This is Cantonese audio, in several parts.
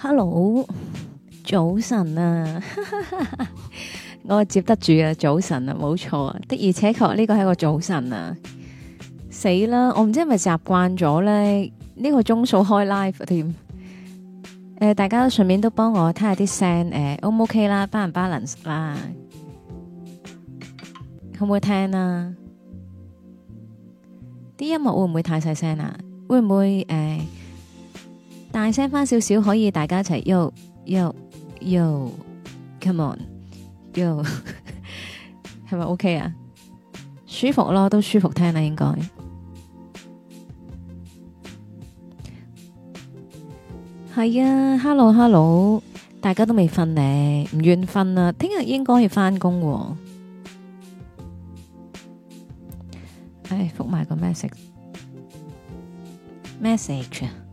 hello，早晨啊！ 我接得住啊，早晨啊，冇錯啊，的而且確呢個係一個早晨啊！死啦，我唔知係咪習慣咗咧？呢、這個鐘數開 live 添？誒、嗯，大家都順便都幫我聽下啲聲，誒，O 唔 OK 啦？balance 啦，可唔可以聽啊？啲音樂會唔會太細聲啊？會唔會誒？嗯大聲翻少少，可以大家一齊，yo yo yo，come on，yo，係咪 OK 啊？舒服咯，都舒服聽啦，應該係啊。Hello，hello，大家都未瞓呢，唔願瞓啊。聽日應該要翻工喎。唉，覆埋個 message，message 啊。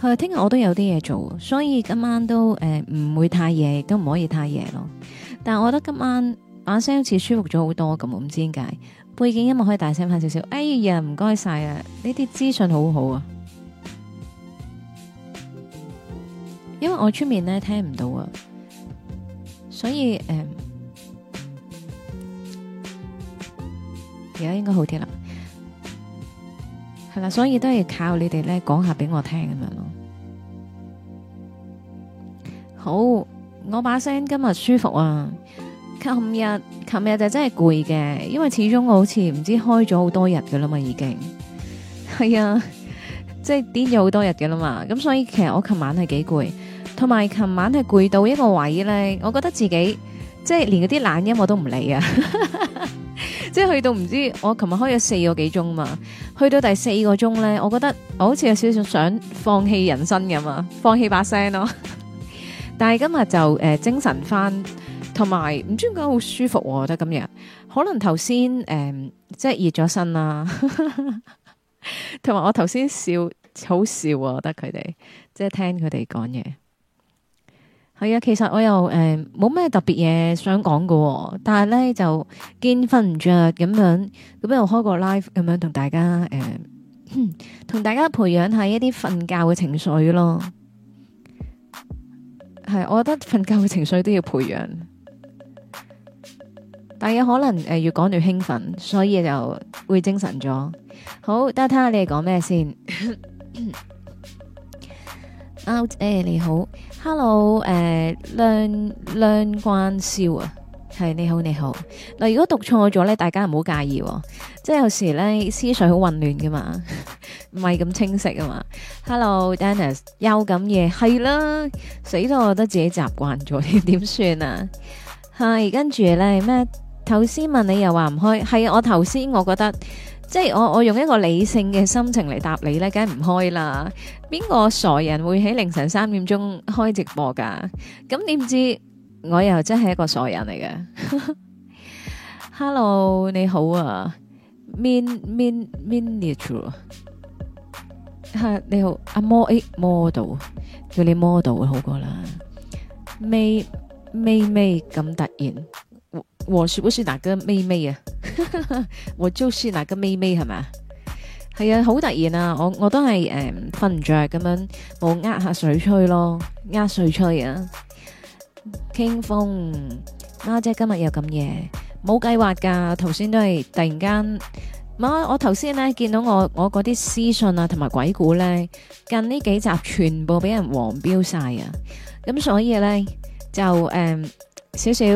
誒，聽日我都有啲嘢做，所以今晚都誒唔會太夜，亦都唔可以太夜咯。但係我覺得今晚把聲好似舒服咗好多咁，我唔知點解。背景音樂可以大聲翻少少。哎呀，唔該晒啊！呢啲資訊好好啊，因為我出面咧聽唔到啊，所以誒，而家應該好啲啦。嗱，所以都係靠你哋咧，講下俾我聽咁樣咯。好，我把聲今日舒服啊，琴日琴日就真係攰嘅，因為始終我好似唔知開咗好多日噶啦嘛，已經係啊，即係癲咗好多日噶啦嘛。咁所以其實我琴晚係幾攰，同埋琴晚係攰到一個位咧，我覺得自己即係連嗰啲懶音我都唔理啊， 即係去到唔知我琴日開咗四個幾鐘嘛。去到第四個鐘咧，我覺得我好似有少少想放棄人生咁啊，放棄把聲咯。 但係今日就、呃、精神翻，同埋唔知點解好舒服喎、啊，我覺得今日。可能頭先、呃、即係熱咗身啦，同 埋我頭先笑好笑啊，我覺得佢哋即係聽佢哋講嘢。係啊，其實我又誒冇咩特別嘢想講嘅、哦，但係咧就堅瞓唔着咁樣，咁又開個 live 咁樣同大家誒同、呃、大家培養一下一啲瞓覺嘅情緒咯。係，我覺得瞓覺嘅情緒都要培養，但係有可能誒越講越興奮，所以就會精神咗。好，等下睇下你哋講咩先，Out 姐、 啊哎、你好。hello，誒、uh，亮亮關燒啊，係你好你好，嗱如果讀錯咗咧，大家唔好介意，哦，即係有時咧思緒好混亂噶嘛，唔係咁清晰噶嘛。hello，Dennis，又咁夜係啦，死到我、， 啊、我，我覺得自己習慣咗，點點算啊？係跟住咧咩？頭先問你又話唔開，係我頭先我覺得。即係我我用一個理性嘅心情嚟答你咧，梗係唔開啦！邊個傻人會喺凌晨三點鐘開直播噶？咁你唔知我又真係一個傻人嚟嘅。 Hello，你好啊 min，min min miniature，哈，你好，阿 model 叫你 model 會好過啦，may may may 咁突然。我我是不是那個咪咪啊？ 我就是那個咪咪係咪？係啊，好突然啊！我我都係誒瞓唔着咁樣，冇呃下水吹咯，呃水吹啊。清風媽姐今日又咁夜冇計劃噶，頭先都係突然間。媽、嗯、我頭先咧見到我我嗰啲私信啊，同埋鬼故咧近呢幾集全部俾人黃標晒啊，咁、嗯、所以咧就誒、嗯、少少。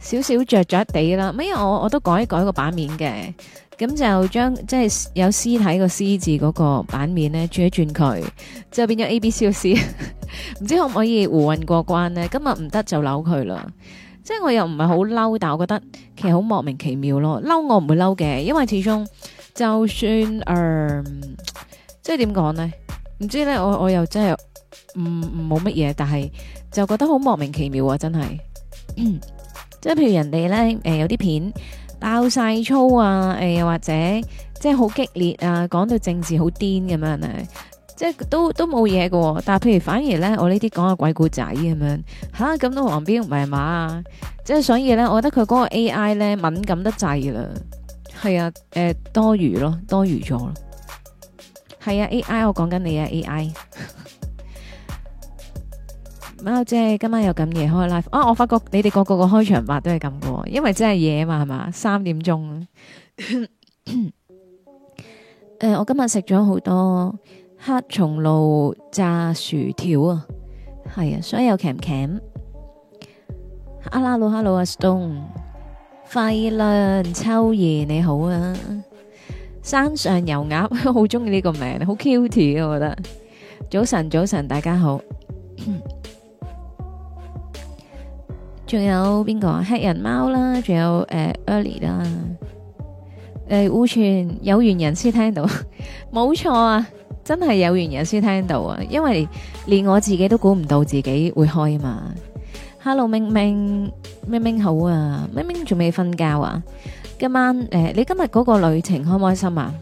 少少着着地啦，咩？我我都改一改一個版面嘅，咁就將即係有屍體個屍字嗰個版面咧轉一轉佢，就變咗 A、B、C、O、C。唔知可唔可以胡混過關呢？今日唔得就扭佢啦。即係我又唔係好嬲，但我覺得其實好莫名其妙咯。嬲我唔會嬲嘅，因為始終就算誒、呃，即係點講呢？唔知咧，我我又真係唔唔冇乜嘢，但係就覺得好莫名其妙啊！真係。 即係譬如人哋咧，誒、呃、有啲片爆晒粗啊，誒、哎、又或者即係好激烈啊，講到政治好癲咁樣咧，即係都都冇嘢喎。但係譬如反而咧，我呢啲講下鬼故仔咁樣，吓，咁都黃標唔係嘛？即係所以咧，我覺得佢嗰個 A I 咧敏感得滯啦，係啊，誒、呃、多餘咯，多餘咗咯，係啊 A I 我講緊你啊 A I。AI 喵姐，今晚又咁夜開 live 啊！我發覺你哋個個個開場白都係咁個，因為真係夜嘛，係嘛，三點鐘。誒，我今日食咗好多黑松露炸薯條啊，係啊，所以有鉗鉗。Hello，Hello，阿 Stone，費倫秋夜你好啊，山上油鴨，好中意呢個名，好 cute 啊！我覺得早晨早晨，大家好。仲有邊個啊？黑人貓啦，仲有誒、呃、Early 啦，誒、呃，互傳有緣人先聽到，冇 錯啊，真係有緣人先聽到啊，因為連，連我自己都估唔到自己會開啊嘛。Hello，明明明明好啊，明明仲未瞓覺啊？今晚誒、呃，你今日嗰個旅程開唔開心啊？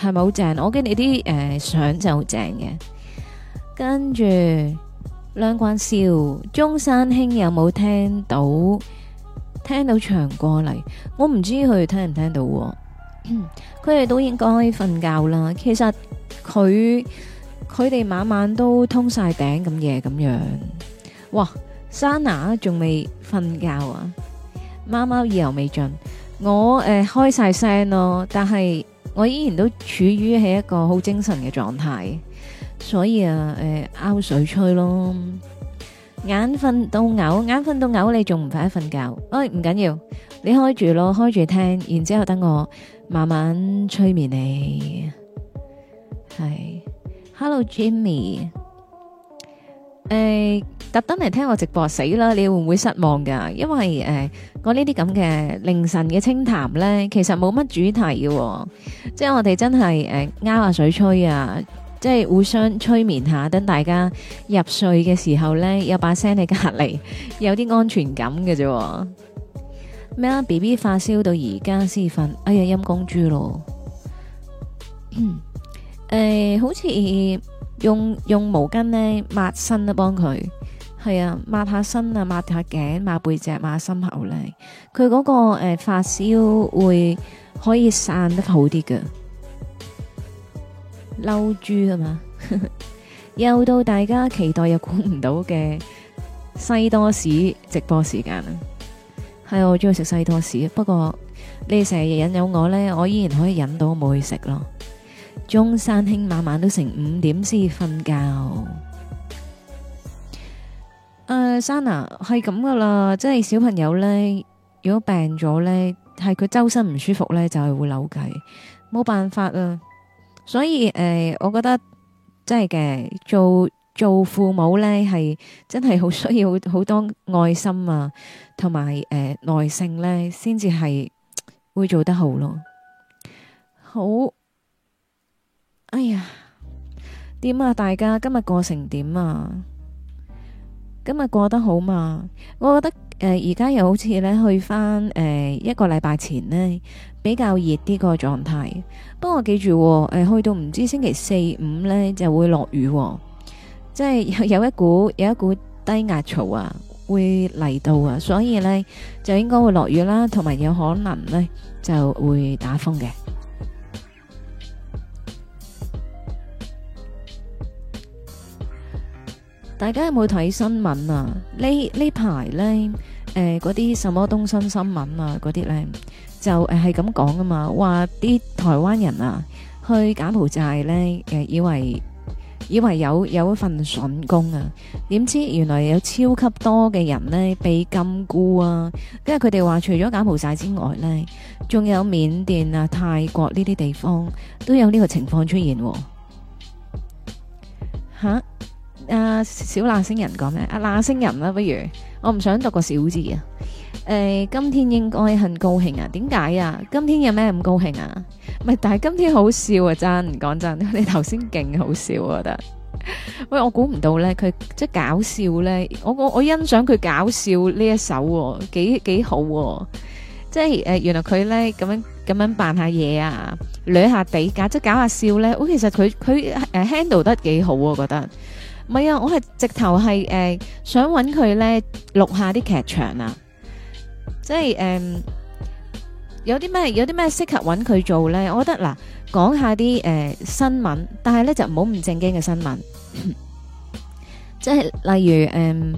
係咪好正？我見你啲誒、呃、相就好正嘅，跟住。梁關少，中山兄有冇聽到？聽到唱過嚟，我唔知佢哋聽唔聽到。佢哋 都應該瞓覺啦。其實佢佢哋晚晚都通晒頂咁嘢，咁樣。哇，Sana 仲未瞓覺啊？貓貓意猶未盡，我誒、呃、開晒聲咯，但係我依然都處於喺一個好精神嘅狀態。所以啊，誒，拗水吹咯，眼瞓到嘔，眼瞓到嘔，你仲唔快啲瞓覺？哎，唔緊要，你開住咯，開住聽，然之後等我慢慢催眠你。係，Hello Jimmy，誒，特登嚟聽我直播死啦，你會唔會失望㗎？因為誒，我呢啲咁嘅凌晨嘅清談呢，其實冇乜主題嘅，即係我哋真係誒，拗下水吹啊。即係互相催眠下，等大家入睡嘅時候呢，有把聲喺隔籬，有啲安全感嘅啫。咩啊？B B 發燒到而家先瞓，哎呀陰公豬咯。誒、嗯欸，好似用用毛巾呢抹身都幫佢，係啊，抹下身啊，抹下頸，抹背脊，抹心口咧。佢嗰、嗰個誒、呃、發燒會可以散得好啲嘅。嬲豬啊嘛， 又到大家期待又估唔到嘅西多士直播時間啦！係我中意食西多士，不過你哋成日日引誘我咧，我依然可以忍到冇去食咯。中山兄晚晚都成五點先瞓覺。誒，珊娜係咁噶啦，即係小朋友咧，如果病咗咧，係佢周身唔舒服咧，就係會扭計，冇辦法啊。所以誒，呃，我覺得真係嘅，做做父母咧，係真係好需要好多愛心啊，同埋誒耐性咧，先至係會做得好咯。好，哎呀，點啊？大家今日過成點啊？今日過得好嘛？我覺得。誒，而家、呃、又好似咧去翻誒、呃、一個禮拜前呢，比較熱啲個狀態，不過記住誒、哦呃、去到唔知星期四五呢，就會落雨、哦，即係有一股有一股低壓槽啊會嚟到啊，所以呢，就應該會落雨啦，同埋有可能呢，就會打風嘅。大家有冇睇新聞啊？呢呢排呢，誒、呃，嗰啲什麼東新新聞啊，嗰啲呢，就係咁講啊嘛，話啲台灣人啊去柬埔寨呢，誒，以為以為有有一份筍工啊，點知原來有超級多嘅人呢，被禁錮啊，跟住佢哋話除咗柬埔寨之外呢，仲有緬甸啊、泰國呢啲地方都有呢個情況出現，啊，吓。啊！小喇星人講咩？啊喇星人啦，不如我唔想讀個小字啊。誒，今天應該很高興啊？點解啊？今天有咩咁高興啊？唔係，但係今天好笑啊！真唔講真，你頭先勁好笑，我覺得。喂，我估唔到咧，佢即係搞笑咧。我我我欣賞佢搞笑呢一手，幾幾好。即係誒，原來佢咧咁樣咁樣扮下嘢啊，捋下地架，即係搞下笑咧。好，其實佢佢誒 handle 得幾好啊，我覺得。唔係啊，我係直頭係誒，想搵佢咧錄下啲劇場啊，即係誒，有啲咩有啲咩適合搵佢做咧？我覺得嗱，講下啲誒新聞，但係咧就唔好咁正經嘅新聞，即係例如誒，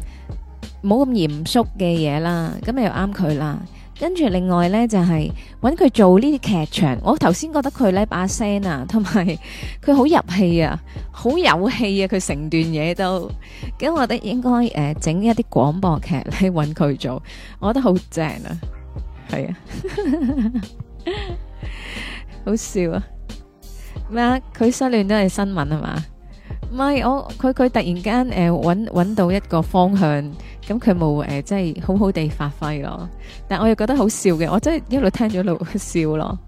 冇咁嚴肅嘅嘢啦，咁又啱佢啦。跟住另外呢，就係揾佢做呢啲劇場，我頭先覺得佢呢把聲啊，同埋佢好入戲啊，好有戲啊，佢成段嘢都，咁我得應該誒整、呃、一啲廣播劇嚟，揾佢做，我覺得好正啊，係啊， 好笑啊，咩啊，佢失戀都係新聞係嘛？唔係，我佢佢突然間誒揾揾到一個方向，咁佢冇誒即係好好地發揮咯。但係我又覺得好笑嘅，我真係一路聽咗一路笑咯。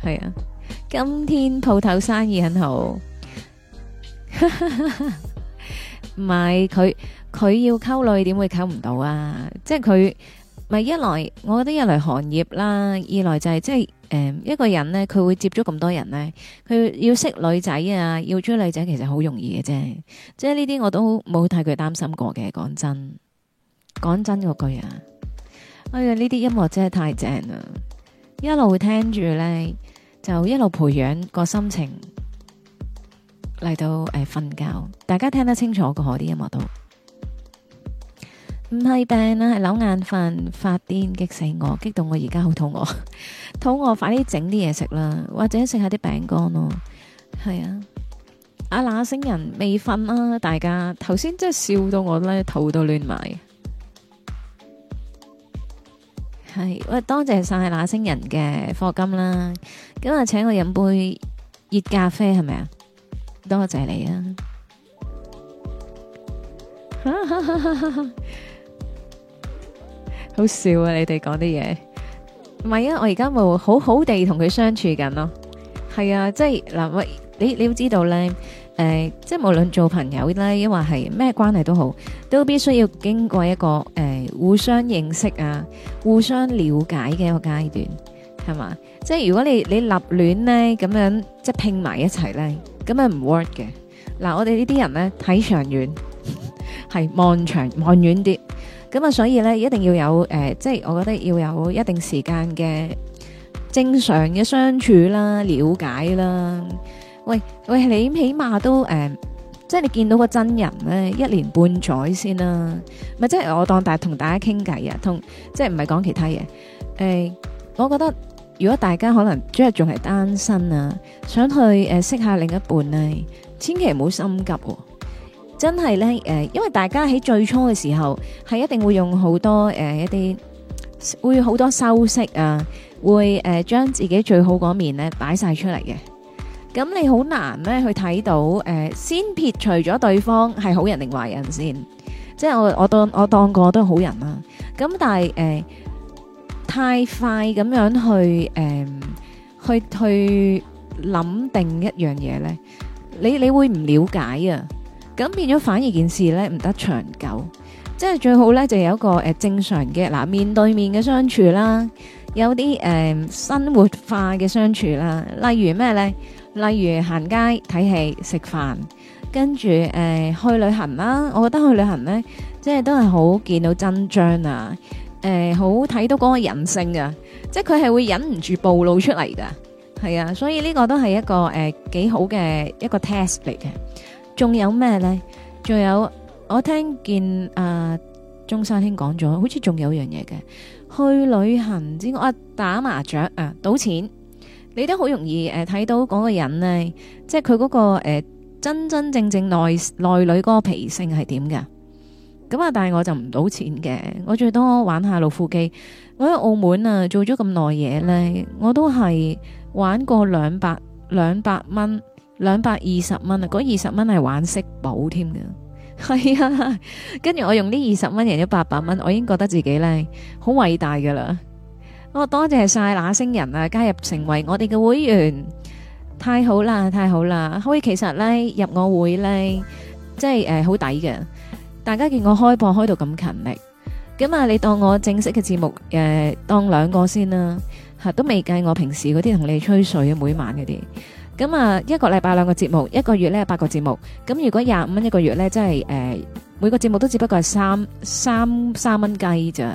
係啊，今天鋪頭生意很好。唔係，佢佢要溝女，點會溝唔到啊？即係佢咪一來，我覺得一來行業啦，二來就係即係。就是一個人呢，佢會接觸咁多人呢。佢要識女仔啊，要追女仔其實好容易嘅啫，即係呢啲我都冇替佢擔心過嘅，講真，講真嗰句啊，哎呀呢啲音樂真係太正啦，一路聽住呢，就一路培養個心情嚟到誒瞓覺，大家聽得清楚個啲音樂都。唔係病啦、啊，係扭眼瞓、發癲，激死我，激到我而家好肚餓，肚 餓，快啲整啲嘢食啦，或者食下啲餅乾咯，係啊！阿、啊、那星人未瞓啊，大家頭先真係笑到我咧，肚都亂埋，係喂，多謝晒那星人嘅課金啦，今日請我飲杯熱咖啡係咪啊？多謝你啊！ 好笑啊！你哋講啲嘢，唔係啊！我而家冇好好地同佢相處緊咯。係啊，即係嗱，你你要知道咧，誒、呃，即係無論做朋友呢，抑或係咩關係都好，都必須要經過一個誒、呃、互相認識啊、互相了解嘅一個階段，係嘛？即係如果你你立亂咧咁樣，即係拼埋一齊咧，咁樣唔 work 嘅。嗱，我哋呢啲人咧睇長遠，係 望長望遠啲。咁啊，所以咧一定要有誒、呃，即係我覺得要有一定時間嘅正常嘅相處啦、了解啦。喂喂，你起碼都誒、呃，即係你見到個真人咧，一年半載先啦。咪即係我當大同大家傾偈啊，同即係唔係講其他嘢。誒、呃，我覺得如果大家可能即係仲係單身啊，想去誒、呃、識下另一半咧、啊，千祈唔好心急喎、啊。真係咧，誒、呃，因為大家喺最初嘅時候係一定會用好多誒、呃、一啲會好多修飾啊，會誒將、呃、自己最好嗰面，咧擺晒出嚟嘅。咁你好難咧去睇到，誒、呃，先撇除咗對方係好人定壞人先，即係我我當我當過都係好人啦、啊。咁但係誒、呃、太快咁樣去誒、呃、去去諗定一樣嘢咧，你你會唔了解啊？咁變咗反而件事咧唔得長久，即係最好咧就有一個誒、呃、正常嘅嗱面對面嘅相處啦，有啲誒、呃、生活化嘅相處啦，例如咩咧？例如行街睇戲食飯，跟住誒去旅行啦。我覺得去旅行咧，即係都係好見到真章啊！誒、呃，好睇到嗰個人性啊，即係佢係會忍唔住暴露出嚟噶，係啊，所以呢個都係一個誒幾、呃、好嘅一個 test 嚟嘅。仲有咩呢？仲有我聽見阿、啊、中山兄講咗，好似仲有一樣嘢嘅，去旅行之外、啊、打麻雀啊，賭錢，你都好容易誒睇、啊、到嗰個人呢、啊，即係佢嗰個誒、啊、真真正正內內裏嗰個脾性係點嘅。咁啊，但係我就唔賭錢嘅，我最多玩下老虎機。我喺澳門啊做咗咁耐嘢呢，我都係玩過兩百兩百蚊。兩百二十蚊啊！嗰二十蚊係玩色寶添嘅，係啊！跟住我用呢二十蚊贏咗八百蚊，我已經覺得自己咧好偉大噶啦！我、哦、多謝晒那星人啊，加入成為我哋嘅會員，太好啦，太好啦！可以其實咧入我會咧，即係誒好抵嘅。大家見我開播開到咁勤力，咁啊你當我正式嘅節目誒、呃、當兩個先啦、啊、吓，都未計我平時嗰啲同你吹水啊每晚嗰啲。咁啊，一個禮拜兩個節目，一個月咧八個節目。咁如果廿五蚊一個月咧，即係誒，每個節目都只不過係三三三蚊雞咋，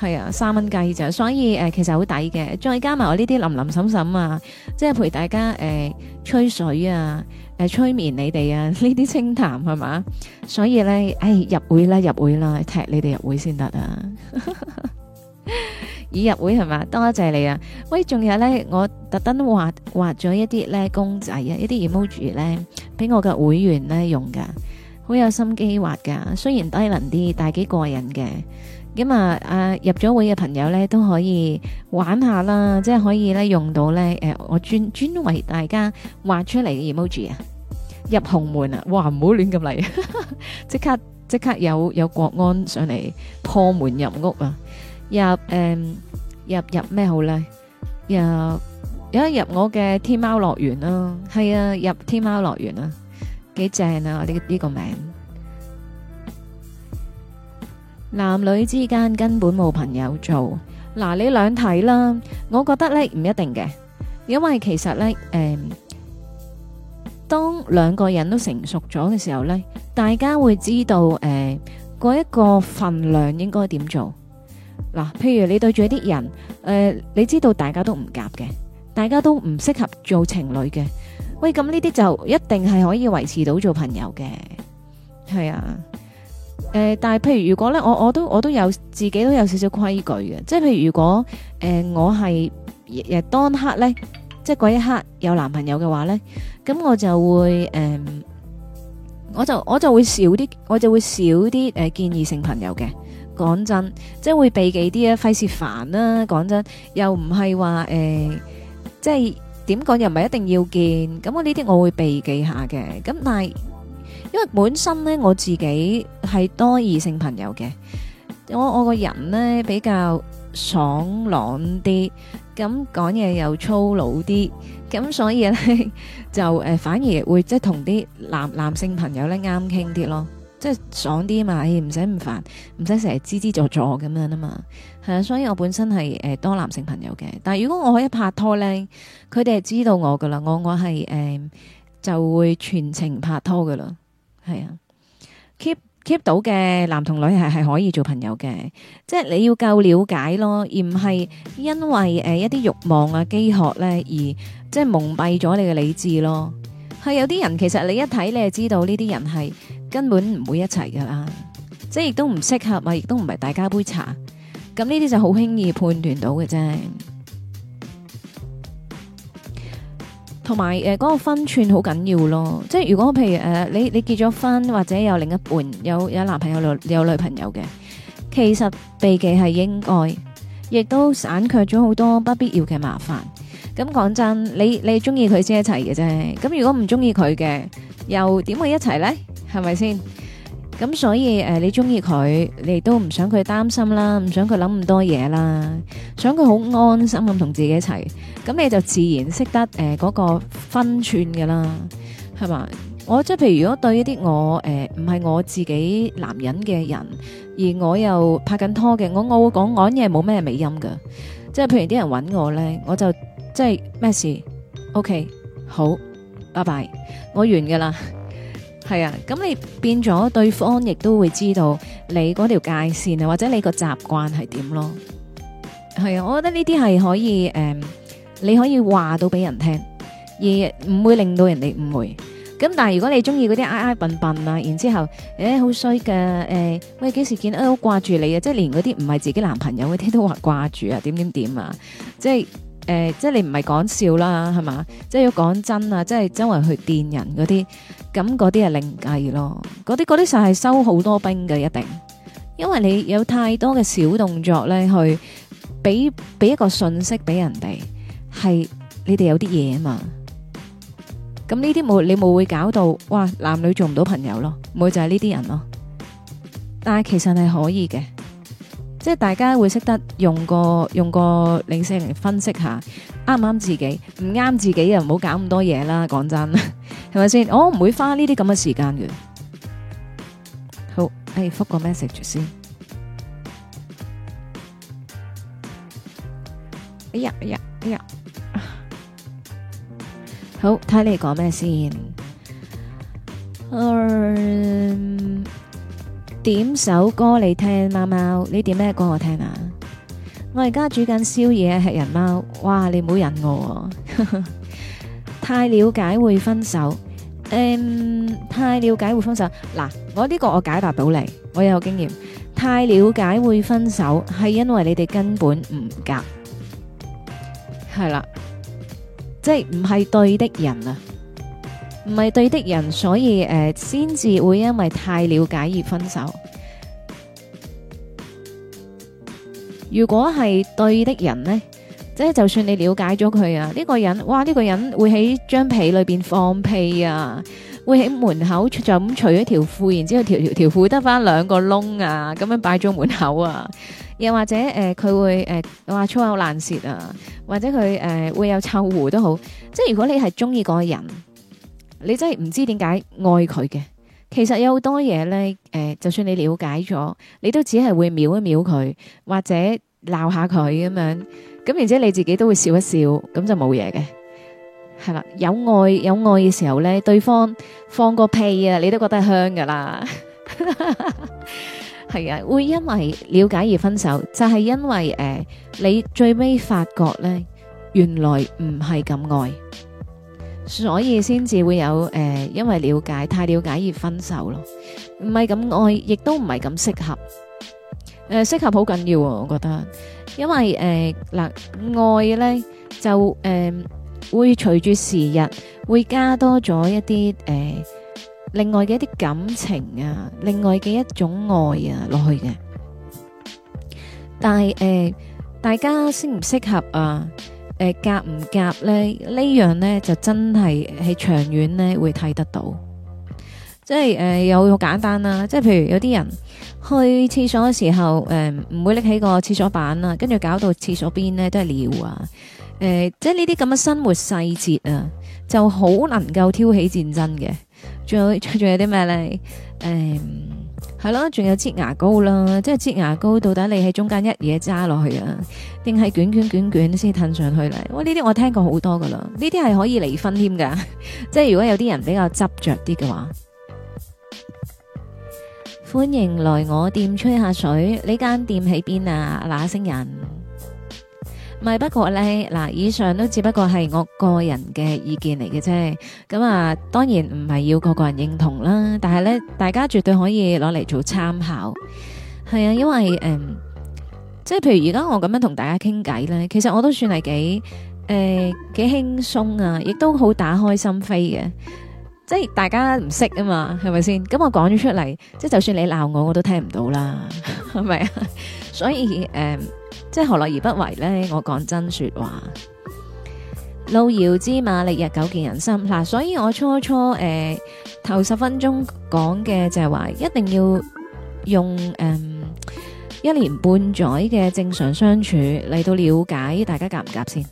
係啊，三蚊雞咋。所以誒，其實好抵嘅。再加埋我呢啲林林沈沈啊，即係陪大家誒吹水啊，誒催眠你哋啊，呢啲清談係嘛？所以咧，誒入會啦，入會啦，踢你哋入會先得啊。已入會係嘛？多謝你啊！喂，仲有咧，我特登畫畫咗一啲咧公仔啊，一啲 emoji 咧，俾我嘅會員咧用噶，好有心機畫噶。雖然低能啲，但係幾過癮嘅。咁、嗯、啊啊，入咗會嘅朋友咧都可以玩下啦，即係可以咧用到咧誒、呃，我專專為大家畫出嚟嘅 emoji 啊！入洪門啊！哇，唔好亂咁嚟，即 刻即刻有有國安上嚟破門入屋啊！入誒，入入咩好咧？入而家入我嘅天喵樂園啦，係啊，入天喵樂園啊，幾正啊！呢呢個名。男女之間根本冇朋友做，嗱，你兩睇啦。我覺得咧唔一定嘅，因為其實咧誒，當兩個人都成熟咗嘅時候咧，大家會知道誒嗰一個份量應該點做。嗱，譬如你對住一啲人，誒、呃，你知道大家都唔夾嘅，大家都唔適合做情侶嘅，喂，咁呢啲就一定係可以維持到做朋友嘅，係啊，誒、呃，但係譬如如果咧，我我都我都有自己都有少少規矩嘅，即係譬如如果誒、呃，我係當刻呢，即係嗰一刻有男朋友嘅話呢，咁我就會誒、呃，我就我就會少啲，我就會少啲誒、呃，建議性朋友嘅。講真，即係會避忌啲啊，費事煩啦。講真，又唔係話誒，即係點講又唔係一定要見。咁我呢啲我會避忌下嘅。咁但係，因為本身咧我自己係多異性朋友嘅，我我個人咧比較爽朗啲，咁講嘢又粗魯啲，咁所以咧就誒反而會即係同啲男男性朋友咧啱傾啲咯。即係爽啲嘛？唔使咁煩，唔使成日支支坐坐咁樣啊嘛。係啊，所以我本身係誒多男性朋友嘅。但係如果我可以拍拖呢，佢哋係知道我噶啦。我我係誒就會全程拍拖噶啦。係啊，keep keep 到嘅男同女係係可以做朋友嘅。即係你要夠了解咯，而唔係因為誒一啲慾望啊、飢渴呢，而即係蒙蔽咗你嘅理智咯。係有啲人其實你一睇你就知道呢啲人係。根本唔會一齊噶啦，即係亦都唔適合啊，亦都唔係大家杯茶。咁呢啲就好輕易判斷到嘅啫。同埋誒，嗰、呃嗰個分寸好緊要咯。即係如果譬如誒、呃，你你結咗婚或者有另一半，有有男朋友有女，有女朋友嘅，其實避忌係應該，亦都省卻咗好多不必要嘅麻煩。咁講真，你你中意佢先一齊嘅啫。咁如果唔中意佢嘅，又點會一齊咧？係咪先？咁所以誒，你中意佢，你都唔想佢擔心啦，唔想佢諗咁多嘢啦，想佢好安心咁同自己一齊。咁你就自然識得誒嗰個分寸噶啦，係嘛？我即係譬如如果對啲我誒唔係我自己男人嘅人，而我又拍緊拖嘅，我我會講我嘢冇咩尾音噶。即係譬如啲人搵我咧，我就即係咩事？OK，好。拜拜，bye bye，我完噶啦，係 啊，咁你變咗對方亦都會知道你嗰條界線啊，或者你個習慣係點咯，係啊，我覺得呢啲係可以誒、呃，你可以話到俾人聽，而唔會令到人哋誤會。咁但係如果你中意嗰啲挨挨笨笨啊，然後之後誒好衰嘅，誒喂，幾時見啊，好掛住你啊，即係連嗰啲唔係自己男朋友嘅聽都話掛住啊，點點點啊，即係。誒、呃，即係你唔係講笑啦，係嘛？即係要講真啊，即係周圍去電人嗰啲，咁嗰啲係另計咯。嗰啲嗰啲實係收好多兵嘅一定，因爲你有太多嘅小動作咧，去俾俾一個信息俾人哋，係你哋有啲嘢啊嘛。咁呢啲冇你冇會搞到，哇！男女做唔到朋友咯，冇就係呢啲人咯。但係其實係可以嘅。即係大家會識得用個用個理性嚟分析下啱唔啱自己，唔啱自己啊，唔好搞咁多嘢啦！講真，係咪先？我唔會花呢啲咁嘅時間嘅。好，哎，覆個 message 先。哎呀，哎呀，哎呀！好，睇你哋講咩先？嗯。點首歌嚟聽，貓貓，你點咩歌我聽啊？我而家煮緊宵夜，吃人貓，哇！你唔好忍我，啊， 太了解會分手，嗯，太了解會分手。嗱，我呢個我解答到你，我有經驗。太了解會分手，係因為你哋根本唔夾，係啦，即係唔係對的人啊。唔係對的人，所以誒，先、呃、至會因為太了解而分手。如果係對的人呢，即係就算你了解咗佢啊，呢、這個人，哇，呢、這個人會喺張被裏邊放屁啊，會喺門口就咁除咗條褲，然之後條條條褲得翻兩個窿啊，咁樣擺咗門口啊，又或者誒，佢、呃、會誒、呃、話粗口爛舌啊，或者佢誒、呃、會有臭狐都好，即係如果你係中意嗰個人。你真係唔知點解愛佢嘅，其實有好多嘢咧，誒，就算你了解咗，你都只係會瞄一瞄佢，或者鬧下佢咁樣，咁然後你自己都會笑一笑，咁就冇嘢嘅，係啦，有愛有愛嘅時候咧，對方放個屁啊，你都覺得香噶啦，係啊，會因為了解而分手，就係因為誒，你最尾發覺咧，原來唔係咁愛。所以先至會有誒，因為了解太了解而分手咯，唔係咁愛，亦都唔係咁適合。誒，適合好緊要啊，我覺得，因為誒嗱，愛咧就誒會隨住時日會加多咗一啲誒，另外嘅一啲感情啊，另外嘅一種愛啊落去嘅。但係誒，大家適唔適合啊？誒，夾唔夾咧？合合呢樣咧就真係喺長遠咧會睇得到，即係誒、呃，有好簡單啦。即係譬如有啲人去廁所嘅時候，誒、呃、唔會拎起個廁所板啊，跟住搞到廁所邊咧都係尿啊。誒、呃，即係呢啲咁嘅生活細節啊，就好能夠挑起戰爭嘅。仲有仲有啲咩咧？誒、呃。係咯，仲有擠牙膏啦，即係擠牙膏到底你喺中間一嘢揸落去啊，定係捲卷卷捲先褪上去嚟？哇，呢啲我聽過好多噶啦，呢啲係可以離婚添噶，即係如果有啲人比較執着啲嘅話，歡迎來我店吹下水，呢間店喺邊啊？哪星人？咪不過咧，嗱，以上都只不過係我個人嘅意見嚟嘅啫。咁啊，當然唔係要個個人認同啦。但係咧，大家絕對可以攞嚟做參考。係啊，因為誒，即係譬如而家我咁樣同大家傾偈咧，其實我都算係幾誒幾輕鬆啊，亦都好打開心扉嘅。即係大家唔識啊嘛，係咪先？咁我講咗出嚟，即係就算你鬧我，我都聽唔到啦，係咪啊？所以誒。即係何樂而不為呢？我講真說話，路遙知馬力，日久見人心。嗱，所以我初初誒、呃、頭十分鐘講嘅就係話，一定要用誒、呃、一年半載嘅正常相處嚟到了解大家夾唔夾先。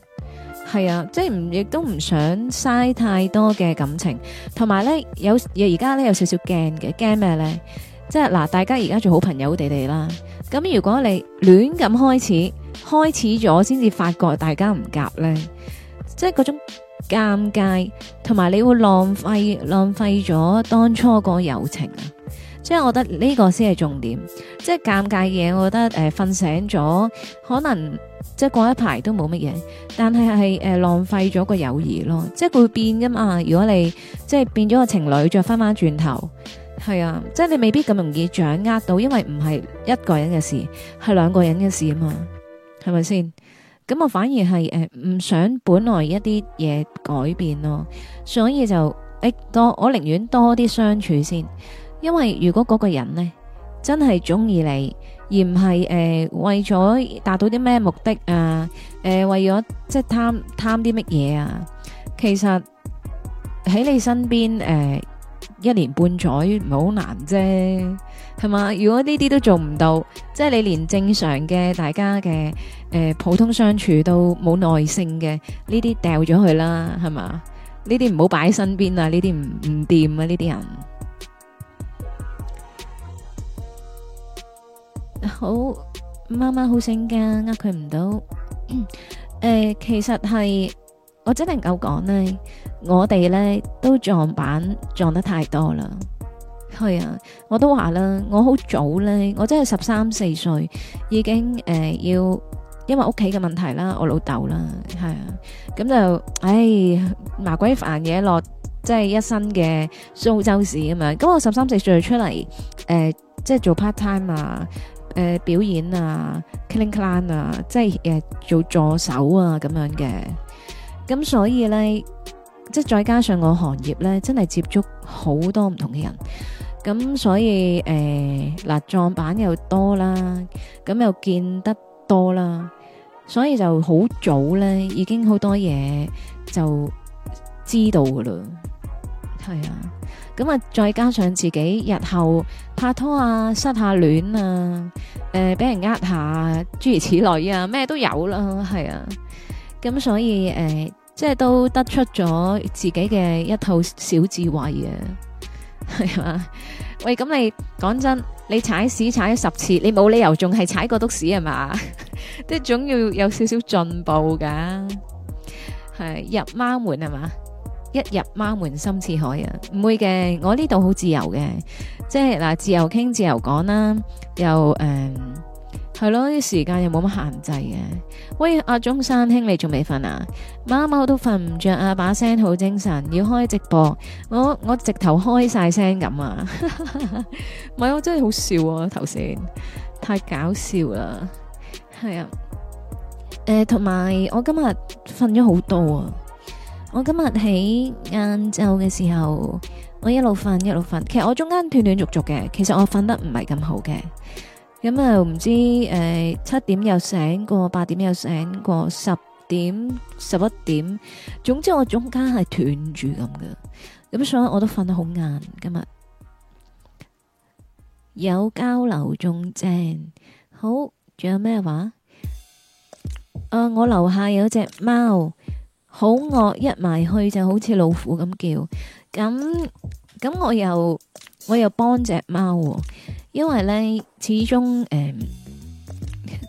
係啊，即係唔亦都唔想嘥太多嘅感情。同埋咧有而家咧有少少驚嘅，驚咩咧？即係嗱，大家而家做好朋友好地地啦。咁如果你亂咁開始，開始咗先至發覺大家唔夾咧，即係嗰種尷尬，同埋你會浪費浪費咗當初個友情啊！即係我覺得呢個先係重點，即係尷尬嘢，我覺得誒瞓醒咗，可能即係過一排都冇乜嘢，但係係誒浪費咗個友誼咯，即係佢會變噶嘛。如果你即係變咗個情侶，再翻返轉頭。係啊，即係你未必咁容易掌握到，因為唔係一個人嘅事，係兩個人嘅事啊嘛，係咪先？咁我反而係誒唔想本來一啲嘢改變咯，所以就誒、欸、多，我寧願多啲相處先，因為如果嗰個人呢，真係中意你，而唔係誒為咗達到啲咩目的啊，誒、呃、為咗即係貪貪啲乜嘢啊，其實喺你身邊誒。呃一年半載唔係好難啫，係嘛？如果呢啲都做唔到，即係你連正常嘅大家嘅誒、呃、普通相處都冇耐性嘅，呢啲掉咗佢啦，係嘛？呢啲唔好擺喺身邊啊！呢啲唔唔掂啊！呢啲人好媽媽好醒噶、嗯，呃佢唔到誒，其實係。我只能夠講呢，我哋呢都撞板撞得太多啦。係啊，我都話啦，我好早呢，我真係十三四歲已經誒、呃、要，因為屋企嘅問題啦，我老豆啦，係啊，咁就唉、哎、麻鬼煩嘢落，即係一身嘅蘇州市咁樣。咁我十三四歲出嚟誒、呃，即係做 part time 啊、呃，表演啊，clean clan 啊，即係、呃、做助手啊咁樣嘅。咁所以咧，即係再加上我行業咧，真係接觸好多唔同嘅人，咁所以誒，嗱、呃、撞板又多啦，咁又見得多啦，所以就好早咧，已經好多嘢就知道噶啦，係啊，咁啊，再加上自己日後拍拖啊，失下戀啊，誒、呃，俾人呃下諸如此類啊，咩都有啦，係啊。咁、嗯、所以誒、嗯，即係都得出咗自己嘅一套小智慧啊，係嘛？喂，咁你講真，你踩屎踩咗十次，你冇理由仲係踩過篤屎係嘛？即係 總要有少少進步噶，啊，係入貓門係嘛？一入貓門深似海啊！唔會嘅，我呢度好自由嘅，即係嗱、嗯，自由傾、自由講啦，又誒。嗯係咯，啲時間又冇乜限制嘅。喂，阿、啊、中山兄，你仲未瞓啊？晚晚都瞓唔着啊，把聲好精神，要開直播，我我直頭開晒聲咁啊，唔 係我真係好笑啊，頭先太搞笑啦，係啊，誒、呃，同埋我今日瞓咗好多啊，我今日喺晏晝嘅時候，我一路瞓一路瞓，其實我中間斷斷續續嘅，其實我瞓得唔係咁好嘅。咁啊，唔知誒，七點又醒過，八點又醒過，十點、十一點，總之我中間係斷住咁嘅，咁所以我都瞓得好晏今日。有交流仲正。好，仲有咩話？誒，我樓下有隻貓，好惡，一埋去就好似老虎咁叫，咁咁我又我又幫隻貓喎。因為咧，始終誒、呃，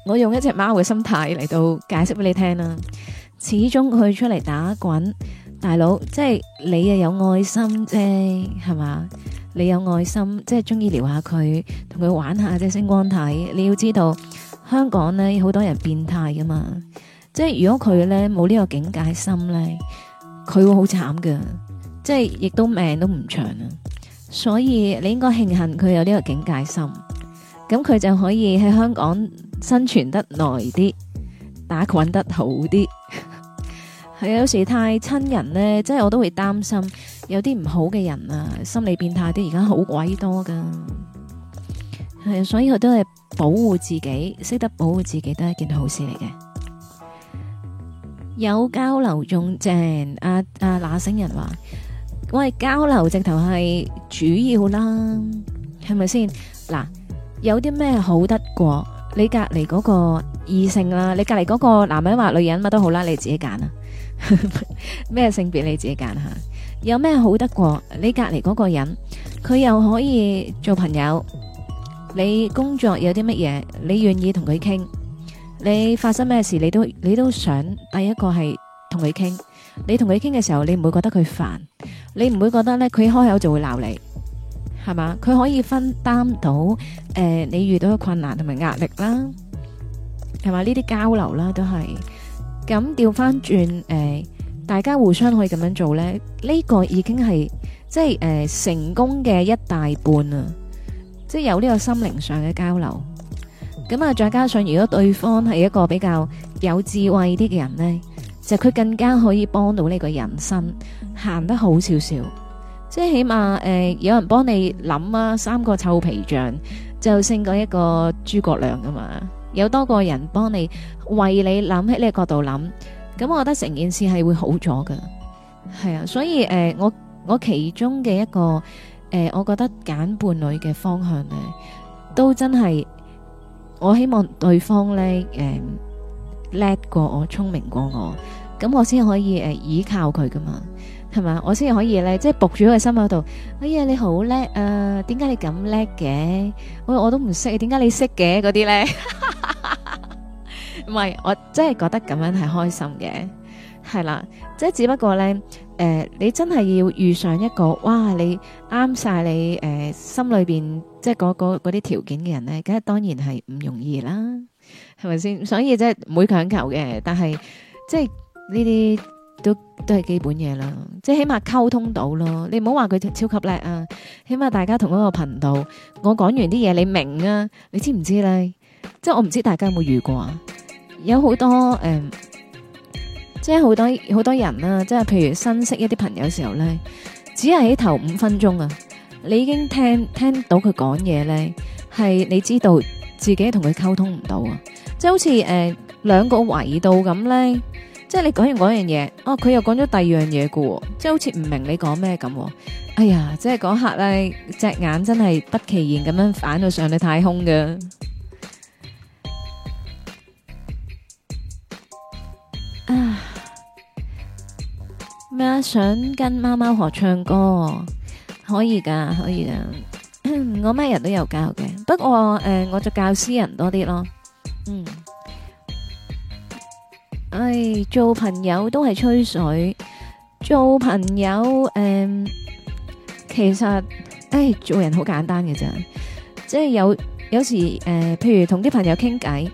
我用一隻貓嘅心態嚟到解釋俾你聽啦、啊。始終佢出嚟打滾，大佬即係你啊有愛心啫，係嘛？你有愛心，即係中意撩下佢，同佢玩一下即星光體。你要知道，香港咧好多人變態噶嘛，即係如果佢咧冇呢個警戒心咧，佢會好慘噶，即係亦都命都唔長啊！所以你應該慶幸佢有呢個警戒心，咁佢就可以喺香港生存得耐啲，打滾得好啲。係 有時太親人呢，即係我都會擔心有啲唔好嘅人啊，心理變態啲，而家好鬼多噶。係啊，所以佢都係保護自己，識得保護自己都係一件好事嚟嘅。有交流用正，啊，啊，那星人話。我係交流直頭係主要啦，係咪先？嗱，有啲咩好得過你隔離嗰個異性啦，你隔離嗰個男人或女人乜都好啦，你自己揀啦，咩 性別你自己揀吓。有咩好得過你隔離嗰個人，佢又可以做朋友。你工作有啲乜嘢，你願意同佢傾？你發生咩事，你都你都想第一個係同佢傾。你同佢傾嘅時候，你唔會覺得佢煩？你唔會覺得咧佢開口就會鬧你，係嘛？佢可以分擔到誒、呃、你遇到嘅困難同埋壓力啦，係嘛？呢啲交流啦都係咁調翻轉誒，大家互相可以咁樣做咧，呢個已經係即係誒、呃、成功嘅一大半啊！即係有呢個心靈上嘅交流，咁啊再加上如果對方係一個比較有智慧啲嘅人咧。就佢更加可以幫到你個人生行得好少少，即係起碼誒，有人幫你諗啊，三個臭皮匠就勝過一個諸葛亮噶嘛，有多個人幫你為你諗喺呢個角度諗，咁我覺得成件事係會好咗噶，係啊，所以誒、呃，我我其中嘅一個誒、呃，我覺得揀伴侶嘅方向咧，都真係我希望對方咧誒。呃叻過我，聰明過我，咁我先可以誒倚、呃、靠佢噶嘛，係嘛？我先可以咧，即係仆喺佢心口度。哎呀，你好叻誒、啊，點解你咁叻嘅？我我都唔識，點解你識嘅嗰啲咧？唔係， 我真係覺得咁樣係開心嘅，係啦，即係只不過咧，誒、呃，你真係要遇上一個哇，你啱晒你誒、呃、心裏邊即係嗰、那個啲條、那個、件嘅人咧，梗係當然係唔容易啦。係咪先？所以即係唔會強求嘅，但係即係呢啲都都係基本嘢啦。即係起碼溝通到咯。你唔好話佢超級叻啊，起碼大家同一個頻道。我講完啲嘢，你明啊？你知唔知咧？即係我唔知大家有冇遇過啊？有好多誒，即係好多好多人啊。即係譬如新識一啲朋友時候咧，只係喺頭五分鐘啊，你已經聽聽到佢講嘢咧，係你知道自己同佢溝通唔到啊。即係好似誒兩個維度咁咧，即係你講完嗰樣嘢，哦佢又講咗第二樣嘢嘅，即係好似唔明你講咩咁，哎呀，即係嗰刻咧，隻眼真係不其然咁樣反到上去太空嘅。啊咩啊？想跟貓貓學唱歌，可以噶，可以噶，我咩人都有教嘅，不過誒，我就教私人多啲咯。嗯，唉、哎，做朋友都係吹水，做朋友誒、嗯，其實，唉、哎，做人好簡單嘅咋，即係有有時誒、呃，譬如同啲朋友傾偈，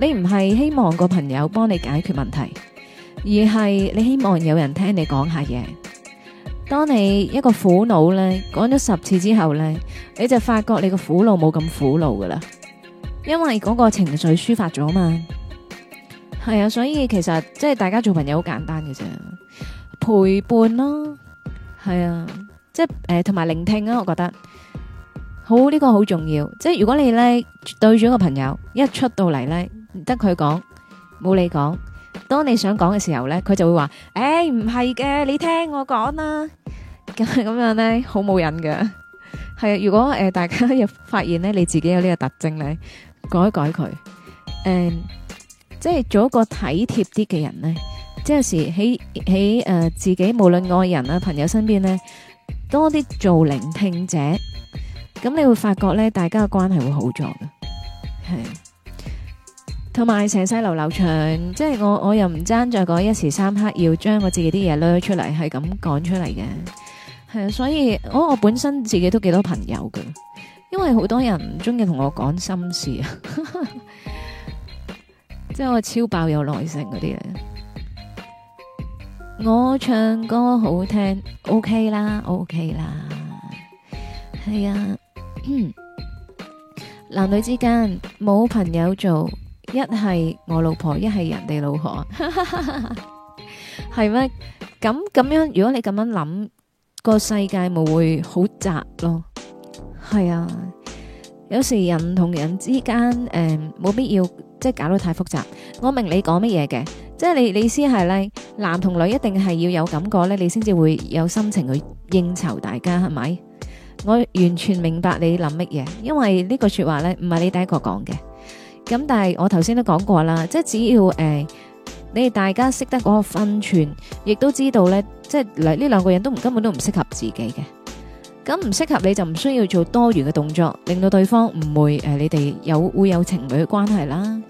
你唔係希望個朋友幫你解決問題，而係你希望有人聽你講下嘢。當你一個苦惱咧，講咗十次之後咧，你就發覺你個苦惱冇咁苦惱㗎喇。因為嗰個情緒抒發咗嘛，係啊，所以其實即係大家做朋友好簡單嘅啫，陪伴咯，係啊，即係誒同埋聆聽啊，我覺得好呢、呢個好重要。即係如果你咧對住一個朋友一出到嚟，咧，得佢講冇你講，當你想講嘅時候咧，佢就會話：誒，唔係嘅，你聽我講啦，啊，咁樣咧好冇癮㗎。係啊，如果誒、呃、大家又發現咧你自己有呢個特徵咧。改一改佢，誒、嗯，即係做一個體貼啲嘅人咧，即係時喺喺誒自己無論愛人啊朋友身邊咧，多啲做聆聽者，咁你會發覺咧大家嘅關係會好咗嘅，係。同埋成世流流長，即係我我又唔爭在講一時三刻要將我自己啲嘢攞出嚟係咁講出嚟嘅，係啊，所以我、哦、我本身自己都幾多朋友㗎。因為好多人唔中意同我講心事啊，即係我超爆有耐性嗰啲咧。我唱歌好聽，OK 啦，OK 啦，係、OK、啊、嗯。男女之間冇朋友做，一係我老婆，一係人哋老婆，係咩？咁咁樣，如果你咁樣諗，個世界咪會好窄咯。係啊，有時人同人之間誒冇必要即係搞得太複雜。我明你講乜嘢嘅，即係你你意思係咧，男同女一定係要有感覺咧，你先至會有心情去應酬大家係咪？我完全明白你諗乜嘢，因為呢個說話咧唔係你第一個講嘅。咁但係我頭先都講過啦，即係只要誒你哋大家識得嗰個分寸，亦都知道咧，即係嚟呢兩個人都根本都唔適合自己嘅。咁唔適合你就唔需要做多餘嘅動作，令到對方誤會誒，你哋有會有情侶關係啦，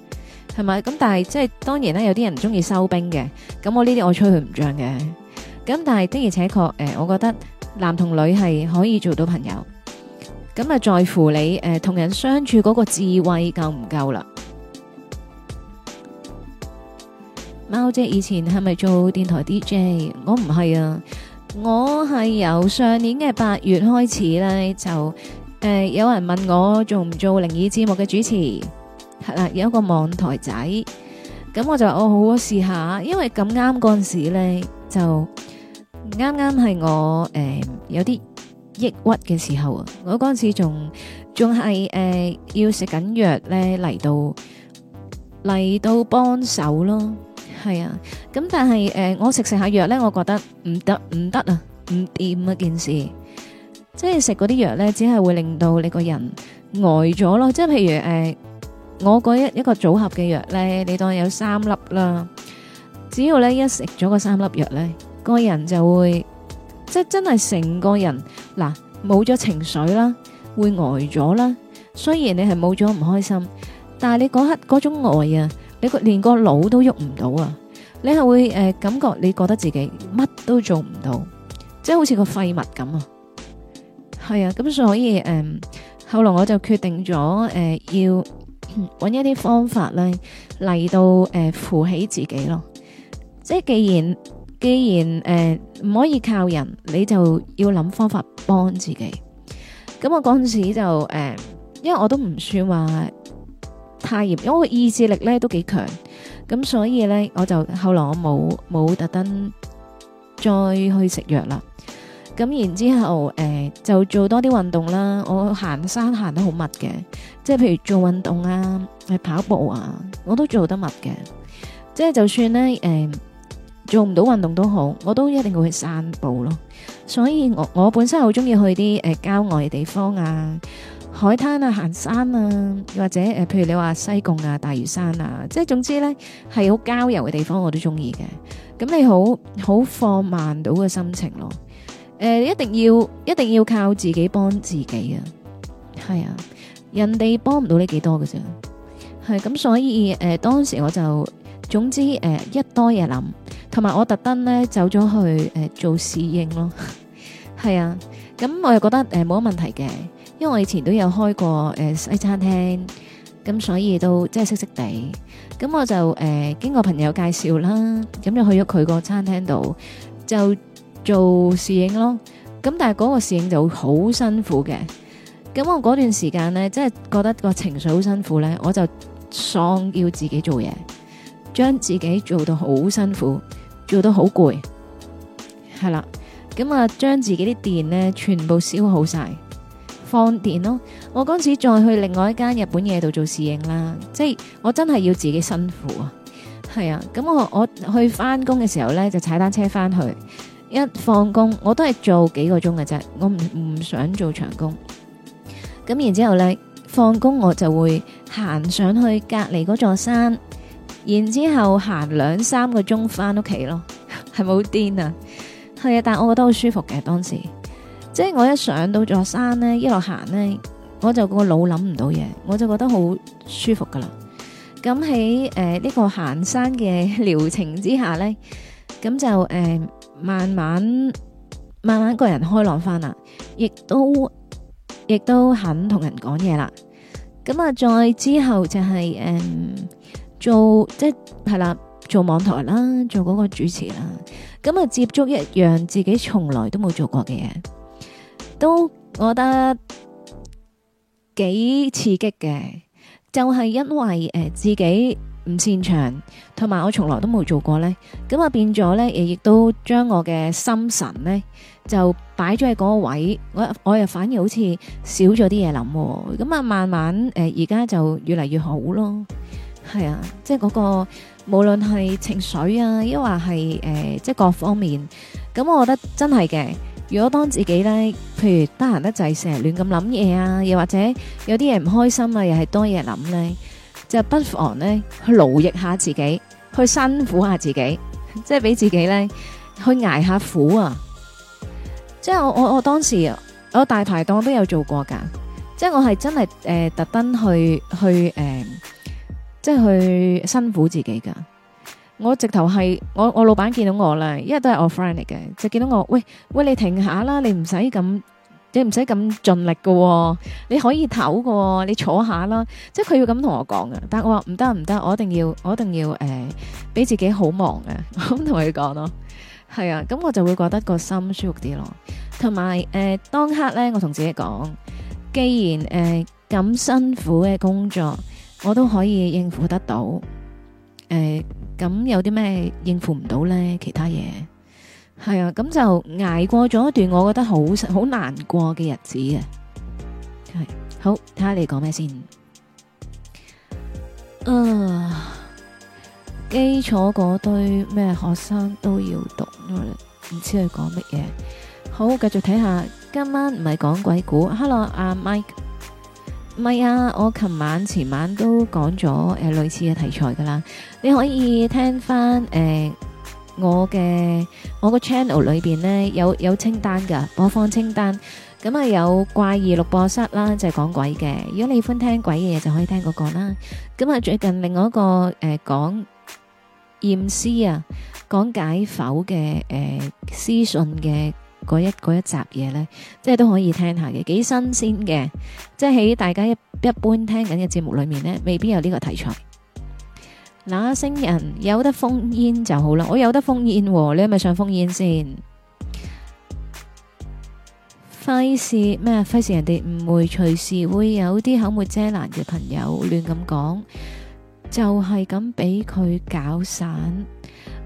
係咪？咁但係即係當然啦，有啲人中意收兵嘅，咁我呢啲我吹佢唔漲嘅。咁但係的而且確誒，我覺得男同女係可以做到朋友，咁啊在乎你誒同、呃、人相處嗰個智慧夠唔夠啦。貓姐以前係咪做電台 DJ？我唔係啊。我係由上年嘅八月開始咧，就誒、呃、有人問我做唔做靈異節目嘅主持，係啦、啊、有一個網台仔，咁我就我、哦、好好試下，因為咁啱嗰陣時咧就啱啱係我誒有啲抑鬱嘅時候啊、呃，我嗰陣時仲仲係誒要食緊藥咧，嚟到嚟到幫手咯。係啊，咁但係誒，我食食下藥咧，我覺得唔得唔得啊，唔掂啊件事，即係食嗰啲藥咧，只係會令到你個人呆咗咯。即係譬如誒，我嗰一一個組合嘅藥咧，你當有三粒啦，只要咧一食咗嗰三粒藥咧，個人就會即係真係成個人嗱冇咗情緒啦，會呆咗啦。雖然你係冇咗唔開心，但係你嗰刻嗰種呆啊。你個連個腦都喐唔到啊！你係會誒、呃、感覺，你覺得自己乜都做唔到，即係好似個廢物咁啊！係啊，咁所以誒、嗯，後來我就決定咗誒、呃，要搵一啲方法咧嚟到誒、呃、扶起自己咯。即係既然既然誒唔、呃、可以靠人，你就要諗方法幫自己。咁我嗰陣時就誒、呃，因為我都唔算話。太嚴，因為我意志力咧都幾強，咁所以咧我就後來我冇冇特登再去食藥啦，咁然之後誒、呃、就做多啲運動啦，我行山行得好密嘅，即係譬如做運動啊，去跑步啊，我都做得密嘅，即係就算咧誒、呃、做唔到運動都好，我都一定要去散步咯，所以我我本身好中意去啲誒、呃、郊外嘅地方啊。海灘啊，行山啊，或者誒，譬如你話西貢啊、大嶼山啊，即係總之咧係好郊遊嘅地方，我都中意嘅。咁你好好放慢到嘅心情咯。誒，一定要一定要靠自己幫自己啊，係啊，人哋幫唔到你幾多㗎咋。係咁，所以誒當時我就總之誒一多嘢諗，同埋我特登咧走咗去誒做侍應咯。係啊，咁我又覺得誒冇乜問題嘅。因為我以前都有開過誒、呃、西餐廳，咁所以都即係識識地，咁我就誒、呃、經過朋友介紹啦，咁就去咗佢個餐廳度就做侍應咯。咁但係嗰個侍應就好辛苦嘅，咁我嗰段時間呢，即係覺得個情緒好辛苦呢，我就喪要自己做嘢，將自己做到好辛苦，做到好攰，係啦，咁啊將自己啲電呢，全部燒好晒。放電咯！我嗰時再去另外一間日本嘢度做侍應啦，即係我真係要自己辛苦啊，係啊！咁我我去翻工嘅時候呢，就踩單車翻去，一放工我都係做幾個鐘嘅啫，我唔唔想做長工。咁然之後呢，放工我就會行上去隔籬嗰座山，然之後行兩三個鐘翻屋企咯，係冇癲啊，係啊！但我覺得好舒服嘅當時。即係我一上到座山咧，一路行咧，我就個腦諗唔到嘢，我就覺得好舒服噶啦。咁喺誒呢個行山嘅療程之下咧，咁就誒、呃、慢慢慢慢個人開朗翻啦，亦都亦都肯同人講嘢啦。咁啊，再之後就係、是、誒、呃、做即係啦，做網台啦，做嗰個主持啦。咁啊，接觸一樣自己從來都冇做過嘅嘢。都我覺得幾刺激嘅，就係、是、因為誒、呃、自己唔擅長，同埋我從來都冇做過呢。咁啊變咗呢，亦都將我嘅心神呢就擺咗喺嗰個位，我我又反而好似少咗啲嘢諗，咁啊慢慢誒而家就越嚟越好咯，係啊，即係嗰，那個無論係情緒啊，亦或係誒即係各方面，咁我覺得真係嘅。如果當自己咧，譬如得閒得滯，成日亂咁諗嘢啊，又或者有啲嘢唔開心啊，又係多嘢諗咧，就不妨咧去勞役下自己，去辛苦下自己，即係俾自己咧去挨下苦啊！即係我我我當時我大排檔都有做過噶，即係我係真係誒、呃、特登去去誒、呃，即係去辛苦自己噶。我直頭係我我老闆見到我啦，因為都係我 friend 嚟嘅，就見到我喂，喂，你停下啦，你唔使咁，你唔使咁盡力嘅，哦，你可以唞嘅，哦，你坐下啦，即係佢要咁同我講㗎。但係我話唔得唔得，我一定要我一定要誒，俾、呃、自己好忙嘅，咁同佢講咯，係啊，咁我就會覺得個心舒服啲咯。同埋誒，當刻咧，我同自己講，既然誒咁、呃、辛苦嘅工作，我都可以應付得到誒。呃咁有啲咩應付唔到咧？其他嘢係啊，咁就挨過咗一段我覺得好好難過嘅日子啊。係好，睇下你講咩先。啊，基礎嗰堆咩學生都要讀，唔知佢講乜嘢。好，繼續睇下今晚唔係講鬼故。Hello，阿 Mike。唔係啊，我琴晚前晚都講咗誒類似嘅題材噶啦，你可以聽翻誒、呃、我嘅我個 channel 裏邊咧有有清單噶播放清單，咁、嗯、啊有怪異錄播室啦，就係、是、講鬼嘅，如果你喜歡聽鬼嘅嘢就可以聽嗰個啦。咁、嗯、啊最近另外一個誒、呃、講驗屍啊，講解剖嘅誒屍訊嘅。嗰一一集嘢呢，即係都可以聽下嘅，幾新鮮嘅。即係喺大家一一般聽緊嘅節目裏面呢，未必有呢個題材。那星人有得封煙就好啦，我有得封煙，哦，你係咪想封煙先？費事咩？費事人哋誤會，隨時會有啲口沒遮攔嘅朋友亂咁講，就係咁俾佢搞散。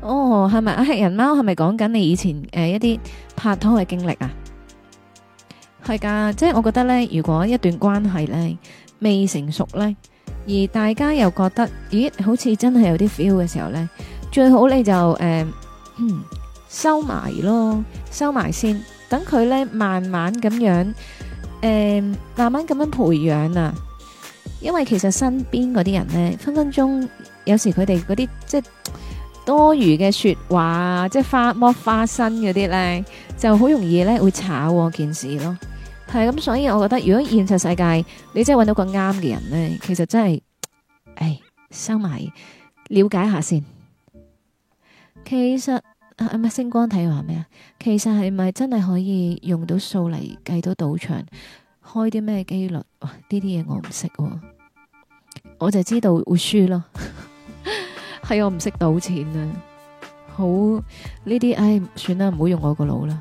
哦，係咪啊？黑人貓係咪講緊你以前誒一啲拍拖嘅經歷啊？係噶，即係我覺得呢，如果一段關係呢未成熟呢，而大家又覺得咦，好似真係有啲 feel 嘅時候呢，最好你就誒收埋咯，收埋先，等佢呢慢慢咁樣誒慢慢咁樣培養啊。因為其實身邊嗰啲人呢，分分鐘有時佢哋嗰啲即係。多餘嘅說話即係花剝花生嗰啲咧，就好容易咧會炒、啊、件事咯。係咁，所以我覺得如果現實世界你真係揾到一個啱嘅人咧，其實真係，唉，收埋了解一下先。其實啊，咪星光體話咩啊？其實係咪真係可以用到數嚟計到賭場開啲咩機率？呢啲嘢我唔識、啊，我就知道會輸咯。係、哎、我唔識賭錢啦，好呢啲唉，算啦，唔好用我個腦啦。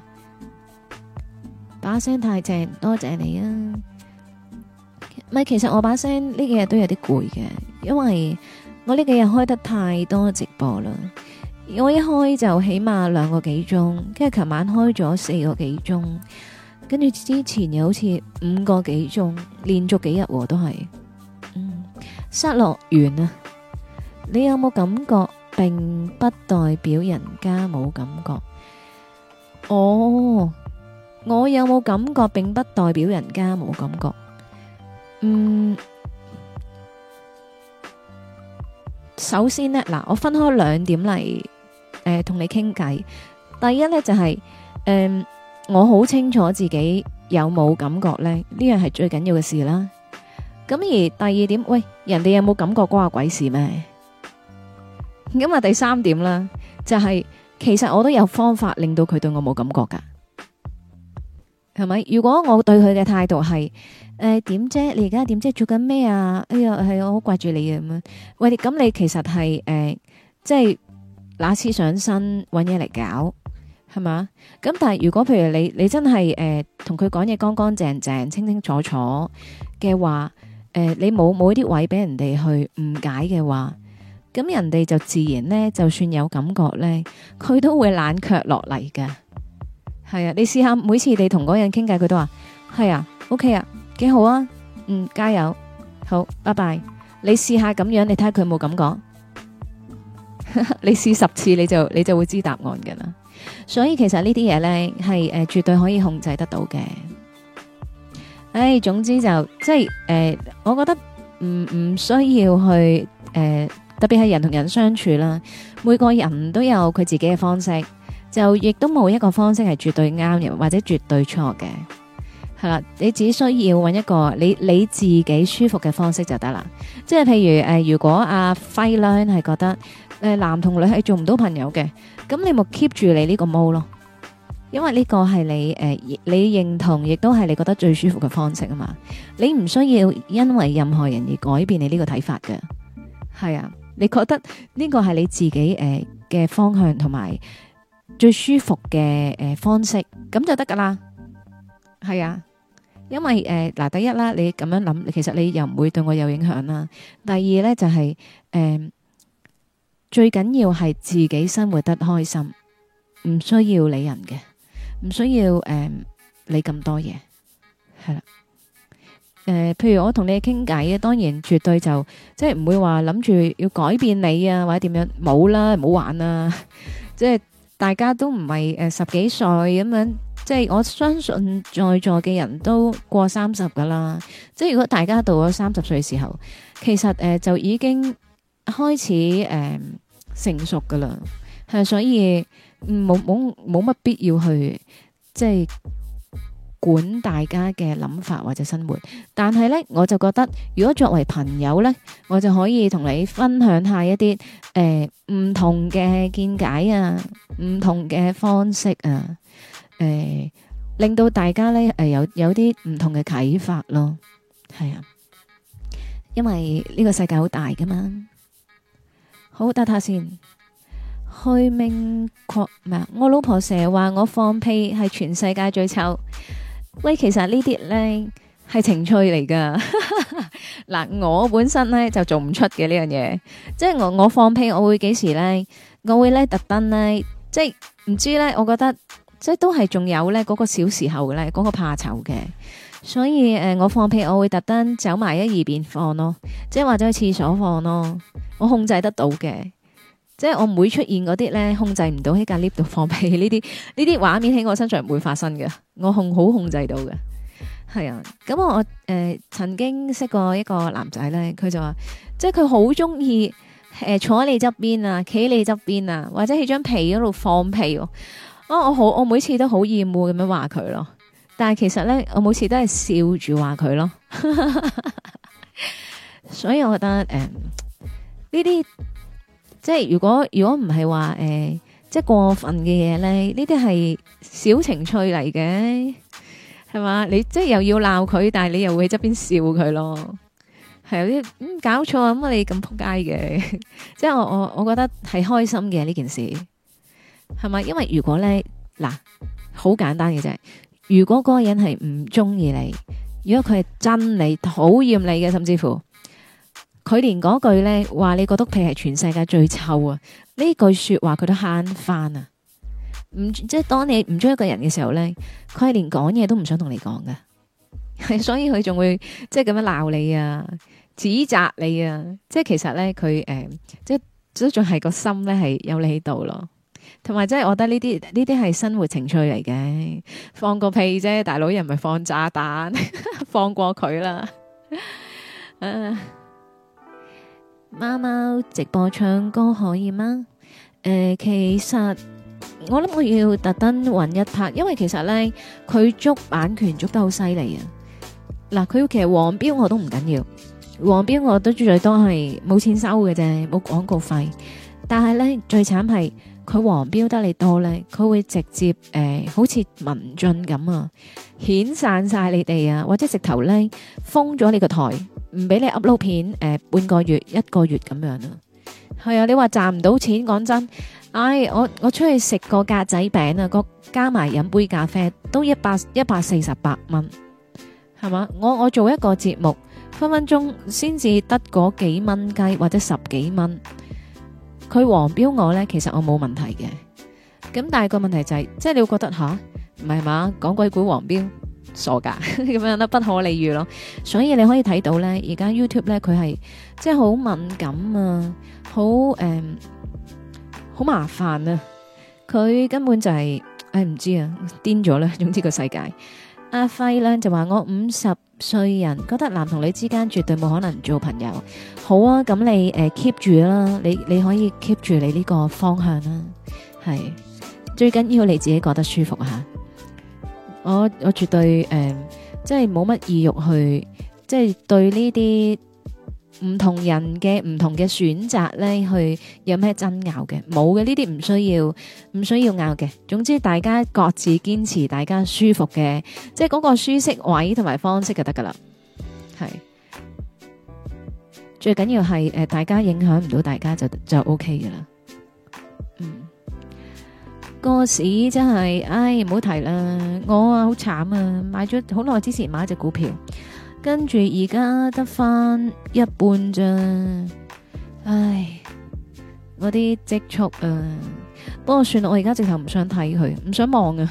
把聲太正，多謝你啊！唔係其實我把聲呢幾日都有啲攰嘅，因為我呢幾日開得太多直播啦。我一開就起碼兩個幾鐘，跟住琴晚開咗四個幾鐘，跟住之前又好似五個幾鐘，連續幾日都係。失、嗯、落完啦。你有冇感覺，並不代表人家冇感覺。哦，我有冇感覺，並不代表人家冇感覺。嗯，首先呢，嗱，我分開兩點嚟，誒，同你傾偈。第一咧就係，誒，我好清楚自己有冇感覺咧，呢樣係最緊要嘅事啦。咁而第二點，喂，人哋有冇感覺關我鬼事咩？咁啊，第三點啦，就係其實我都有方法令到佢對我冇感覺噶，係咪？如果我對佢嘅態度係誒點啫？你而家點啫？做緊咩啊？哎呀，係呀，我好掛住你呀咁樣！喂，咁你其實係誒，即係拿次上身搵嘢嚟搞，係嘛？咁但係如果譬如你你真係誒同佢講嘢乾乾淨淨、清清楚楚嘅話，誒你冇冇一啲位俾人哋去誤解嘅話？咁人哋就自然咧，就算有感覺咧，佢都會冷卻落嚟嘅。係啊，你試下每次你同嗰人傾偈，佢都話係啊，OK 啊，幾好啊，嗯，加油，好，拜拜。你試下咁樣，你睇下佢冇感覺。你試十次，你就你就會知答案噶啦。所以其實呢啲嘢咧係誒絕對可以控制得到嘅。誒，總之就即係誒，我覺得唔唔需要去誒。特別係人同人相處啦，每個人都有佢自己嘅方式，就亦都冇一個方式係絕對啱，又或者絕對錯嘅，係啦。你只需要揾一個你你自己舒服嘅方式就得啦。即係譬如、呃、如果阿輝亮係覺得、呃、男同女係做唔到朋友嘅，咁你咪 keep 住你呢個 MO 咯，因為呢個係你、呃、你認同，亦都係你覺得最舒服嘅方式啊嘛。你唔需要因為任何人而改變你呢個睇法嘅，係啊。你覺得呢個係你自己誒嘅、呃、方向同埋最舒服嘅誒、呃、方式，咁就得噶啦。係啊，因為誒嗱、呃，第一啦，你咁樣諗，其實你又唔會對我有影響啦。第二咧就係、是、誒、呃、最緊要係自己生活得開心，唔需要理人嘅，唔需要誒理咁多嘢，係啦、啊。誒、呃，譬如我同你傾偈啊，當然絕對就即係唔會話諗住要改變你啊，或者點樣冇啦，冇玩啦， 即係大家都唔係誒十幾歲咁樣，即係我相信在座嘅人都過三十噶啦，即係如果大家到咗三十歲嘅時候，其實誒、呃、就已經開始誒、呃、成熟噶啦，係所以冇冇冇乜必要去即係。管大家嘅諗法或者生活，但係呢，我就覺得，如果作為朋友呢，我就可以同你分享一下一啲誒唔同嘅見解啊，唔同嘅方式啊，誒、呃、令到大家呢誒、呃、有有啲唔同嘅啟發咯，係啊，因為呢個世界好大噶嘛。好得下先，開明擴唔係，我老婆成日話我放屁係全世界最臭。喂，其實這些呢啲咧係情趣嚟㗎， 嗱我本身咧就做唔出嘅呢樣嘢，即係我我放屁我會幾時咧，我會咧特登咧，即係唔知咧，我覺得即係都係仲有咧嗰、嗰個小時候咧嗰、嗰個怕醜嘅，所以誒、呃、我放屁我會特登走埋一二邊放咯，即係或者去廁所放咯，我控制得到嘅。即係我唔會出現嗰啲，咧控制唔到喺隔籬度放屁呢啲呢啲畫面，喺我身上唔會發生嘅，我控好控制到嘅，係啊。咁我誒、呃、曾經識過一個男仔咧，佢就話，即係佢好中意誒坐喺你側邊啊，企喺你側邊啊，或者喺張被嗰度放屁哦。啊、我好我每次都好厭惡咁樣話佢咯，但係其實咧我每次都係笑住話佢咯。 所以我覺得誒呢啲。呃即係如果如果唔係話誒，即係過分嘅嘢咧，呢啲係小情趣嚟嘅，係嘛？你即係又要鬧佢，但係你又會喺側邊笑佢咯，係有啲嗯搞錯啊，乜你咁撲街嘅？即係我我我覺得係開心嘅呢件事，係咪？因為如果咧嗱，好簡單嘅啫，如果嗰個人係唔中意你，如果佢係憎你、討厭你嘅，甚至乎。佢連嗰句咧話，你覺得屁係全世界最臭啊？呢句說話佢都慳翻啊！唔即係當你唔中意一個人嘅時候咧，佢係連講嘢都唔想同你講嘅，係 所以佢仲會即係咁樣鬧你啊、指責你啊！即係其實咧，佢誒、呃，即係都仲係個心咧係有你喺度咯。同埋即係我覺得呢啲呢啲係生活情趣嚟嘅，放個屁啫，大佬又唔係放炸彈， 放過佢他啦， 啊！貓貓直播唱歌可以嗎？誒、呃，其實我諗我要特登揾一拍，因為其實咧佢捉版權捉得好犀利啊！嗱，佢其實黃標我都唔緊要，黃標我都最多係冇錢收嘅啫，冇廣告費。但係咧最慘係。佢黃標得你多呢，佢會直接誒、呃、好似民進咁啊，遣散晒你哋啊，或者直頭呢，封咗你個台，唔俾你 upload 片誒、呃，半個月一個月咁樣啊。係啊，你話賺唔到錢，講真，唉、哎，我我出去食個格仔餅啊，加埋飲杯咖啡都一百一百四十八蚊，係嘛？我我做一個節目，分分鐘先至得嗰幾蚊雞或者十幾蚊。佢黃標我咧，其實我冇問題嘅。咁但係個問題就係、是，即係你會覺得吓，唔係嘛？講鬼故黃標傻噶咁 樣，得不可理喻咯。所以你可以睇到咧，而家 YouTube 咧佢係即係好敏感啊，好誒，好、嗯、麻煩啊。佢根本就係、是、唉，唔知啊癲咗啦。總之個世界阿輝咧就話我五十。衰人覺得男同女之間絕對冇可能不做朋友，好啊，咁你誒、呃、keep 住啦，你你可以 keep 住你呢個方向啦，係最緊要你自己覺得舒服吓，我我絕對誒，即係冇乜意欲去，即係對呢啲。唔同人嘅唔同嘅選擇咧，去有咩爭拗嘅？冇嘅，呢啲唔需要，唔需要拗嘅。總之大家各自堅持，大家舒服嘅，即係嗰個舒適位同埋方式就得噶啦。係最緊要係誒、呃，大家影響唔到大家就就 OK 噶啦。嗯，股市真係，唉，唔好提啦。我啊好慘啊，買咗好耐之前買一隻股票。跟住而家得翻一半咋，唉，我啲積蓄啊、呃，不過算啦，我而家直頭唔想睇佢，唔想望啊，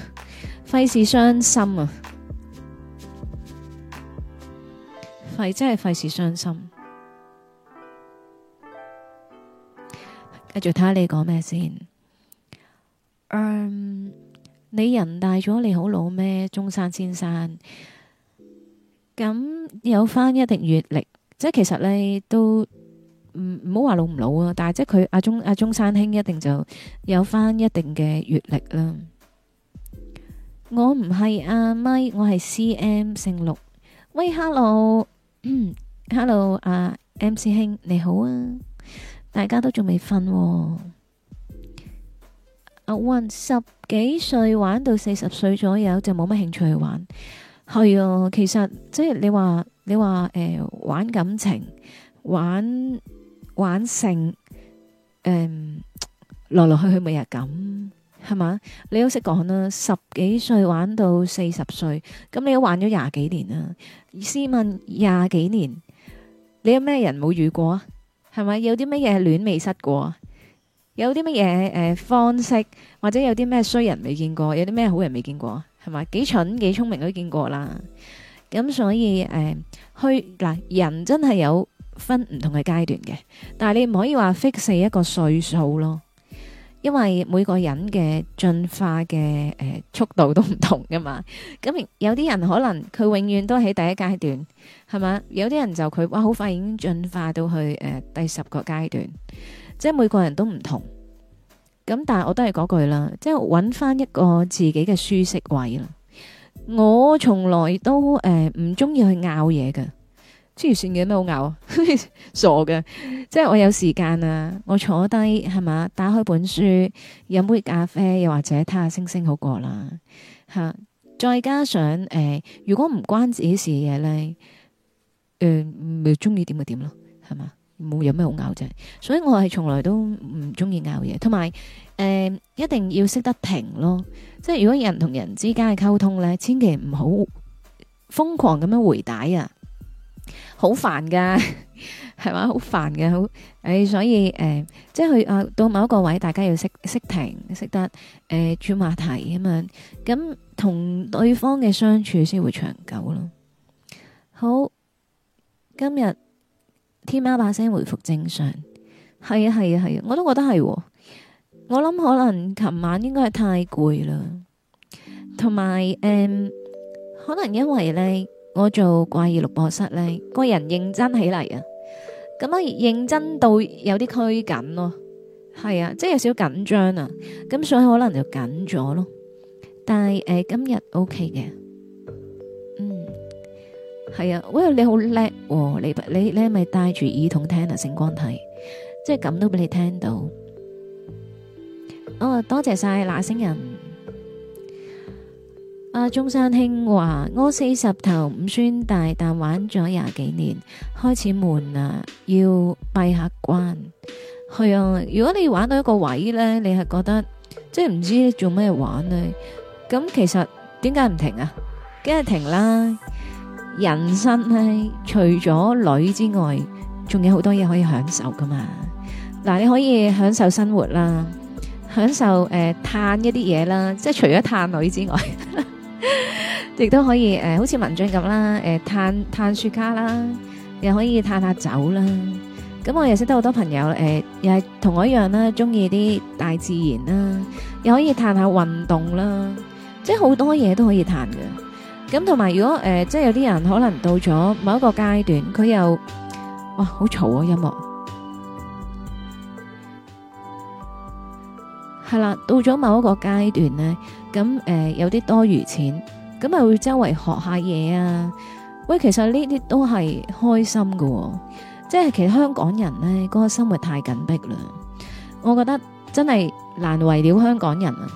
費事傷心啊，費，真係費事傷心。繼續睇下你講咩先，嗯，你人大咗，你好老咩，中山先生？咁、嗯、有翻一定閱歷，即係其實呢都唔唔好話老唔老啊，但係即係佢阿鍾阿中山兄一定就有翻一定嘅閱歷啦。我唔係阿咪，Mike, 我係 C M 姓陸。喂，hello，hello，阿 Hello,、uh, M C 兄你好啊，大家都仲未瞓？阿、啊、one、嗯、十幾歲玩到四十歲左右就冇乜興趣去玩。係啊，其實即係你話你話誒、呃、玩感情，玩玩性，誒、呃、來來去去每日咁，係嘛？你都識講啦，十幾歲玩到四十歲，咁你都玩咗廿幾年啦。試問廿幾年，你有咩人冇遇過啊？係咪有啲乜嘢戀未失過？有啲乜嘢誒方式，或者有啲咩衰人未見過，有啲咩好人未見過？係咪？幾蠢幾聰明都見過啦。咁所以誒、呃，去嗱、呃、人真係有分唔同嘅階段嘅。但係你唔可以話 fix 死一個歲數咯，因為每個人嘅進化嘅誒、呃、速度都唔同噶嘛。咁有啲人可能佢永遠都喺第一階段，係嘛？有啲人就佢哇好快已經進化到去誒、呃、第十個階段，即係每個人都唔同。咁但係我都係嗰句啦，即係揾翻一個自己嘅舒適位啦。我從來都誒唔中意去拗嘢嘅，即係算嘢咩好拗傻嘅。即係我有時間啊，我坐低係嘛，打開本書，飲杯咖啡，又或者睇下星星好過啦吓、啊。再加上誒、呃，如果唔關自己事嘅嘢咧，誒你中意點咪點咯，係嘛？冇有咩好拗啫，所以我係從來都唔中意拗嘢，同埋誒一定要識得停咯，即係如果人同人之間嘅溝通咧，千祈唔好瘋狂咁樣回帶、呃呃、啊，好煩噶，係嘛，好煩㗎。好，誒所以誒即係去啊到某一個位，大家要識識停，識得誒轉話題啊嘛，咁、呃、同、嗯、對方嘅相處先會長久咯。好，今日。天喵把聲回復正常，係啊係啊係啊，我都覺得係、哦。我諗可能琴晚應該係太攰啦，同埋誒，可能因為咧我做怪異錄播室咧，個人認真起嚟啊，咁啊認真到有啲拘緊咯，係啊，即、就、係、是、有少少緊張啊，咁所以可能就緊咗咯。但係誒、呃，今日 O K 嘅。係啊，喂，你好叻、哦，你你咪戴住耳筒聽啊？星光睇，即係咁都俾你聽到。哦，多謝晒那星人。阿、啊、中山兄話：我四十頭唔算大，但玩咗廿幾年，開始悶啦，要閉下關。係啊，如果你玩到一個位咧，你係覺得即係唔知做咩玩呢？咁其實點解唔停啊？梗係停啦。人生咧，除咗女之外，仲有好多嘢可以享受噶嘛？嗱，你可以享受生活啦，享受誒嘆、呃、一啲嘢啦，即係除咗嘆女之外，亦都可以誒、呃，好似文進咁啦，誒嘆嘆雪茄啦，又可以嘆下酒啦。咁、嗯嗯、我又識得好多朋友，誒、呃、又係同我一樣啦，中意啲大自然啦，又可以嘆下運動啦，即係好多嘢都可以嘆嘅。咁同埋，如果誒，即係有啲人可能到咗某一個階段，佢又，哇，好嘈啊音樂，係啦，到咗某一個階段咧，咁誒，有啲多餘錢，咁咪會周圍學下嘢啊。喂，其實呢啲都係開心㗎喎，即係其實香港人咧，嗰個生活太緊逼緊迫啦，我覺得真係難為了香港人啊。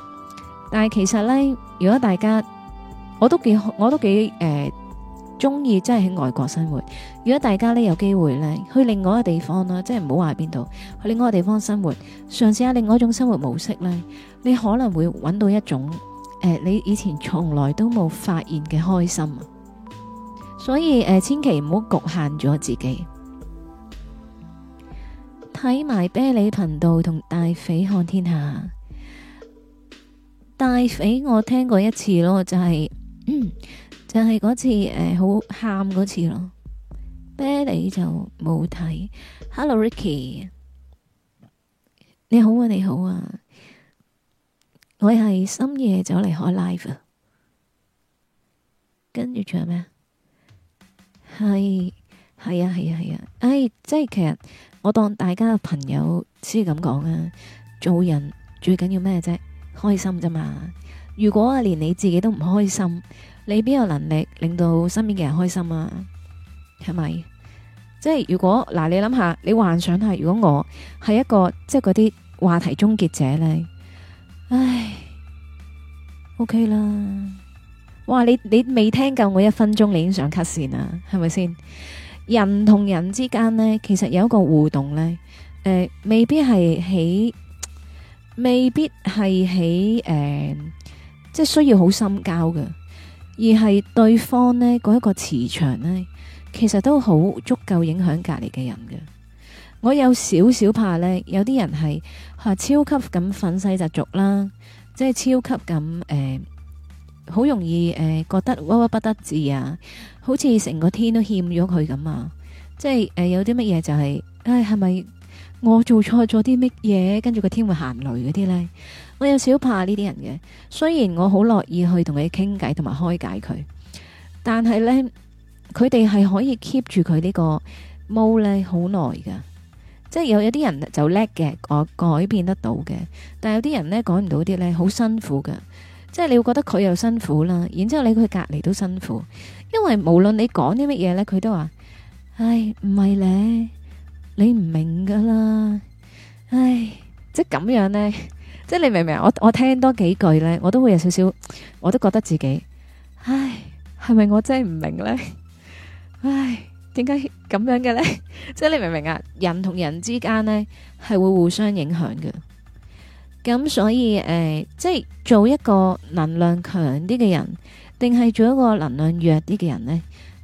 但係其實咧，如果大家，我都幾我都幾誒，中意即係喺外國生活。如果大家呢，有機會呢，去另外一個地方啦，即係唔好話邊度，去另外一個地方生活，嘗試下另外一種生活模式呢，你可能會揾到一種誒、呃，你以前從來都冇發現嘅開心。所以誒、呃，千祈唔好局限咗自己，睇埋啤梨頻道同大匪看天下，大匪我聽過一次咯，就係、是。嗯，就係、是、嗰次誒，好喊嗰次咯。啤梨就冇睇。Hello，Ricky，你好啊，你好啊，我係深夜走嚟開 live 啊。跟住仲有咩啊？係係啊，係啊，係啊，哎，即係其實我當大家嘅朋友先咁講啊。做人最緊要咩啫？開心啫嘛。如果連你自己都唔開心，你邊有能力令到身邊嘅人開心啊？係咪？即係如果嗱、呃，你諗下，你幻想下，如果我係一個即係嗰啲話題終結者咧，唉，OK 啦。哇，你你未聽夠我一分鐘，你已經想 cut 線啦，係咪先？人同人之間呢，其實有一個互動呢，誒、呃，未必係喺，未必係喺誒。呃即係需要好深交嘅，而係對方呢嗰一個磁場呢，其實都好足夠影響隔離嘅人嘅。我有少少怕呢，有啲人係吓超級咁憤世嫉俗啦，即係超級咁誒、呃呃呃，好容易誒覺得屈屈不得志啊，好似成個天都欠咗佢咁啊！即係誒、呃、有啲乜嘢就係、是、唉，係、哎、咪我做錯咗啲乜嘢，跟住個天會行雷嗰啲呢。我有少怕呢啲人嘅，雖然我好樂意去同佢傾偈，同埋開解佢，但係呢，佢哋係可以 keep 住佢呢個 mood 好耐噶。即係有有啲人就叻嘅，改變得到嘅，但係有啲人呢，改唔到啲呢好辛苦噶。即係你會覺得佢又辛苦啦，然之後你佢隔籬都辛苦，因為無論你講啲乜嘢呢，佢都話唉，唔係咧，你唔明噶啦，唉，即係咁樣咧。即係你明唔明啊？我我聽多幾句咧，我都會有少少，我都覺得自己，唉，係咪我真係唔明咧？唉，點解咁樣嘅咧？即係你明唔明啊？人同人之間咧，係會互相影響嘅，咁所以誒、呃，即係做一個能量強啲嘅人，定係做一個能量弱啲嘅人咧？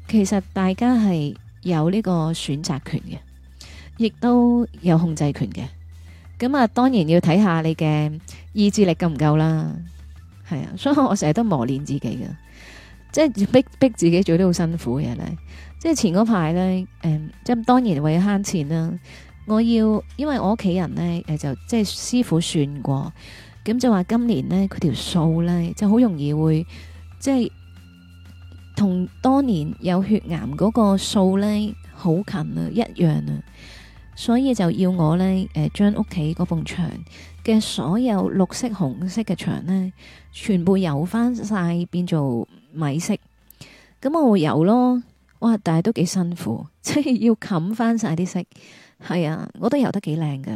其實大家係有呢個選擇權嘅，亦都有控制權嘅。咁啊，當然要睇下你嘅意志力夠唔夠啦。係啊，所以我成日都磨練自己嘅，即係逼逼自己做啲好辛苦嘅嘢咧。即係前嗰排咧，誒、嗯，即係當然為咗慳錢啦，我要因為我屋企人咧，誒，就即係師傅算過，咁就話今年咧佢條數咧就好容易會即係同當年有血癌嗰個數咧好近啊，一樣啊。所以就要我呢，誒、呃，將屋企嗰埲牆嘅所有綠色、紅色嘅牆呢，全部油翻晒變做米色。咁我會油咯，哇！但係都幾辛苦，即係要冚翻晒啲色。係啊，我都油得幾靚㗎。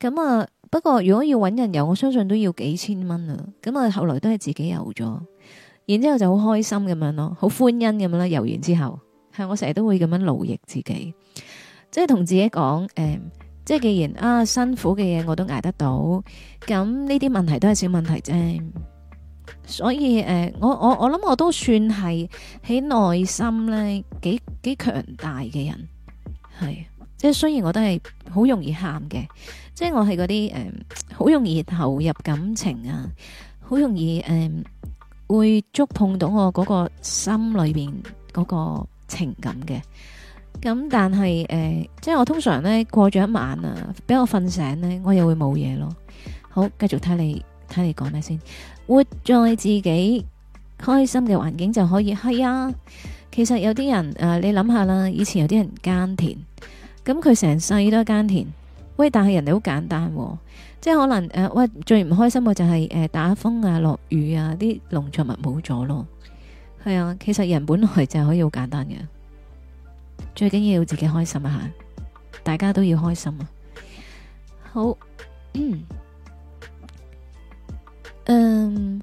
咁啊，不過如果要搵人油，我相信都要幾千蚊啊。咁啊，後來都係自己油咗，然之後就好開心咁樣咯，好歡欣咁樣啦。油完之後，係我成日都會咁樣勞役自己。即係同自己講，誒、嗯，即係既然啊辛苦嘅嘢我都捱得到，咁呢啲問題都係小問題啫。所以誒、呃，我我我諗我都算係喺內心咧幾幾強大嘅人，係，即係雖然我都係好容易喊嘅，即係我係嗰啲誒好容易投入感情啊，好容易誒、嗯、會觸碰到我嗰個心裏邊嗰個情感嘅。咁、嗯、但係誒、呃，即係我通常咧過咗一晚啊，俾我瞓醒咧，我又會冇嘢咯。好，繼續睇你睇你講咩先。活在自己開心嘅環境就可以，係啊。其實有啲人誒、呃，你諗下啦，以前有啲人耕田，咁佢成世都耕田。喂，但係人哋好簡單，即係可能誒、呃，喂最唔開心嘅就係、是、誒、呃、打風啊、落雨啊，啲農作物冇咗咯。係啊，其實人本來就可以好簡單嘅。最緊要自己開心啊！大家都要開心啊！好， 嗯，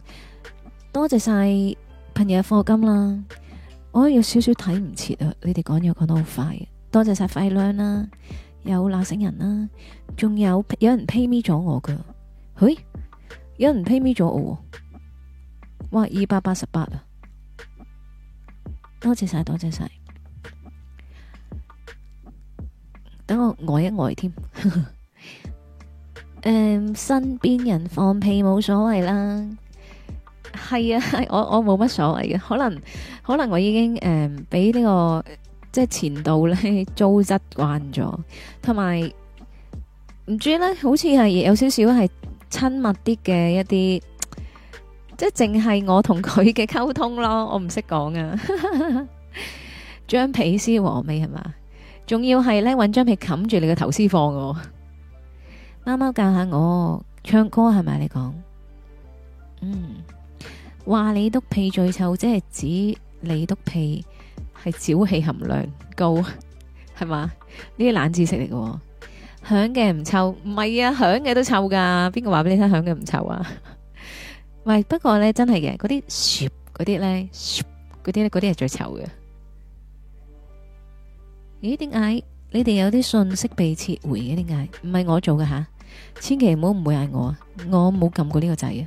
多謝晒朋友嘅課金啦，我、哦、有少少睇唔切啊！你哋講嘢講得好快，多謝晒快亮啦，有鬧醒人啦，仲有有人 pay me 咗我嘅，誒，有人 pay me 咗我，欸 me 我啊，哇，二百八十八啊！多謝晒，多謝晒。等我呆一呆添。誒、 嗯，身邊人放屁冇所謂啦。係啊，我我冇乜所謂嘅。可能可能我已經誒，俾、嗯、呢、這個即係前度咧糟質慣咗，同埋唔知咧，好似係有少少係親密啲嘅一啲，即係淨係我同佢嘅溝通咯。我唔識講啊。張 皮絲和味係嘛？仲要係咧，搵張被冚住你個頭先放我。貓貓教下我唱歌係咪？你講，嗯，話你篤屁最臭，即係指你篤屁係沼氣含量高，係嘛？呢啲冷知識嚟嘅。響嘅唔臭，唔係啊，響嘅都臭噶。邊個話俾你聽響嘅唔臭啊？唔係，不過咧真係嘅，嗰啲嗰啲咧，嗰啲咧，嗰啲係最臭嘅。咦？點解你哋有啲信息被撤回嘅？點解唔係我做嘅吓、啊？千祈唔好誤會嗌我，我沒這啊！我冇撳過呢個仔啊！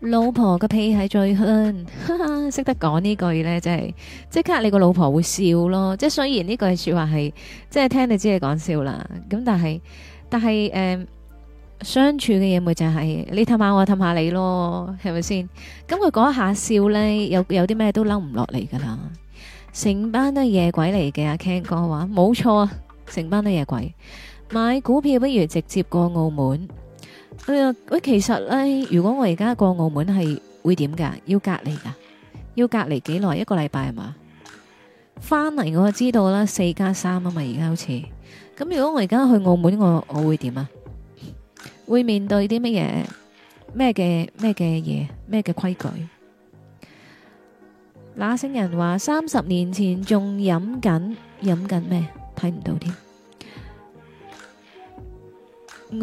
老婆個屁喺最香，哈哈，識得講呢句咧，即係即刻你個老婆會笑咯。即係雖然呢句說話係即係聽你知係講笑啦，咁但係但係誒、呃、相處嘅嘢咪就係、是、你氹下我氹下你咯，係咪先？咁佢嗰一下笑咧，有有啲咩都嬲唔落嚟噶啦。成班都係夜鬼嚟嘅，阿 Ken 哥話冇錯啊，成班都係夜鬼，買股票不如直接過澳門。哎呀，喂，其實咧，如果我而家過澳門係會點噶？要隔離噶？要隔離幾耐？一個禮拜係嘛？翻嚟我就知道啦，四加三啊嘛，而家好似。咁如果我而家去澳門，我我會點啊？會面對啲乜嘢？咩嘅咩嘅嘢？咩嘅規矩？那星人話三十年前仲飲緊飲緊咩？睇唔到添。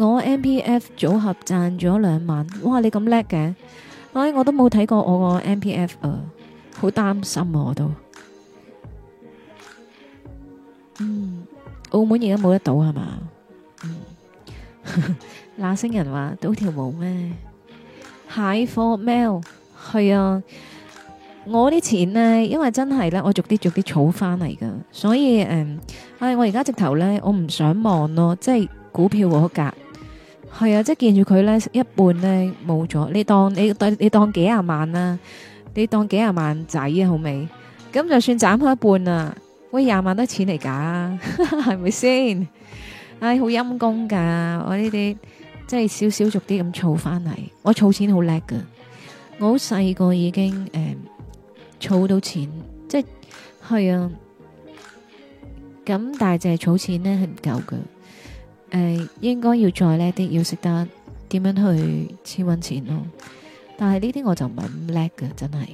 我 MPF 組合賺咗兩萬，哇！你咁叻嘅，唉，我都冇睇過我個 MPF 啊，好擔心啊我都。嗯，澳門而家冇得到係嘛？嗯，那星人話賭條毛咩？蟹貨喵，係啊。我啲錢呢，因為真係咧，我逐啲逐啲儲翻嚟噶，所以誒，唉、嗯、哎，我而家直頭咧，我唔想望咯，即係股票個價，係啊，即係見住佢咧，一半咧冇咗，你當你你當幾廿萬啦，你當幾廿萬、啊、萬仔啊，好未？咁就算斬開一半啊，喂廿萬都錢嚟噶，係咪先？唉，好陰功噶，我呢啲即係少少逐啲咁儲翻嚟，我儲錢好叻噶，我好細個已經誒。嗯儲到錢，即係係啊，咁但係淨係儲錢呢係唔夠嘅，誒、呃，應該要再叻啲，要識得點樣去錢揾錢咯。但係呢啲我就唔係咁叻嘅，真係。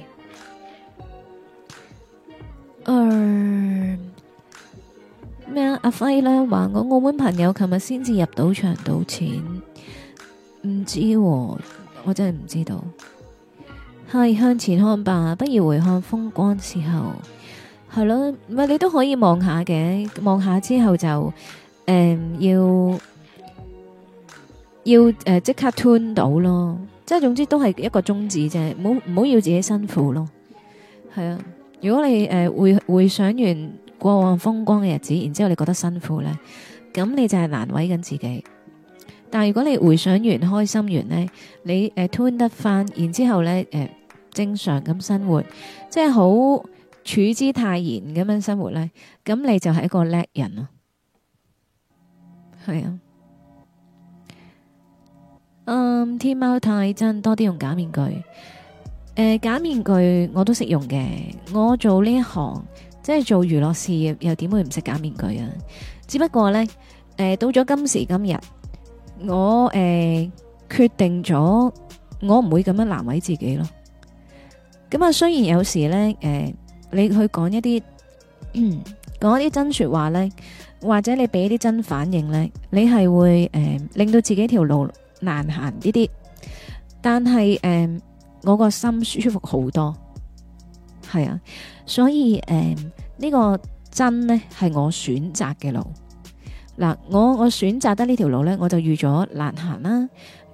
誒咩啊？阿輝呢，話我澳門朋友琴日先至入賭場賭錢，唔知、哦、我真係唔知道。向前看吧，不如回看風光時候，係咯，咪你都可以望下嘅，望下之後就誒、呃、要要誒即、呃、刻 turn 到咯，即係總之都係一個宗旨，啫，係冇唔好要自己辛苦咯。係啊，如果你誒、呃、回回想完過往風光嘅日子，然之後你覺得辛苦呢，咁你就係難為緊自己。但係如果你回想完開心完呢，你誒 turn 得翻，然之後咧誒。呃正常咁生活，即係好處之泰然咁樣生活呢。咁你就係一個叻人咯，係啊。嗯，天喵太真，多啲用假面具。誒，假面具我都識用嘅。我做呢一行，即係做娛樂事業，又點會唔識假面具啊？只不過呢，誒，到咗今時今日，我誒決定咗，我唔會咁樣難為自己咯。咁啊，雖然有時咧，誒、呃，你去講一啲講、嗯、一啲真說話咧，或者你俾啲真反應咧，你係會誒、呃、令到自己條路難行啲啲，但係誒、呃，我個心舒服好多，係啊，所以誒呢、呃這個真咧係我選擇嘅路。嗱，我我選擇得呢條路咧，我就預咗難行啦，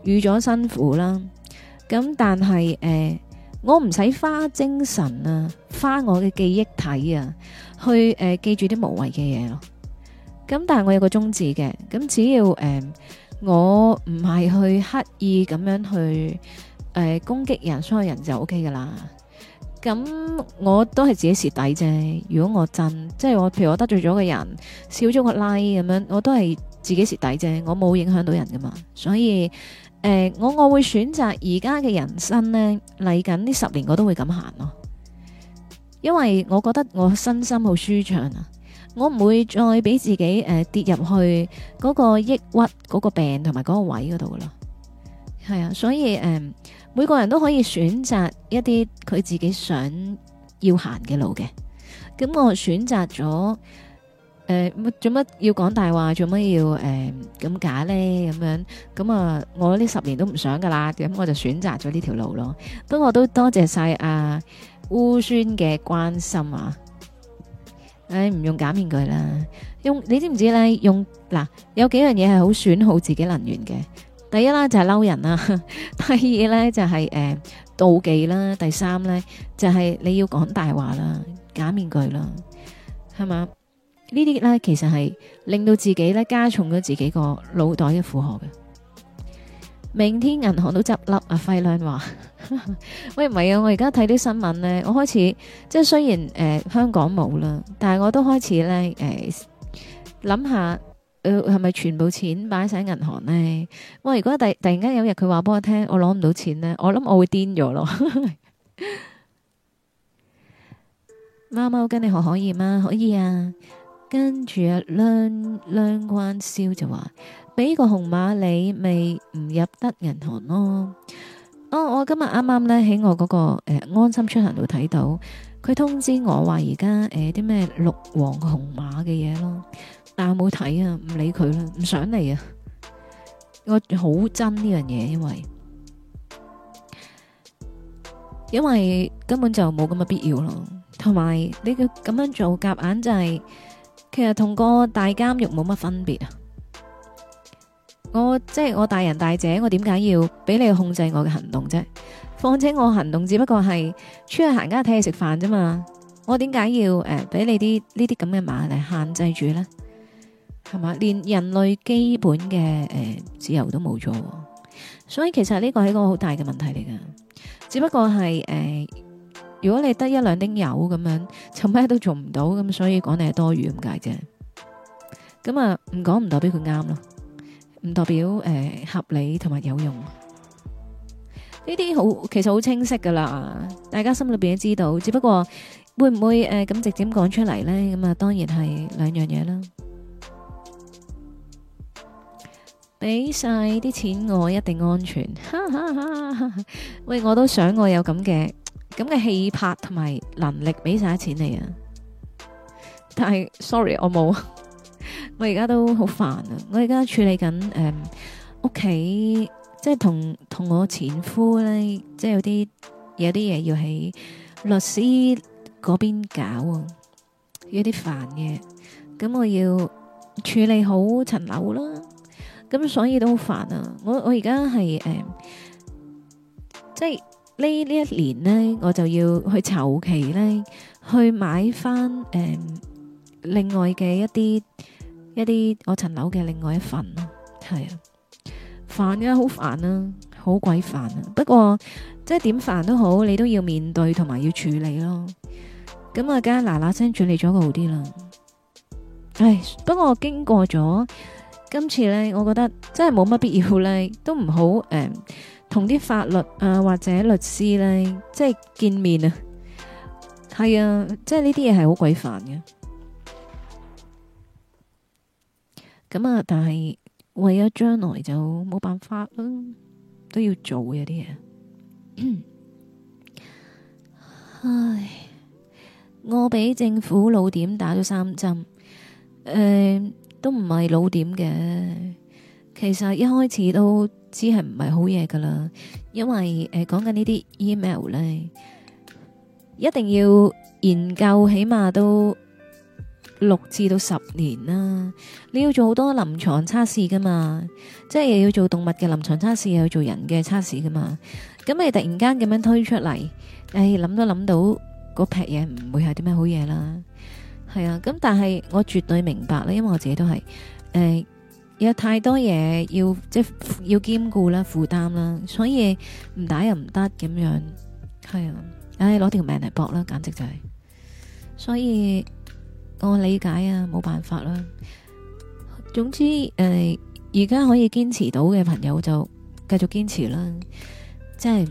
預咗辛苦啦，咁但係誒。呃我唔使花精神啊，花我嘅記憶體啊，去誒、呃、記住啲無謂嘅嘢咯。咁但係我有個宗旨嘅，咁只要誒、呃、我唔係去刻意咁樣去誒、呃、攻擊人，所有人就 OK 噶啦。咁我都係自己蝕底啫。如果我真即係我譬如我得罪咗個人，少咗個拉、like、咁樣，我都係自己蝕底啫。我冇影響到人噶嘛，所以。誒、呃，我我會選擇而家嘅人生呢，嚟緊呢十年，我都會咁行咯。因為我覺得我身心好舒暢啊，我唔會再俾自己誒、呃、跌入去嗰個抑鬱嗰個病同埋嗰個位嗰度噶啦。係啊，所以誒、呃，每個人都可以選擇一啲佢自己想要行嘅路嘅。咁我選擇咗。誒，做乜要講大話？做乜要誒咁，呃，假呢？咁樣咁啊，我呢十年都唔想噶啦。咁我就選擇咗呢條路咯。不過都多謝晒阿烏宣嘅關心啊！誒，唔用假面具知知啦，用你知唔知咧？用嗱有幾樣嘢係好損耗自己能源嘅。第一啦，就係、是、嬲人啦；第二咧，就係誒妒忌啦；第三咧，就係、是、你要講大話啦，假面具啦，係嘛？這呢啲咧，其實係令到自己咧加重咗自己個腦袋嘅負荷嘅。明天銀行都執笠，啊！輝亮話：，喂，唔係啊！我而家睇啲新聞咧，我開始即係雖然誒、呃、香港冇啦，但係我都開始咧誒諗下，誒係咪全部錢擺晒喺銀行咧、呃？我如果第突然間有日佢話俾我聽，我攞唔到錢咧，我諗我會癲咗咯。貓貓，跟你學可以嗎？可以啊。跟住啊，兩兩關少就話俾個紅馬，你咪唔入得銀行咯。哦，我今日啱啱咧喺我嗰個誒安心出行度睇到佢通知我話而家誒啲咩綠黃紅馬嘅嘢咯，但我冇睇啊，唔理佢啦，唔想嚟啊。我好憎呢樣嘢，因為因為根本就冇咁嘅必要咯，同埋你嘅咁樣做夾硬就係。其實同個大監獄冇乜分別啊！我即係、就是、我大人大姐，我點解要俾你控制我嘅行動啫？況且我的行動只不過係出去行街睇嘢食飯啫嘛，我點解要誒俾、呃、你啲呢啲咁嘅馬嚟限制住呢？係嘛，連人類基本嘅誒、呃、自由都冇咗，所以其實呢個係一個好大嘅問題嚟噶。只不過係誒。呃如果你得一兩丁友咁樣，就咩都做唔到，咁所以講你係多餘咁解啫。咁啊，唔講唔代表佢啱咯，唔代表誒合理同埋有用。呢啲好其實好清晰噶啦，大家心裏邊都知道，只不過會唔會誒咁直接講出嚟咧？咁啊，當然係兩樣嘢啦。俾晒啲錢，我一定安全。哈哈哈哈，喂，我都想我有咁嘅。咁嘅氣魄同埋能力俾晒錢你啊！但係，sorry，我冇，我而家都好煩啊！我而家處理緊誒屋企，即係同同我前夫咧，即係有啲有啲嘢要喺律師嗰邊搞啊，有啲煩嘅。咁我要處理好層樓啦。咁所以都好煩啊！我我而家係誒，即係。呢呢一年呢，我就要去籌期咧，去買翻誒、嗯、另外嘅一啲一啲我層樓嘅另外一份咯，係啊，煩嘅好煩啊，好鬼煩啊！不過即係點煩都好，你都要面對同埋要處理咯。咁啊，梗係嗱嗱聲處理咗個好啲啦。唉，不過經過咗今次咧，我覺得真係冇乜必要咧，都唔好誒。嗯同啲法律啊、呃、或者律師咧，即係見面啊，係 啊，即係呢啲嘢係好鬼煩嘅。咁啊，但係為咗將來就冇辦法啦，都要做嘅啲嘢。唉，我俾政府老點打咗三針，誒、呃，都唔係老點嘅。其實一開始都。知係唔係好嘢噶啦，因為誒講緊呢啲 email 咧，一定要研究起碼都六至到十年啦。你要做好多臨床測試噶嘛，即係又要做動物嘅臨床測試，又要做人嘅測試噶嘛。咁你突然間咁樣推出嚟，誒諗都諗到嗰批嘢唔會係啲咩好嘢啦。係啊，咁但係我絕對明白啦，因為我自己都係誒。呃有太多嘢要即係要兼顧啦，負擔啦，所以唔打又唔得咁樣，係啊的，唉，攞條命嚟搏啦，簡直就係、是。所以我理解啊，冇辦法啦。總之誒，而、呃、家可以堅持到嘅朋友就繼續堅持啦。即係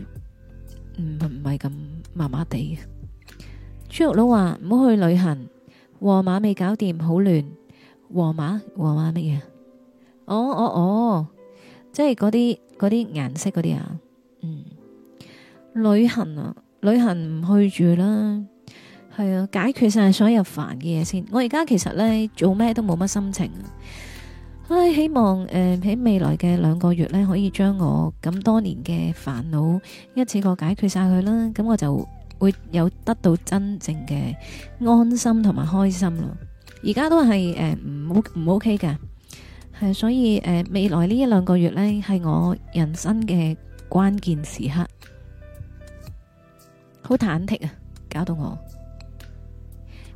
唔係咁麻麻地。朱玉佬話唔好去旅行，和馬未搞掂，好亂。和馬和馬乜嘢？哦哦哦，oh, oh, oh. 即係嗰啲嗰啲顏色嗰啲啊，嗯，旅行啊，旅行唔去住啦，係啊，解決晒所有煩嘅嘢先。我而家其實呢，做咩都冇乜心情，唉，希望誒喺、呃、未來嘅兩個月呢，可以將我咁多年嘅煩惱一次過解決晒佢啦。咁我就會有得到真正嘅安心同埋開心咯。而家都係誒唔好唔 OK 嘅。所以誒、呃，未來呢一兩個月呢，係我人生嘅關鍵時刻，好忐忑啊，搞到我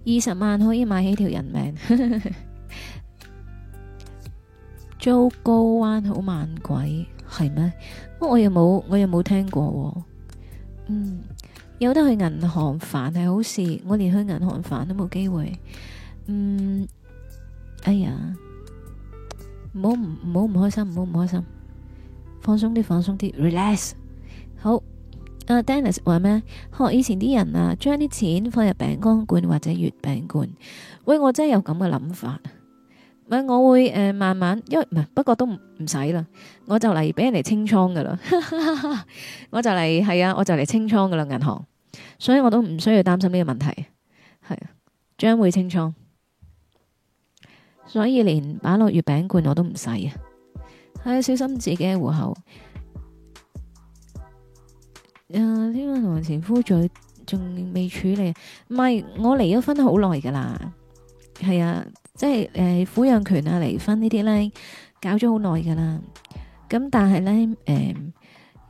二十萬可以買起條人命， 租高灣好猛鬼係咩？我我又冇，我又冇聽過、啊，嗯，有得去銀行返係好事，我連去銀行返都冇機會，嗯，哎呀。唔好唔唔好唔開心，唔好唔開心，放鬆啲，放鬆啲，relax 好。好，uh，Dennis 話咩？學以前啲人啊，將啲錢放入餅乾罐或者月餅罐。喂，我真係有咁嘅諗法。唔咪我會誒、呃，慢慢，因為唔係，不過都唔唔使啦。我就嚟俾人哋清倉噶啦， 我就嚟係啊，我就嚟清倉噶啦，銀行，所以我都唔需要擔心呢個問題，係啊，將會清倉。所以連擺落月餅罐我都唔使啊！係小心自己嘅戶口。呢個同前夫仲仲未處理，唔係我離咗婚好耐噶啦。係啊，即係誒，撫、呃、養權啊，離婚呢啲咧，搞咗好耐噶啦。咁但係咧，誒、呃，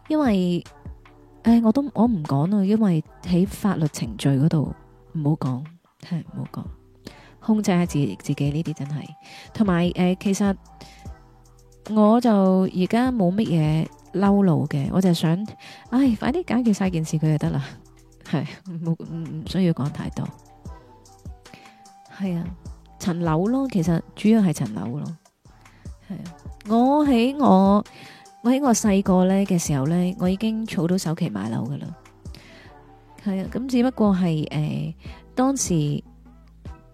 因為誒、呃，我都我唔講咯，因為喺法律程序嗰度唔好講，係唔好講。控制下自己，自己呢啲真係，同埋誒，其實我就而家冇乜嘢嬲路嘅，我就，現在沒什麼的我就想，唉，快啲解決晒件事佢就得啦，係冇唔唔需要講太多，係啊，層樓咯，其實主要係層樓咯，係啊，我喺我我喺我細個咧嘅時候咧，我已經儲到首期買樓噶啦，係啊，咁只不過係誒、呃、當時。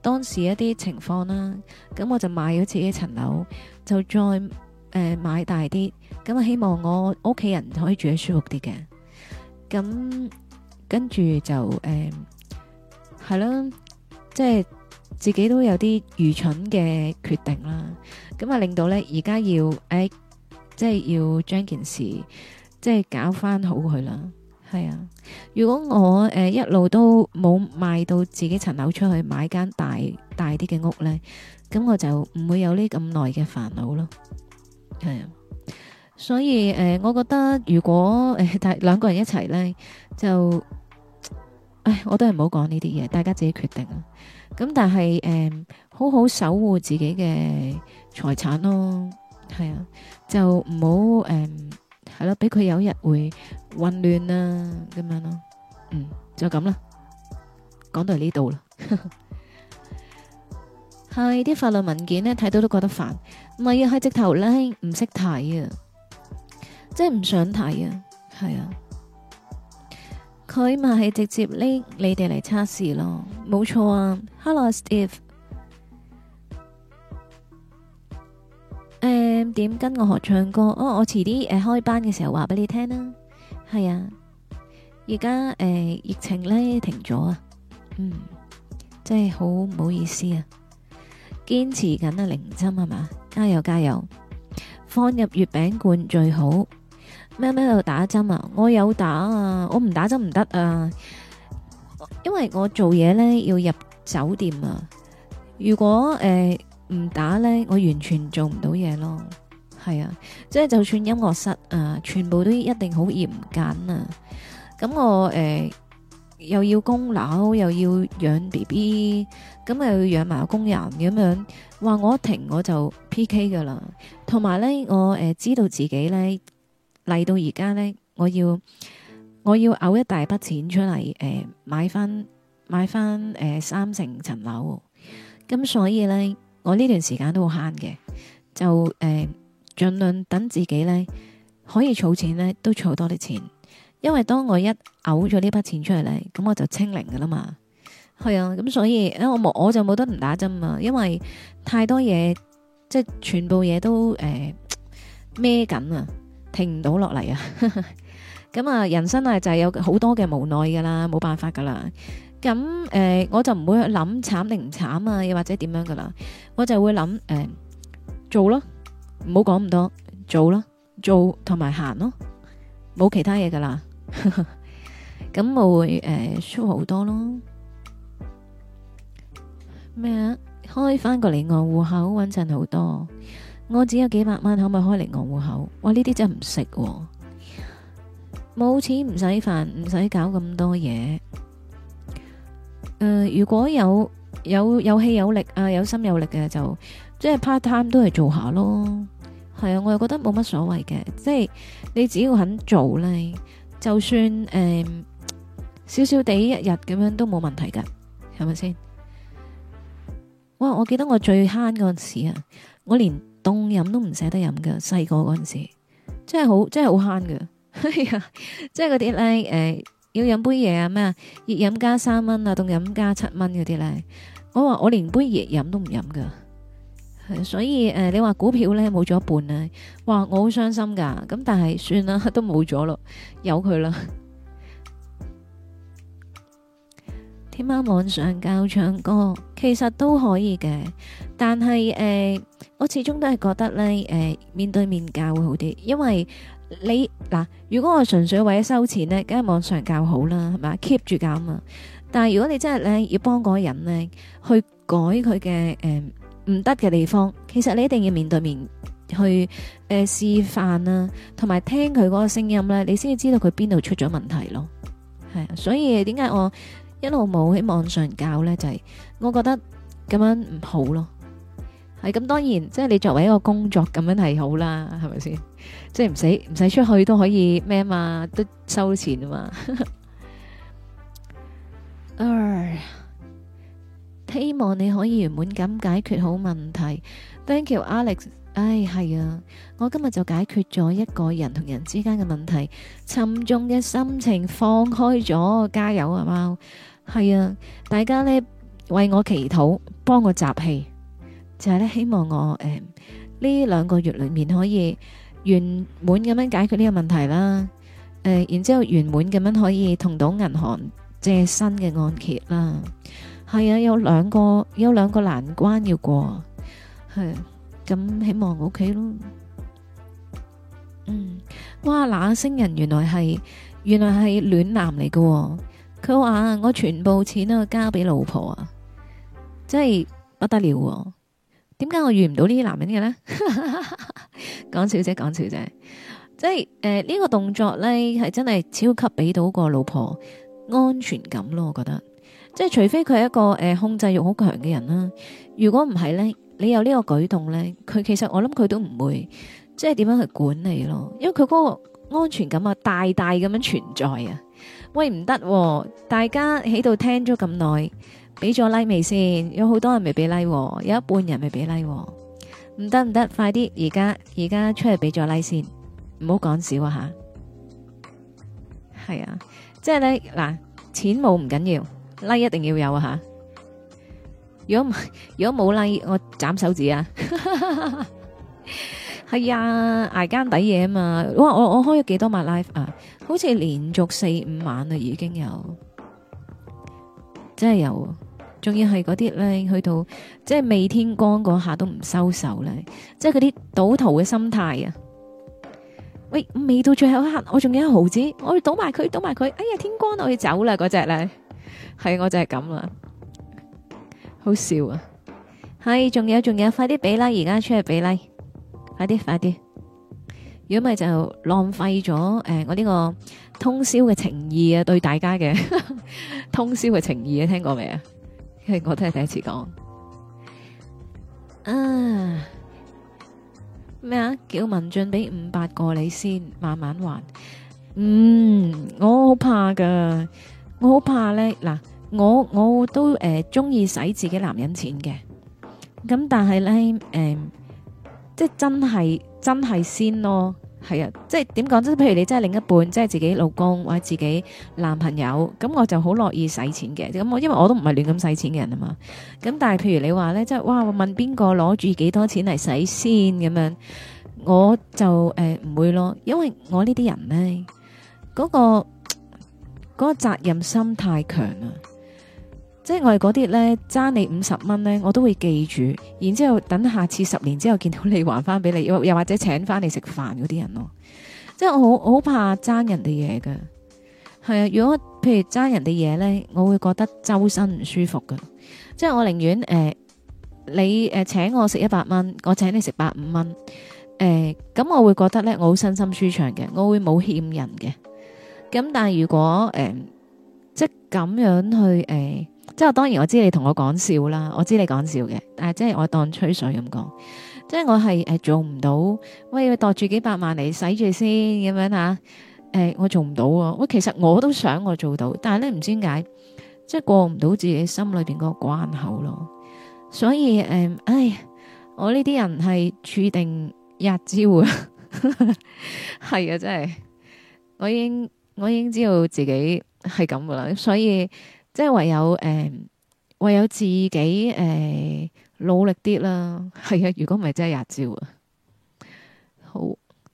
當時一啲情況啦，咁我就買咗自己一層樓，就再誒、呃、買大啲，咁希望我屋企人可以住得舒服啲嘅。咁跟住就誒，係、呃、啦，即、就、係、是、自己都有啲愚蠢嘅決定啦。咁啊，令到咧而家要誒，即、哎、係、就是、要將件事即係、就是、搞翻好佢啦。係啊，如果我誒、呃、一路都冇賣到自己層樓出去買間大大啲嘅屋呢，咁我就唔會有呢咁耐嘅煩惱咯。係啊，所以誒、呃，我覺得如果誒，但、呃、兩個人一齊呢，就，唉，我都係唔好講呢啲嘢，大家自己決定啊。咁但係誒、呃，好好守護自己嘅財產咯。係啊，就唔好誒。呃係啦，俾佢有一日會混亂啊咁樣咯，嗯，就咁啦，講到呢度啦，係 啲法律文件呢，睇到都覺得煩，咪係直頭咧唔識睇啊，即係唔想睇啊，係啊，佢咪係直接拎你哋嚟測試咯，冇錯啊，Hello Steve。誒，點、嗯、跟我學唱歌？哦，我遲啲誒開班嘅時候話俾你聽啦。係啊，而家誒疫情咧停咗啊，嗯，真係好唔好意思啊。堅持緊啊，零針係嘛，加油加油！放入月餅罐最好。咩咩度打針啊？我有打啊，我唔打針唔得啊，因為我做嘢咧要入酒店啊。如果誒，呃唔打呢，我完全做唔到嘢咯。係啊，即係就算音樂室啊，全部都一定好嚴謹啊。咁、嗯、我誒、呃、又要供樓，又要養 B B，咁又要養埋個工人咁樣。話我一停我就 P K 噶啦。同埋呢，我誒、呃、知道自己呢嚟到而家呢，我要我要嘔一大筆錢出嚟誒、呃，買翻買翻誒、呃、三成層樓。咁、嗯、所以呢。我呢段時間都好慳嘅，就誒、呃、盡量等自己咧可以儲錢咧，都儲多啲錢，因為當我一嘔咗呢筆錢出嚟咧，咁我就清零噶啦嘛。係啊，咁所以啊，我冇我就冇得唔打針啊，因為太多嘢，即係全部嘢都誒孭緊啊，停唔到落嚟啊。咁啊，人生啊就係有好多嘅無奈噶啦，冇辦法噶啦。咁誒、呃，我就唔會去諗慘定唔慘啊，又或者點樣噶啦，我就會諗誒、呃、做咯，唔好講咁多，做咯，做同埋行咯，冇其他嘢噶啦，咁 我會誒舒服好多咯。咩啊？開翻個離岸戶口穩陣好多，我只有幾百蚊，可唔可以開離岸戶口？哇！呢啲真係唔識，冇錢唔使煩，唔使搞咁多嘢。誒、呃，如果有有有氣有力啊、呃，有心有力嘅就即係 part time 都係做下咯。係啊，我又覺得冇乜所謂嘅，即係你只要肯做咧，就算誒少少地一日咁樣都冇問題噶，係咪先？哇！我記得我最慳嗰陣時啊，我連凍飲都唔捨得飲噶，細個嗰陣時，真係好真係好慳噶，即係嗰啲咧誒。 要飲杯嘢啊？咩啊？熱飲加三蚊啊，凍飲加七蚊嗰啲咧。我話我連杯熱飲都唔飲噶，係，所以誒，你話股票咧冇咗一半啊，哇！我好傷心噶，咁但係算啦，都冇咗咯，由佢啦。天喵網上教唱歌其實都可以嘅，但係誒，我始終都係覺得咧，誒，面對面教會好啲，因為。你嗱，如果我純粹為咗收錢呢，梗係網上教好啦，係咪 keep 住教啊嘛。但係如果你真係咧要幫嗰個人咧去改佢嘅、誒唔得嘅地方，其實你一定要面對面去誒、呃、示範啊，同埋聽佢嗰個聲音咧，你先至知道佢邊度出咗問題咯。係啊，所以點解我一路冇喺網上教咧，就係、是、我覺得咁樣唔好咯。係咁，當然即係你作為一個工作咁樣係好啦，係咪先？即係唔使唔使出去都可以咩嘛？都收錢啊嘛！唉，希望你可以圓滿咁解決好問題。Thank you，Alex。唉，係啊，我今日就解決咗一個人同人之間嘅問題。沉重嘅心情放開咗，加油啊，貓！係啊，大家呢為我祈禱，幫我集氣。就係咧，希望我誒呢、欸、兩個月裏面可以圓滿咁樣解決呢個問題啦。誒、欸，然之後圓滿咁樣可以同到銀行借新嘅按揭啦。係啊，有兩個有兩個難關要過，係咁、啊、希望 OK 咯。嗯，哇，那星人原來係原來係暖男嚟嘅、哦，佢話我全部錢都交俾老婆啊，真係不得了、哦。點解我遇唔到呢啲男人嘅呢？講笑啫，講笑啫。即係誒、呢、呃這個動作呢，係真係超級俾到個老婆安全感咯。我覺得，即係除非佢係一個誒、呃、控制欲好強嘅人啦。如果唔係呢，你有呢個舉動呢，佢其實我諗佢都唔會即係點樣去管理咯。因為佢嗰個安全感大大啊，大大咁樣存在啊。喂，唔得，大家喺度聽咗咁耐。俾咗 like 未先，有好多人未俾 like，有一半人未俾 like，唔得唔得，快啲！而家而家出嚟俾咗 like 先，唔好講少啊吓。係啊，即係咧嗱，錢冇唔緊要，like 一定要有啊吓。如果如果冇 like，我斬手指啊。係 啊，捱更抵夜啊嘛。哇，我我開咗幾多晚 live 啊？好似連續四五晚啊已經有，真係有。仲要係嗰啲咧，去到即係未天光嗰下都唔收手咧，即係嗰啲賭徒嘅心態啊。喂，未到最後一刻，我仲有一毫子，我要賭埋佢，賭埋佢。哎呀，天光啦，我要走啦，嗰隻咧係我就係咁啦，好笑啊。係仲有仲有，快啲俾啦，而家出嚟俾啦，快啲快啲。如果咪就浪費咗誒，我呢個通宵嘅情意啊，對大家嘅 通宵嘅情意啊，聽過未啊？其實我都係第一次講啊！咩啊？叫文俊俾五百個你先，慢慢還。嗯，我好怕噶，我好怕咧。嗱，我我都誒中意使自己男人錢嘅，咁但係咧誒，即係真係真係先咯。係啊，即係點講？即係譬如你真係另一半，即係自己老公或者自己男朋友，咁我就好樂意使錢嘅。咁我因為我都唔係亂咁使錢嘅人啊嘛。咁但係譬如你話咧，即係哇我問邊個攞住幾多錢嚟使先咁樣，我就誒唔會咯，因為我呢啲人咧，嗰個嗰個責任心太強啦。即係我哋嗰啲咧，爭你五十蚊咧，我都會記住。然之後等下次十年之後見到你還翻俾你，又又或者請翻你食飯嗰啲人咯。即係我好好怕爭人哋嘢嘅，係啊。如果譬如爭人哋嘢咧，我會覺得周身唔舒服嘅。即係我寧願誒、呃、你誒、呃、請我食一百蚊，我請你食百五蚊誒，咁、呃、我會覺得咧我好身心舒暢嘅，我會冇欠人嘅。咁但係如果誒、呃、即係咁樣去誒。呃即係當然我我，我知你同我講笑啦，我知你講笑嘅，但係即係我當吹水咁講，即係我係誒、呃、做唔到，喂，要度住幾百萬嚟使住先咁樣吓，誒、呃，我做唔到啊，其實我都想我做到，但係咧唔知點解，即係過唔到自己心裏邊個關口咯，所以誒、呃，唉，我呢啲人係注定日招啊，係 啊，真係，我已經我已經知道自己係咁噶啦，所以。即係唯有誒、呃，唯有自己誒、呃、努力啲啦。係啊，如果唔係真係吔蕉啊。好，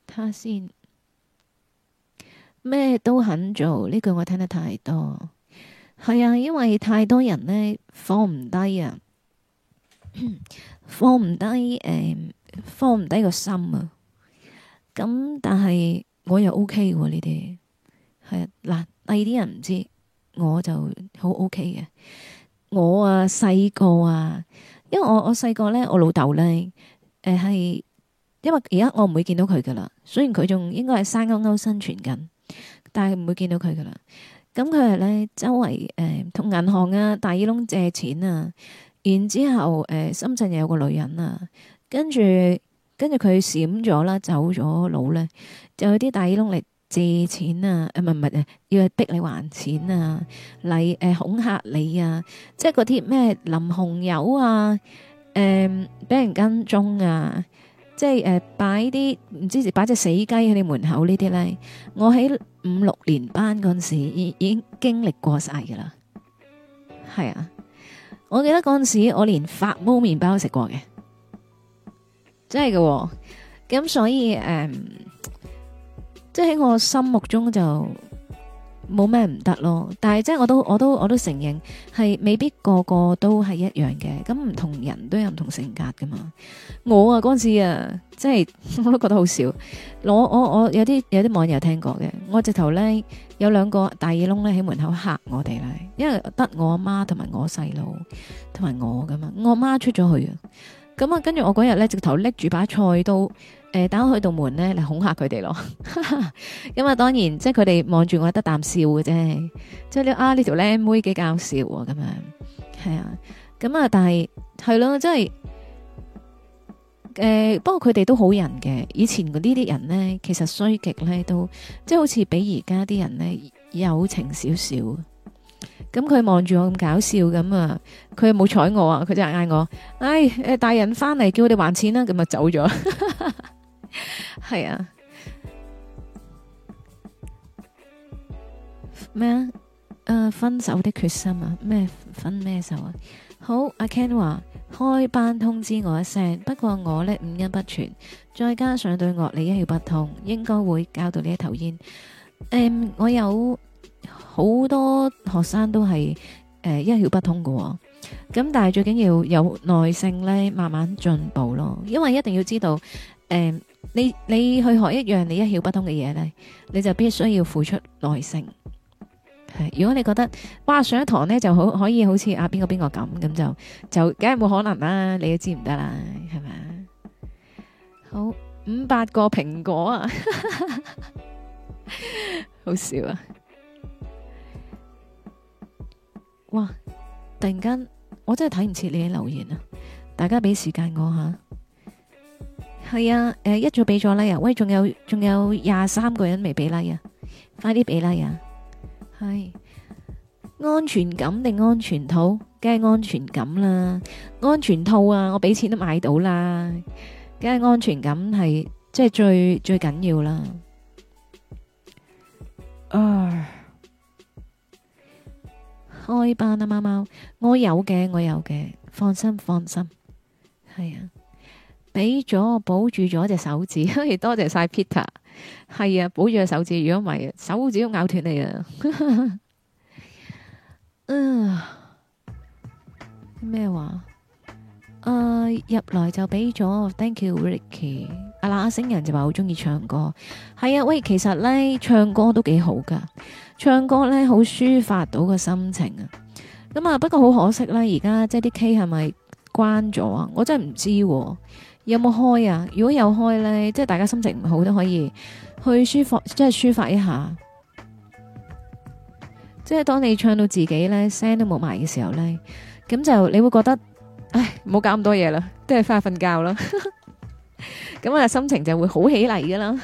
睇下先咩都肯做，呢句我聽得太多。係啊，因為太多人呢，放唔低啊，放唔低誒，放唔低、呃、個心啊。咁但係我又 OK 喎，呢啲係啊，嗱，第二啲人唔知。我就好 OK 嘅，我啊，細個啊，因為我我細個咧，我老豆咧，誒係、呃，因為而家我唔會見到佢噶啦雖然佢仲應該係生勾勾生存緊，但係唔會見到佢噶啦咁佢係咧周圍誒，同、呃、銀行啊、大耳窿借錢啊，然之後誒、呃，深圳有個女人啊，跟住跟住佢閃咗啦，走咗佬咧，就有啲大耳窿嚟借錢啊，唔係唔係，要逼你還錢啊，嚟誒、呃、恐嚇你啊，即係嗰啲咩林紅友啊，誒、呃、俾人跟蹤啊，即係誒、呃、擺啲唔知是擺隻死雞喺你門口呢啲咧，我喺五六年班嗰陣時已已經經歷過晒噶啦，係啊，我記得嗰陣時我連發毛麵包食過嘅，真係嘅、哦，咁所以誒。呃即喺我心目中就冇咩唔得咯，但係即係我都我都我都承認係未必個個都係一樣嘅，咁唔同人都有唔同性格噶嘛。我啊嗰時啊，即係我都覺得好笑，我我，我有啲有啲網友聽過嘅，我直頭咧有兩個大耳窿咧喺門口嚇我哋啦，因為得我阿媽同埋我細佬同埋我噶嘛，我阿媽出咗去啊，咁啊跟住我嗰日咧直頭拎住把菜刀。誒，打開道門咧嚟，恐嚇佢哋咯，咁 啊、嗯，當然即係佢哋望住我得啖笑嘅啫。即係呢啊，呢條靚妹幾搞笑啊，咁樣係啊，咁啊，但係係咯，即係誒、呃，不過佢哋都好人嘅，以前呢啲人咧，其實衰極咧都即係好似比而家啲人咧友情少少，咁佢望住我咁搞笑咁啊，佢冇睬我啊，佢就嗌我，唉，誒、呃，大人翻嚟，叫我哋還錢啦，咁啊走咗。 係 啊，咩啊？分手的決心啊？咩分咩手啊？好，阿 Ken 話開班通知我一聲。不過我呢五音不全，再加上對樂理一竅不通，應該會教到你一頭煙、嗯。我有好多學生都係、呃、一竅不通噶、哦，咁但係最緊要有耐性呢，慢慢進步咯。因為一定要知道、嗯你你去學一樣你一竅不通嘅嘢，咧，你就必須要付出耐性。係如果你覺得哇，上一堂咧就好可以好似阿邊個邊個咁咁就就梗係冇可能啦，你都知唔得啦，係咪啊？好五百個蘋果啊， 好笑啊！哇！突然間我真係睇唔切你嘅留言啊！大家俾時間我吓。係啊，誒，一早俾咗 like 啊，喂，仲有仲有廿三個人未俾 like 啊，快啲俾 like 啊！係安全感定安全套，梗係安全感啦，安全套啊，我俾錢都買到啦，梗係安全感係即係最最緊要啦。啊，開班啊，貓貓，我有嘅，我有嘅，放心，放心，係啊。俾咗保住咗隻手指， 多謝晒 Peter。係啊，保住隻手指，如果唔係手指都咬斷你啊！咩、 呃、話？啊、呃、入來就俾咗，Thank you Ricky。阿嗱阿星人就話好中意唱歌，係啊。喂，其實咧唱歌都幾好噶，唱歌咧好抒發到個心情啊。咁啊，不過好可惜啦。而家即係啲 K 係咪關咗啊？我真係唔知、啊。有冇開啊？如果有開咧，即係大家心情唔好都可以去抒發，即係抒發一下。即係當你唱到自己咧聲都冇埋嘅時候咧，咁就你會覺得，唉，唔好搞咁多嘢啦，都係返去瞓覺啦。咁啊，心情就會好起嚟噶啦。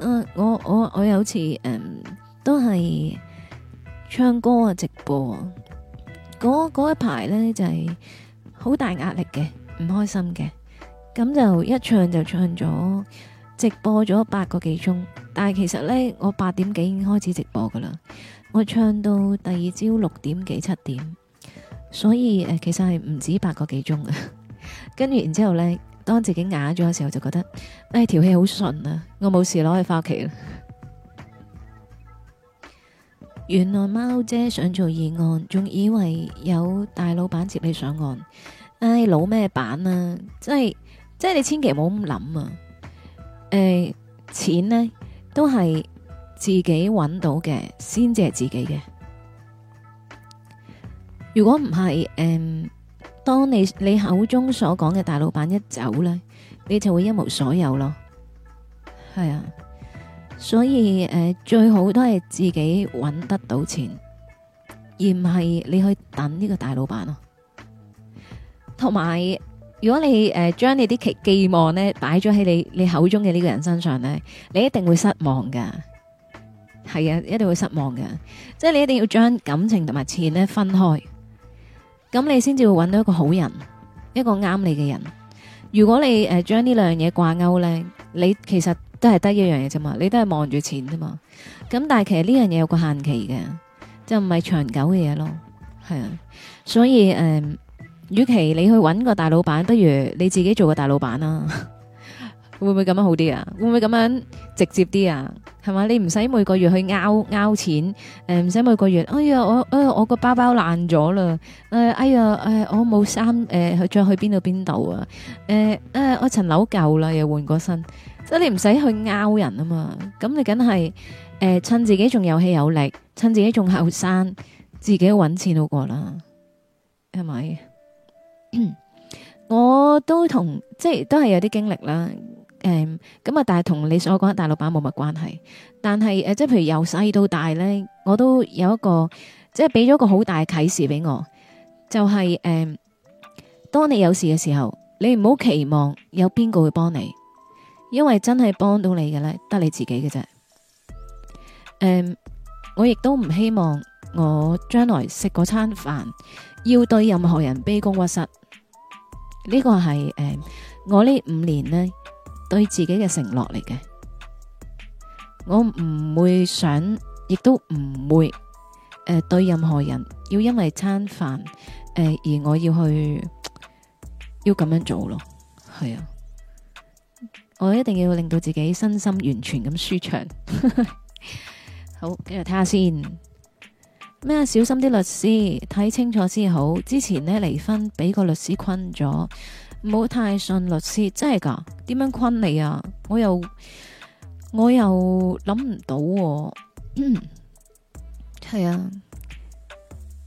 嗯，我我我有次誒，都係唱歌啊，直播。嗰一排呢，就係、是、好大壓力嘅，唔開心嘅，咁就一唱就唱咗直播咗八個幾鐘，但係其實呢，我八點幾已經開始直播噶啦，我唱到第二朝六點幾七點，所以誒其實係唔止八個幾鐘嘅， 跟住然之後呢，當自己啞咗嘅時候就覺得誒條氣好順啊，我冇事攞去翻屋企啦。原來貓姐想做議案，仲以為有大老闆接你上岸，唉、哎、老咩版啊！即係即係你千祈唔好咁諗啊！誒、呃，錢呢，都係自己搵到嘅，先至係自己嘅。如果唔係，誒、呃，當你你口中所講嘅大老闆一走咧，你就會一無所有咯。係啊。所以誒、呃，最好都係自己揾得到錢，而唔係你去等呢個大老闆咯、啊。同埋，如果你誒將、呃、你啲寄寄望呢擺咗喺你你口中嘅呢個人身上呢你一定會失望㗎。係啊，一定會失望㗎。即係你一定要將感情同埋錢呢分開，咁你先至會揾到一個好人，一個啱你嘅人。如果你誒將呢兩樣嘢掛鈎呢，你其實～都係得一樣嘢啫嘛，你都係望住錢啫嘛。咁但係其實呢樣嘢有個限期嘅，即係唔係長久嘅嘢咯，係啊。所以誒，與、呃、其你去搵個大老闆，不如你自己做個大老闆啦。 會唔會咁樣好啲啊？會唔會咁樣直接啲啊？係嘛，你唔使每個月去拗拗錢，誒唔使每個月，哎呀我誒我個包包爛咗啦，哎呀誒我冇衫，誒去再去邊度邊度啊？誒、哎、誒我層樓舊啦，又換過身。即係你唔使去拗人啊嘛，咁你梗係誒趁自己仲有氣有力，趁自己仲後生，自己搵錢好過啦，係咪？ 我都同即係都係有啲經歷啦，誒咁啊，但係同你所講大老闆冇乜關係，但係誒、呃、即係譬如由細到大咧，我都有一個即係俾咗一個好大嘅啟示俾我，就係、是、誒、嗯，當你有事嘅時候，你唔好期望有邊個會幫你。因為真係幫到你嘅呢，得你自己嘅啫。誒、嗯，我亦都唔希望我將來食嗰餐飯要對任何人卑躬屈膝。呢、這個係誒我呢五年呢對自己嘅承諾嚟嘅。我唔會想，亦都唔會誒、呃、對任何人要因為餐飯誒、呃、而我要去要咁樣做咯。係啊。我一定要令到自己身心完全咁舒暢。 好，繼續睇下先咩？小心啲律師，睇清楚先好。之前呢，離婚俾個律師困咗，唔好太信律師，真係噶？點樣困你啊？我又我又諗唔到、啊。係、嗯、啊，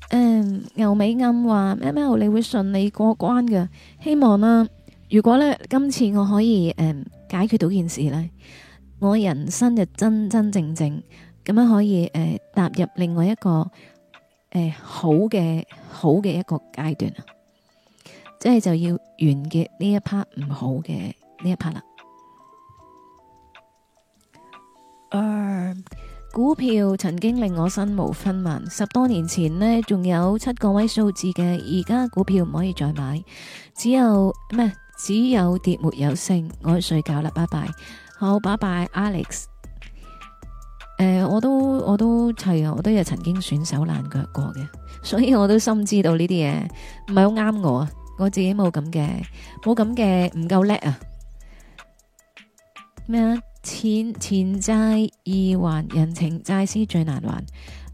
嗯，牛尾暗話 M L 你會順利過關嘅，希望啦、啊。如果咧，今次我可以，嗯。解決到件事呢，我人生就真真正正咁樣可以誒、呃、踏入另外一個誒、呃、好嘅好嘅一個階段啊！即係就要完結呢一 part 唔好嘅呢一 part 啦。誒，uh, 股票曾經令我身無分文，十多年前呢，仲有七個位數字嘅，而家股票唔可以再買，只有咩？只有跌沒有升，我去睡覺啦，拜拜，好拜拜，Alex，誒、呃，我都我都係啊，我都係曾經損手爛腳過嘅，所以我都深知道呢啲嘢唔係好啱我啊，我自己冇咁嘅，冇咁嘅，唔夠叻啊，咩啊，錢錢債易還，人情債絲最難還。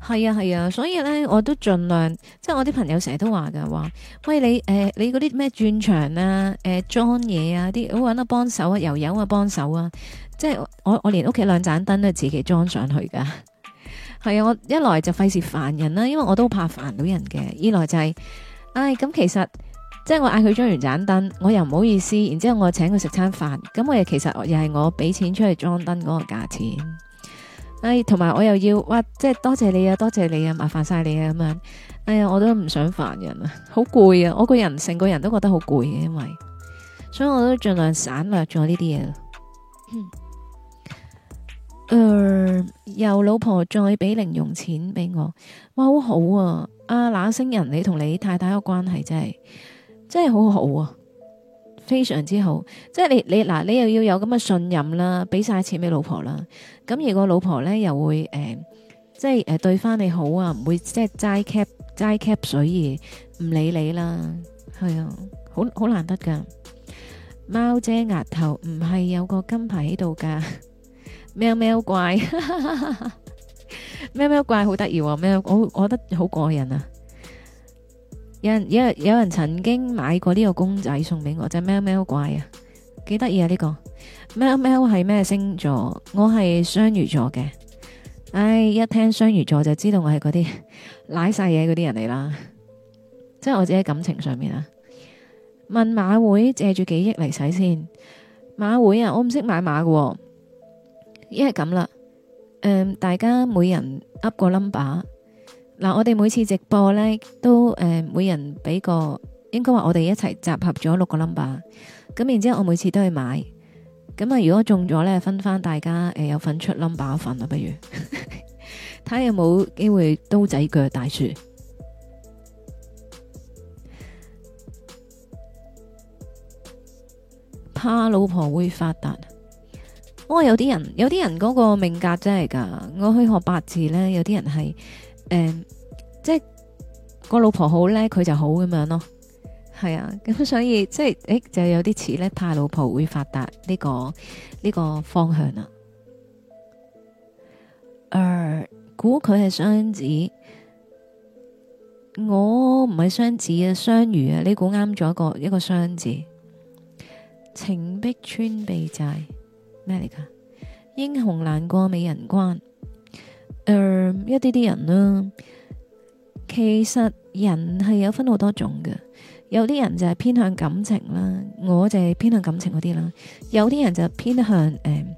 係啊，係啊，所以咧我都盡量，即係我啲朋友成日都話噶，話喂你誒、呃、你嗰啲咩轉牆啊誒裝嘢啊啲，好搵得幫手啊，又、呃、有啊幫手啊，啊，啊，即係我我連屋企兩盞燈都係自己裝上去噶，係 啊，我一來就費事煩人啦，因為我都怕煩到人嘅，二來就係、是，唉、哎、咁其實即係我嗌佢裝完盞燈，我又唔好意思，然之後我請佢食餐飯，咁我又其實又係我俾錢出去裝燈嗰個價錢。哎，同埋我又要哇，即係多謝你啊，多謝你啊，麻煩晒你啊咁樣。哎呀，我都唔想煩人啊，好攰啊，我個人成個人都覺得好攰嘅，因為所以我都盡量省略咗呢啲嘢。誒、嗯，又、呃、老婆再俾零用錢俾我，哇，好好啊！阿、啊、冷星人，你同你太太個關係真係真係好好啊，非常之好。即係你你嗱，你又要有咁嘅信任啦，俾晒錢俾老婆啦。咁而個老婆咧，又會誒、呃，即係誒、呃、對翻你好啊，唔會即係齋 cap 齋 cap 水而唔理你啦，係啊，好好難得噶。貓姐額頭唔係有個金牌喺度噶，喵喵怪，哈哈哈哈喵喵怪好得意啊！喵，我我覺得好過癮啊！有人有人有人曾經買過呢個公仔送俾我，就係、是、喵喵怪啊！幾得意啊呢，這個？喵喵係咩星座？我係雙魚座嘅。唉，哎，一聽雙魚座就知道我係嗰啲瀨晒嘢嗰啲人嚟啦。 即係我自己喺感情上面啊。問馬會借住幾億嚟使先？馬會啊，我唔識買馬嘅，啊。一係咁啦。大家每人噏個 number，嗯。嗱，我哋每次直播呢，都誒，嗯，每人俾個，應該話我哋一齊集合咗六個 number。咁然之後，我每次都去買，咁啊，如果中咗咧，分翻大家誒、呃，有份出 number 一份、啊、不如睇下 有冇機會刀仔鋸大樹，怕老婆會發達。我、哦、有啲人，有啲人嗰個命格真係噶，我去學八字咧，有啲人係誒、呃，即係個老婆好叻，佢就好咁樣咯。係啊，咁所以即係誒，就有啲似咧，怕老婆會發達呢、這個呢、這個方向啦。誒、uh,，估佢係雙子，我唔係雙子啊，雙魚啊。你估啱咗一個一個雙子。情逼穿被債咩嚟㗎？英雄難過美人關。嗯、uh,，一啲啲人啦、啊。其實人係有分好多種嘅。有啲人就係偏向感情啦，我就係偏向感情嗰啲啦。有啲人就偏向誒、嗯、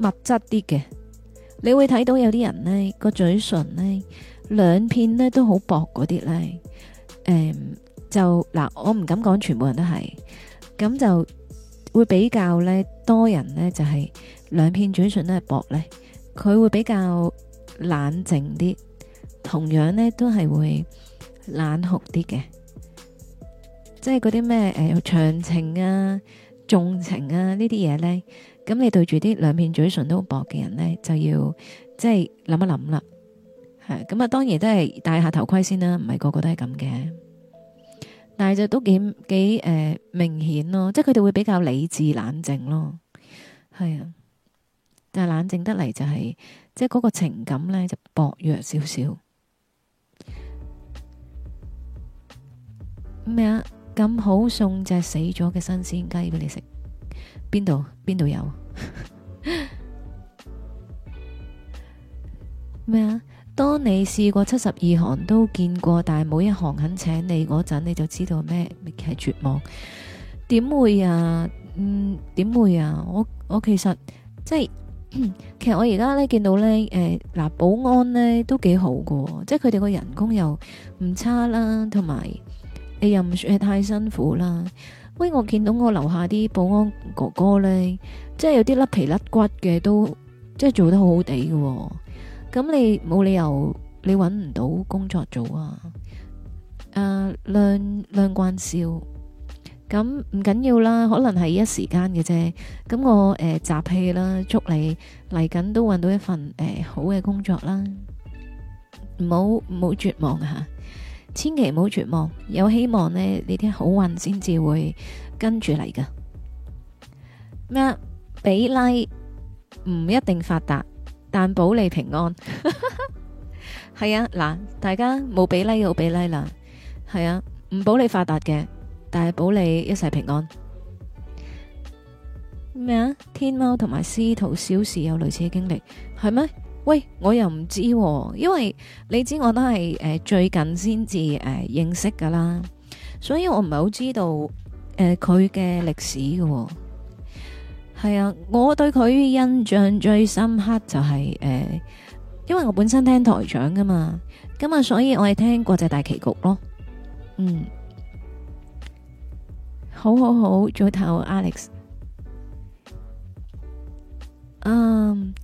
物質啲嘅，你會睇到有啲人呢個嘴唇呢兩片呢都好薄嗰啲呢。誒、嗯、就嗱我唔敢講全部人都係，咁就會比較咧多人呢就係、是、兩片嘴唇都係薄呢。佢會比較冷靜啲，同樣呢都係會冷酷啲嘅。即係嗰啲咩誒長情啊、重情啊呢啲嘢呢？咁你對住啲兩片嘴唇都好薄嘅人呢，就要即係諗一諗啦，係咁啊！當然都係戴下頭盔先啦，唔係個個都係咁嘅，但係就都幾幾誒、呃、明顯咯，即係佢哋會比較理智冷靜咯，係啊，但係冷靜得嚟就係、是、即係嗰個情感呢就薄弱少少，咩啊？咁好送隻死咗嘅新鮮雞俾你食，邊度邊度有？咩 啊？當你試過七十二行都見過，但係冇一行肯請你嗰陣，你就知道咩係絕望。點會啊？嗯，點會啊？我我其實即係其實我而家咧見到咧誒，嗱保安咧都幾好噶，即係佢哋個人工又唔差啦，同埋。你又唔算係太辛苦啦，喂，我見到我樓下啲保安哥哥呢，即係有啲甩皮甩骨嘅，都即係做得好好地嘅，咁你冇理由你搵唔到工作做啊？誒，亮亮關少，咁唔緊要啦，可能係一時間嘅啫，咁我誒，集氣啦，祝你嚟緊都搵到一份誒好嘅工作啦，唔好唔好絕望啊！千祈唔好絕望，有希望咧，你啲好運先至會跟住嚟噶。咩啊？畀 like 唔一定發達，但保你平安。係啊，嗱，大家冇畀 like 好畀 like 啦。係啊，唔保你發達嘅，但係保你一世平安。咩啊？天貓同埋司徒小時有類似嘅經歷，係咩？喂，我又唔知喎，因為你知我都係誒、呃、最近先至誒認識噶啦，所以我唔係好知道誒佢嘅歷史嘅喎。係啊，我對佢印象最深刻就係、是、誒、呃，因為我本身聽台長噶嘛，咁啊，所以我係聽國際大棋局咯。嗯，好好好，再睇我 Alex。嗯、um。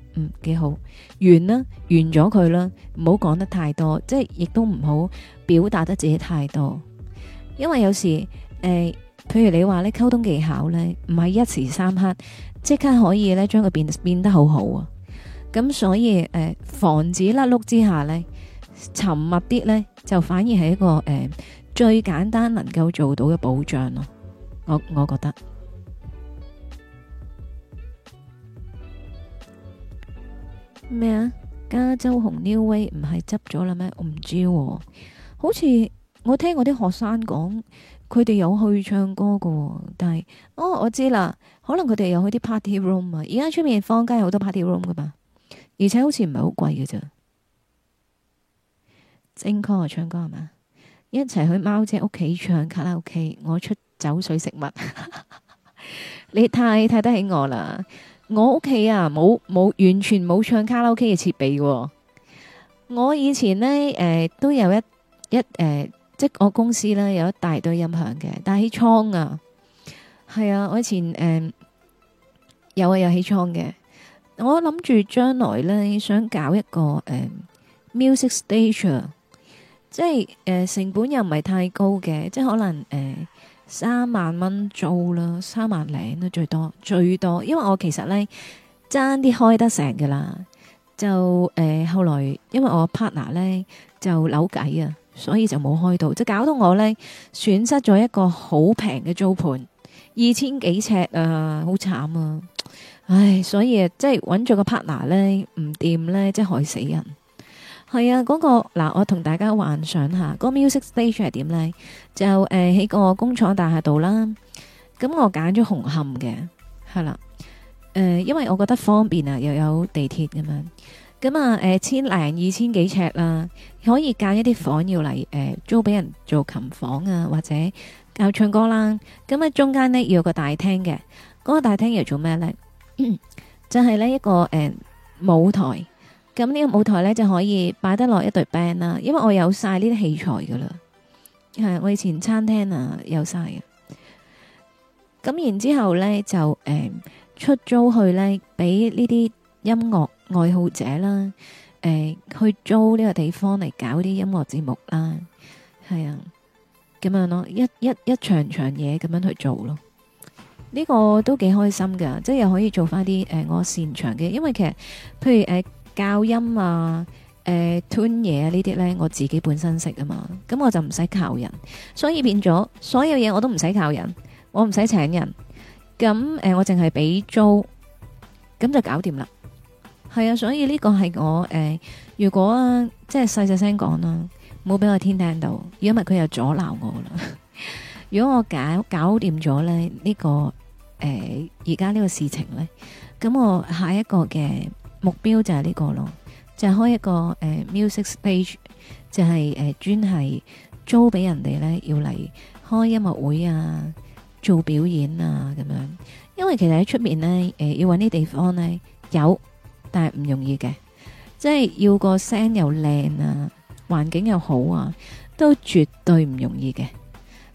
嗯，幾好，完啦，完咗佢啦，唔好講得太多，即係亦都唔好表達得自己太多，因為有時誒、呃，譬如你話咧溝通技巧咧，唔係一時三刻即刻可以咧將佢變變得好好啊，咁所以誒、呃，防止甩碌之下咧，沉默啲咧就反而係一個誒、呃、最簡單能夠做到嘅保障咯，我我覺得。咩啊？加州紅 Neway 唔係執咗啦咩？我唔知，好似我聽我啲學生講，佢哋有去唱歌噶，但係，哦，我知啦，可能佢哋有去啲 party room 啊。而家出面坊街好多 party room 噶嘛，而且好似唔係好貴嘅咋。精 call 唱歌係嘛？一齊去貓姐屋企唱卡拉 OK，我出酒水食物， 你太睇得起我啦。我屋企啊，冇冇完全冇唱卡拉 OK 嘅設備、啊。我以前呢，誒、呃、都有一一誒、呃，即係我公司咧有一大堆音響嘅，但係喺倉啊，係啊，我以前誒、呃、有啊有喺倉嘅。我諗住將來呢，想搞一個誒、呃、music station，、啊、即係誒、呃、成本又唔係太高嘅，即係可能誒。呃三萬蚊租啦，三萬零啦、啊、最多，最多，因為我其實呢，爭啲開得成㗎啦，就誒、呃、後來因為我 partner 呢，就扭計啊，所以就冇開到，就搞到我呢，損失咗一個好平嘅租盤，二千幾尺啊，好慘啊，唉，所以、啊、即係揾咗個 partner 呢，唔掂呢，即係害死人。係啊，嗰、嗰個嗱，我同大家幻想下，嗰個 Music Stage 係點呢？就誒喺、呃、個工廠大廈度啦。咁我揀咗紅磡嘅，係啦。誒、呃，因為我覺得方便啊，又有地鐵咁樣。咁啊，誒、呃，千零二千幾尺啦，可以間一啲房要嚟誒、呃、租俾人做琴房啊，或者教唱歌啦。咁啊，中間呢，要有個大廳嘅，嗰、嗰個大廳要做咩呢？ 就係呢一個誒、呃、舞台。咁呢個舞台呢，就可以擺得落一對 band 啦，因為我有晒呢啲器材噶啦，係我以前餐廳啊有晒嘅。咁然之後呢就誒、呃、出租去呢，俾呢啲音樂愛好者啦，誒、呃、去租呢個地方嚟搞啲音樂節目啦，係啊咁樣咯，一一一場場嘢咁樣去做咯。呢、呢個都幾開心噶，即係又可以做翻啲誒我擅長嘅，因為其實譬如誒。呃教音啊，誒，吞嘢啊，呢啲咧我自己本身識啊嘛，咁我就唔使靠人，所以變咗所有嘢我都唔使靠人，我唔使請人，咁誒我淨係俾租，咁就搞掂啦。係啊，所以呢個係我誒，如果即係細細聲講啦，冇俾我天聽到，如果唔係佢又阻撓我啦。如果我搞搞掂咗咧呢個誒而家呢個事情咧，咁我下一個嘅。目標就係呢個咯，就係、是、開一個誒、呃、Music Stage 就係、是、誒、呃、專係租俾人哋咧，要嚟開音樂會啊，做表演啊咁樣。因為其實喺出面咧，誒、呃、要搵啲地方咧有，但係唔容易嘅，即係要個聲又靚啊，環境又好啊，都絕對唔容易嘅。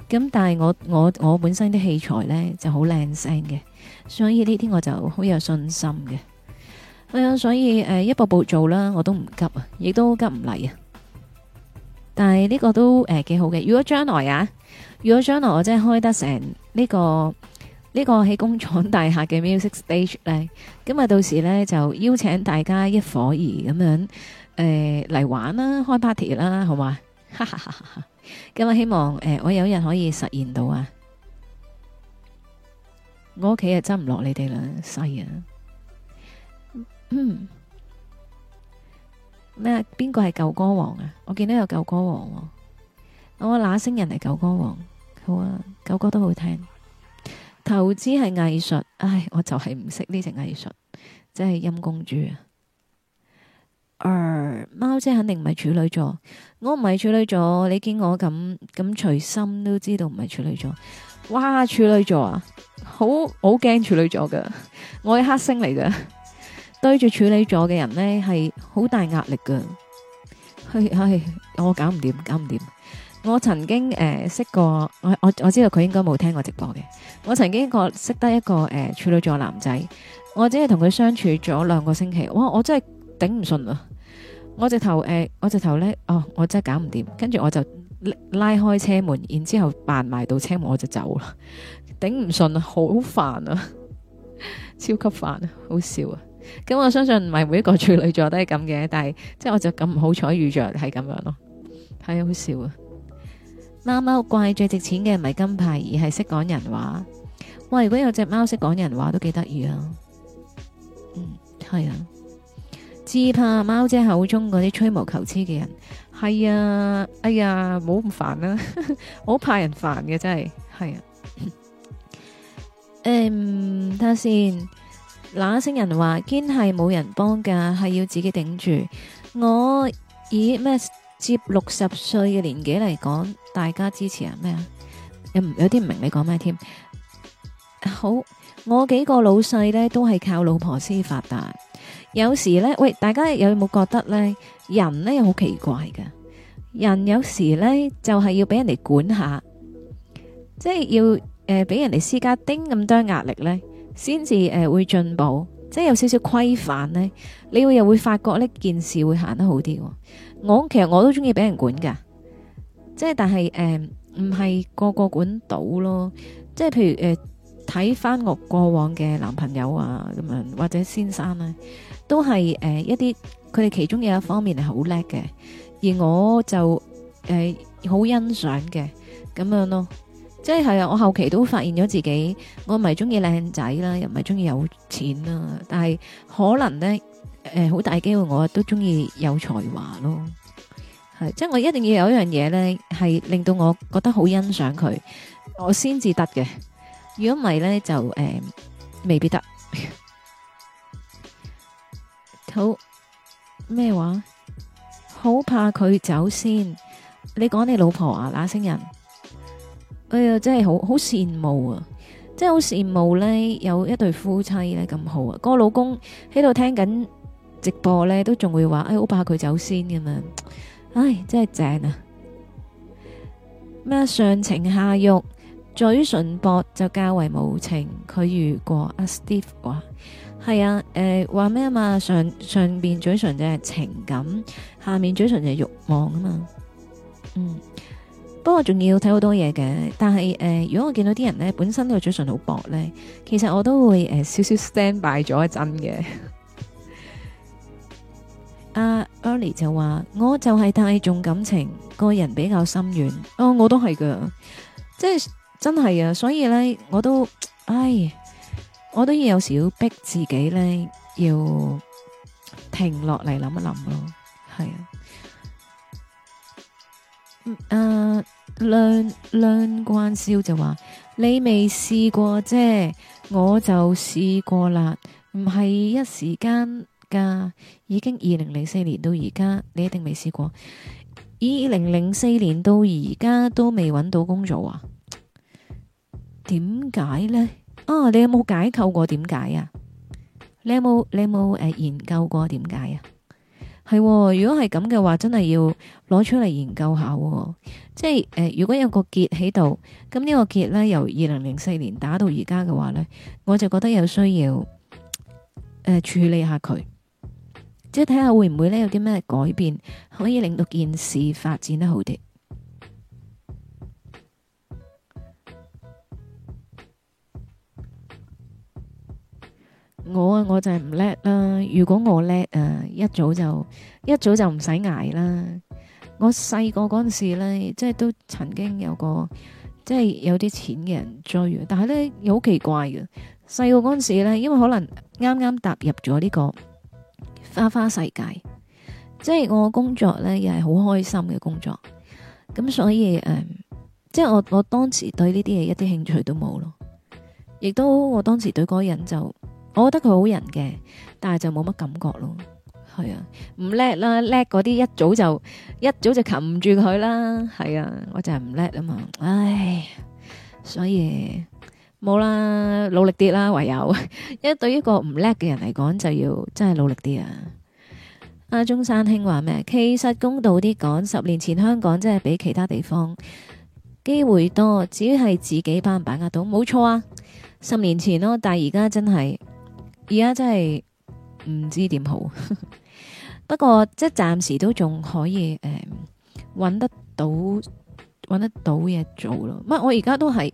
咁但係我我我本身啲器材咧就好靚聲嘅，所以呢啲我就好有信心嘅。誒、嗯，所以誒、呃、一步步做啦，我都唔急啊，亦都急唔嚟啊。但係呢個都誒幾、呃、好嘅。如果將來啊，如果將來我真係開得成呢、這個呢、這個喺工廠大廈嘅 music stage 呢，咁啊到時呢就邀請大家一伙兒咁樣誒嚟、呃、玩啦，開 party 啦，好嘛？咁 啊、嗯、希望誒、呃、我有一日可以實現到啊！我屋企啊執唔落你哋啦，細啊！嗯咩？邊個係舊歌王啊？我見到有舊歌王，哦，我那星人係舊歌王，好啊，舊歌都好聽。投資係藝術，唉，我就係唔識呢隻藝術，真係陰公豬啊。呃，貓姐肯定唔係處女座，我唔係處女座，你見我咁咁隨心都知道唔係處女座。哇，處女座啊，好好驚處女座㗎，我係黑星嚟㗎。對住處女座嘅人呢，係好大壓力噶。係、哎、係、哎，我搞唔掂，搞唔掂。我曾經誒、呃、識過，我我我知道佢應該冇聽我直播嘅。我曾經個識得一個誒、呃、處女座男仔，我只係同佢相處咗兩個星期，哇！我真係頂唔順啊！我只頭誒、呃，我只頭咧，哦，我真係搞唔掂。跟住我就拉，拉開車門，然之後扮埋到車門，我就走啦。頂唔順啊，好煩啊，超級煩啊，好笑啊！咁、嗯、我相信唔係每一個處女座都係咁嘅，但係即係我就咁唔好彩遇着係咁樣咯，係好笑啊！貓貓怪最值錢嘅唔係金牌，而係識講人話。喂，如果有隻貓識講人話都幾得意啊！嗯，係啊，只怕貓姐口中嗰啲吹毛求疵嘅人。係啊，哎呀，冇咁煩啊，好 怕人煩嘅真係，係啊。誒、嗯，睇下先。那星人話堅係冇人幫噶，係要自己頂住。我以咩接六十歲嘅年紀嚟講，大家支持啊咩啊？有有啲唔明你講咩添？好，我幾個老細呢都係靠老婆先發達。有時呢，喂，大家有冇覺得呢？人呢又好奇怪嘅，人有時呢，就係、是、要俾人哋管下，即係要誒俾、呃、人哋施加丁咁多壓力呢。先至誒會進步，即係有少少規範呢。你會又會發覺呢件事會行得好啲，哦。我其實我都中意俾人管嘅，即係但係誒唔係個個管到咯。即係譬如誒睇翻我過往嘅男朋友啊咁樣，或者先生咧，都係誒、呃、一啲佢哋其中有一方面係好叻嘅，而我就誒好、呃、欣賞嘅咁樣咯。即係啊！我後期都發現咗自己，我唔係中意靚仔啦，又唔係中意有錢啦，但係可能咧，誒，好大機會我都中意有才華咯。係，即係我一定要有一樣嘢咧，係令到我覺得好欣賞佢，我先至得嘅。如果唔係咧，就誒，未必得。好，咩話？好怕佢走先。你講你老婆啊，那星人。哎呀，真係好好羨慕啊！真係好羨慕呢！有一對夫妻咧，咁好啊。個老公喺度聽緊直播呢，都仲會話：哎，我怕佢走先咁樣！」唉，真係正啊！咩上情下欲，嘴唇薄就較為無情。佢如果阿 Steve 話係啊，誒、呃，話咩啊嘛？上上邊嘴唇就係情感，下面嘴唇就係欲望啊嘛。嗯。不過仲要睇好多嘢嘅，但係誒、呃，如果我見到啲人咧，本身個嘴唇好薄咧，其實我都會誒、呃、少少 stand by 咗一陣嘅。阿 Elli 就話，我就係太重感情，個人比較心軟。哦，我都係噶，即係真係啊，所以咧，我都，唉，我都要有時要逼自己咧，要停落嚟諗一諗咯，係啊，嗯、uh, 亮亮關少就話：你未試過啫，我就試過啦，唔係一時間噶，已經二零零四年到而家，你一定未試過。二零零四年到而家都未揾到工作啊？點解呢？啊、哦、你有冇解構過點解啊？你有冇你有冇誒研究過點解啊？係喎，如果係咁嘅話，真係要攞出嚟研究下喎。即係，誒、呃，如果有個結喺度，咁呢個結咧由二零零四年打到而家嘅話咧，我就覺得有需要，誒、呃，處理下佢。即係睇下會唔會咧有啲咩改變，可以令到件事發展得好啲。我啊，我就係唔叻啦。如果我叻啊，一早就一早就唔使捱啦。我細個嗰陣時咧，即係都曾經有個即係有啲錢嘅人追，但係咧好奇怪嘅。細個嗰陣時咧，因為可能啱啱踏入咗呢個花花世界，即係我工作咧又係好開心嘅工作，咁所以誒、嗯，即係我我當時對呢啲嘢一啲興趣都冇咯，亦都我當時對嗰個人就。我覺得佢好人嘅，但係就冇乜感覺咯。係啊，唔叻啦，叻嗰啲一早就一早就擒住佢啦。係啊，我就係唔叻啊嘛。唉，所以冇啦，努力啲啦，唯有。 因為對於一個唔叻嘅人嚟講，就要真係努力啲啊。阿中山興話咩？其實公道啲講，十年前香港真係比其他地方機會多，只係自己班把握到，冇錯啊。十年前咯，但係而家真係。而家真係唔知點好， 不過即係暫時都仲可以誒，搵、嗯、得到搵得到嘢做咯。唔，我而家都係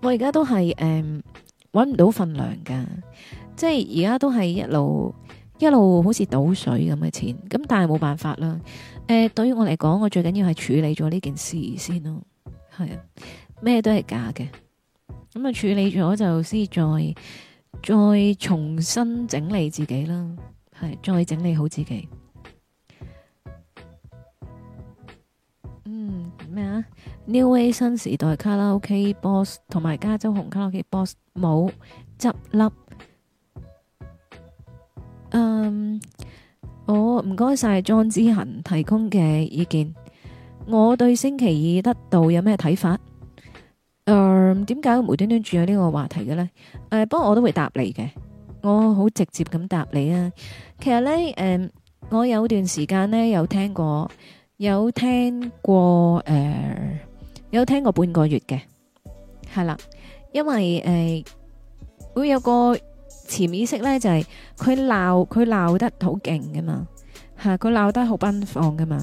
我而家都係誒，搵、嗯、唔到份糧噶。即係而家都係一路一路好似倒水咁嘅錢，咁但係冇辦法啦。誒、呃，對於我嚟講，我最緊要係處理咗呢件事先咯。係啊，咩都係假嘅，咁、嗯、啊處理咗就先再。再重新整理自己啦，係再整理好自己。嗯，咩啊？Neway 新時代卡拉 OK Boss 同埋加州紅卡拉 OK Boss 冇執笠。嗯、um,，我唔該晒莊之恒提供嘅意見。我對星期二得到有咩睇法？誒，點解、呃、我無端端住有呢個話題嘅咧？誒、呃，不過我都會答你嘅，我好直接咁答你啊。其實咧，誒、呃，我有段時間咧有聽過，有聽過，誒、呃，有聽過半個月嘅，係啦，因為誒，會、呃、有個潛意識咧，就係佢鬧，佢鬧得好勁㗎嘛，吓，佢鬧得好奔放㗎嘛。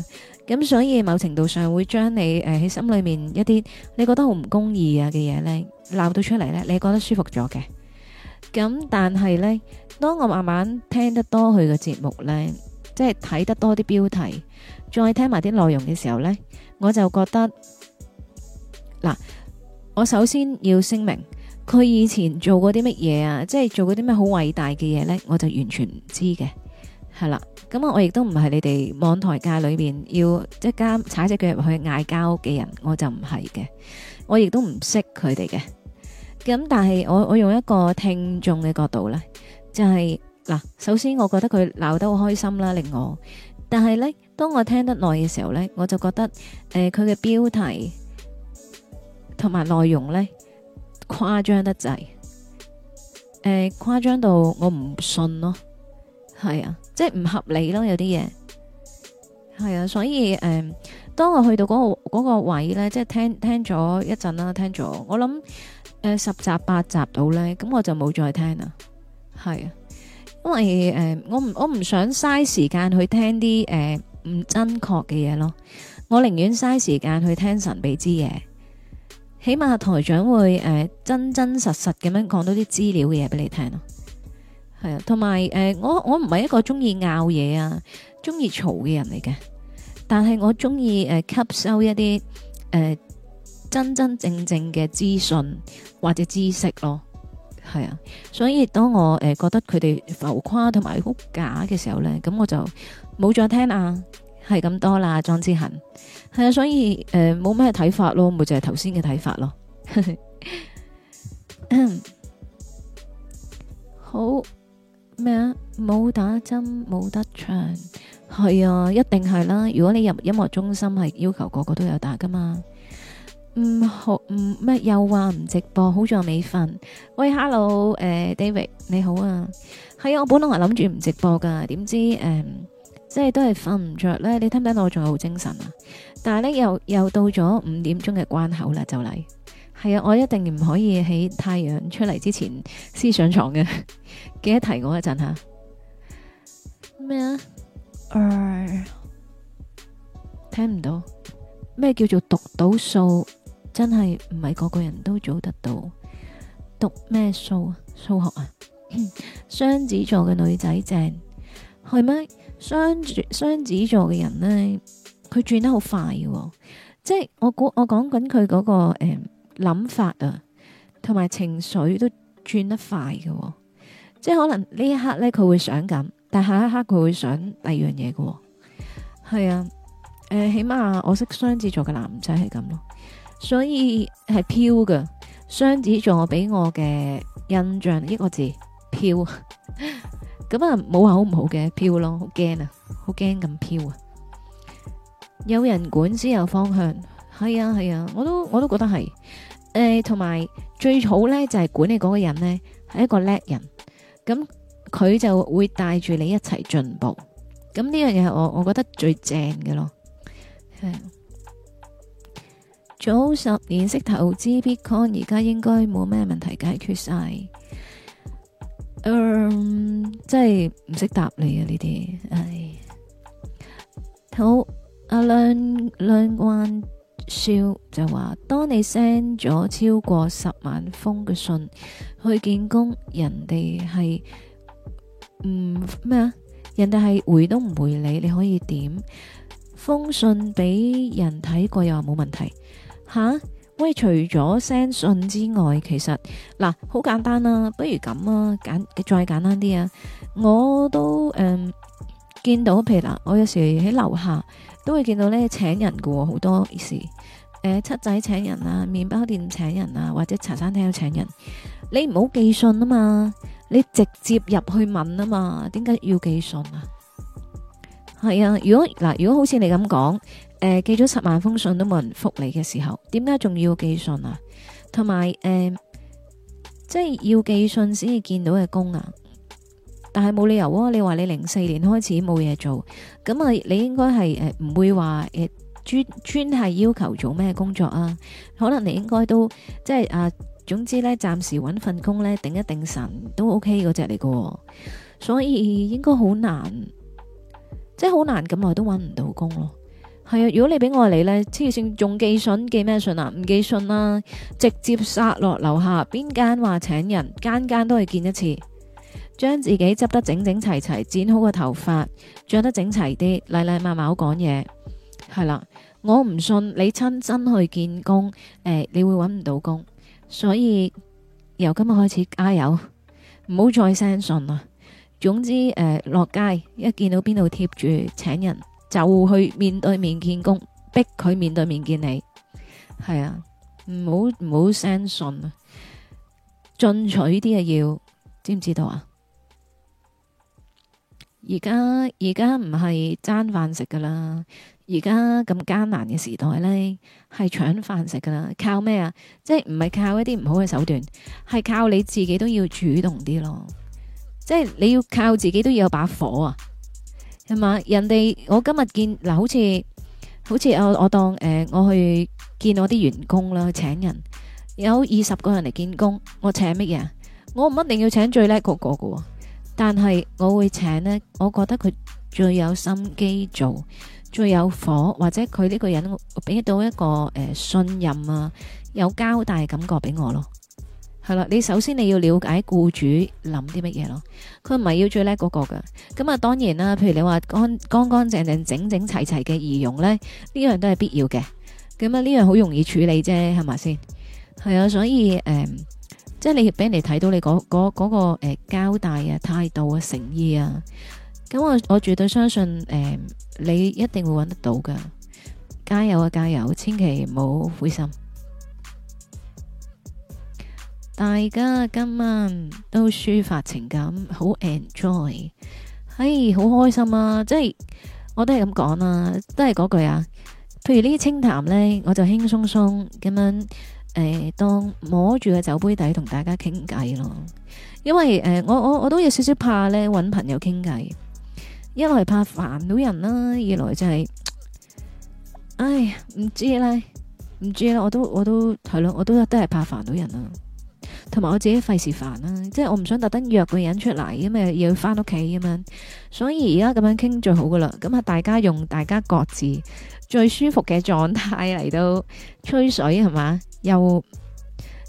咁、嗯、所以某程度上會將你誒喺、呃、心裏面一啲你覺得好唔公義啊嘅嘢咧鬧到出嚟咧，你覺得舒服咗嘅。咁、嗯、但係呢，當我慢慢聽得多佢嘅節目呢，即係睇得多啲標題，再聽埋啲內容嘅時候呢，我就覺得嗱，我首先要聲明，佢以前做過啲乜嘢啊，即係做過啲咩好偉大嘅嘢呢？我就完全唔知嘅。係啦，咁我亦都唔係你哋網台界裏邊要即係加踩隻腳入去嗌交嘅人，我就唔係嘅。我亦都唔識佢哋嘅。咁但係我我用一個聽眾嘅角度呢，就係、是、嗱，首先我覺得佢鬧得好開心啦，令我。但係呢，當我聽得耐嘅時候呢，我就覺得誒佢嘅標題同埋內容呢，誇張得滯，誒誇張到我唔信咯。係啊，即係唔合理咯，有啲嘢係啊，所以誒、呃，當我去到嗰、嗰個、嗰個位咧，即係聽聽咗一陣啦，聽咗，我諗誒、呃、十集八集到咧，咁我就冇再聽啦。係啊，因為誒、呃，我唔我唔想嘥時間去聽啲誒唔真確嘅嘢咯，我寧願嘥時間去聽神秘之嘢，起碼台長會誒、呃、真真實實咁樣講多啲資料嘅嘢俾你聽咯。係啊，同埋誒，我我唔係一個中意拗嘢啊，中意嘈嘅人嚟嘅，但係我中意誒吸收一啲誒、呃、真真正正嘅資訊或者知識咯，係啊，所以當我誒、呃、覺得佢哋浮誇同埋好假嘅時候咧，咁我就冇再聽啊。係咁多啦，莊之恒係啊，所以誒冇咩睇法咯，咪就係頭先嘅睇法咯， 好。咩啊？冇打針，冇得唱，係啊，一定係啦。如果你入音樂中心，係要求個個都有打噶嘛。唔好唔咩？又話唔直播，好在我未瞓。喂，hello，誒、uh，David，你好啊。係啊，我本來話諗住唔直播噶，點知誒，um, 即係都係瞓唔着咧。你聽唔聽到我仲有好精神啊？但係咧又又到咗五點鐘嘅關口啦，就嚟。係啊，我一定唔可以喺太陽出嚟之前先上床嘅。 記得提我一陣吓咩啊？誒，什麼 uh, 聽唔到咩叫做讀到數，真係唔係個個人都做得到。讀咩數啊？數學啊？雙 子座嘅女仔正係咩？雙子雙子座嘅人呢，佢轉得好快嘅、哦，即係我估我講緊佢嗰個誒。嗯諗法啊，同埋情緒都轉得快嘅、哦，即係可能呢一刻咧佢會想咁，但下一刻佢會想第二樣嘢嘅、哦，係啊，誒、呃，起碼我識雙子座嘅男仔係咁咯，所以係飄嘅，雙子座俾我嘅印象一個字飄，咁啊冇話好唔好嘅飄咯，好驚啊，好驚咁飄啊，有人管先有方向，係啊係啊，我都我都覺得係。誒，同埋、呃、最好呢，就係、是、管理嗰個人呢，係一個叻人，咁佢就會帶住你一齊進步，咁呢樣嘢我我覺得最正嘅咯，早十年識投資 Bitcoin，而家應該冇咩問題解決晒。嗯、呃，即係唔識答你啊呢啲，唉，好，阿亮，亮笑就話，當你 send 咗超過十萬封嘅信去見工，人哋係唔咩啊？人哋係、嗯、回都唔回你，你可以點封信俾人睇過又話冇問題吓？喂，除咗 send 信之外，其實嗱好簡單啦，不如咁啊，簡再簡單啲啊，我都誒、嗯、見到，譬如嗱，我有時喺樓下。都會見到咧，請人嘅好、哦、多意思，誒、呃，七仔請人啊，麵包店請人啊，或者茶餐廳請人，你唔好寄信啊嘛，你直接入去問啊嘛，點解要寄信啊？係啊，如果嗱、呃，如果好似你咁講，誒、呃，寄咗十萬封信都冇人覆你嘅時候，點解仲要寄信啊？同埋誒，即係要寄信先至見到嘅工啊？但係冇理由喎、啊，你話你零四年開始冇嘢做，咁啊你應該係誒唔會話誒專專係要求做咩工作啊？可能你應該都即係啊，總之咧，暫時搵份工咧，頂一頂神都 OK 嗰隻嚟噶，所以應該好難，即係好難咁耐都搵唔到工咯、啊。係啊，如果你俾我嚟咧，黐線仲寄信寄咩信啊？唔寄信啦、啊，直接殺落樓下邊間話請人，間間都係見一次。將自己執得整整齊齊，剪好個頭髮，着得整齊啲，禮禮貌貌講嘢，係啦。我唔信你親身去見工，誒、呃，你會搵唔到工，所以由今日開始加油，唔好再 send 信啦。總之，誒、呃，落街一見到邊度貼住請人，就去面對面見工，逼佢面對面見你，係啊，唔好唔好 send 信啊，進取啲啊要，知唔知道啊？而家而家唔係爭飯食噶啦，而家咁艱難嘅時代咧，係搶飯食噶啦。靠咩啊？即係唔係靠一啲唔好嘅手段，係靠你自己都要主動啲咯。即係你要靠自己都要有把火啊，係嘛？人哋我今日見嗱、呃，好似好似我我當誒、呃、我去見我啲員工啦，請人有二十個人嚟見工，我請乜嘢？我唔一定要請最叻個個噶、哦。但係我會請呢，我覺得佢最有心機做，最有火，或者佢呢個人俾到一個誒、呃、信任啊，有交代的感覺俾我咯。係啦，你首先你要了解雇主諗啲乜嘢咯。佢唔係要最叻嗰個嘅。咁、嗯、啊，當然啦，譬如你話乾乾乾淨淨、整整齊齊嘅儀容呢，呢樣都係必要嘅。咁、嗯、啊，呢樣好容易處理啫，係咪先？係啊，所以誒。嗯即係你俾人哋睇到你嗰嗰、嗰個誒、呃、交代啊、態度啊、誠意啊，咁我我絕對相信誒、呃、你一定會搵得到噶，加油啊，加油，千祈唔好灰心。大家今晚都抒發情感，好 enjoy，嘿，好、哎、開心啊！即係我都係咁講啦，都係嗰句啊。譬如呢啲清談呢，我就輕鬆鬆咁樣。誒、哎，當摸住個酒杯底同大家傾偈咯，因為誒、呃，我我我都有少少怕咧，搵朋友傾偈，一來怕煩到人啦，二來就係、是，唉，唔知啦，唔知啦，我都我都係咯，我都我都係怕煩到人啦。同埋我自己費事煩啦，即係我唔想特登約個人出嚟，咁誒要翻屋企咁樣，所以而家咁樣傾最好噶啦。咁啊，大家用大家各自最舒服嘅狀態嚟到吹水係嘛，又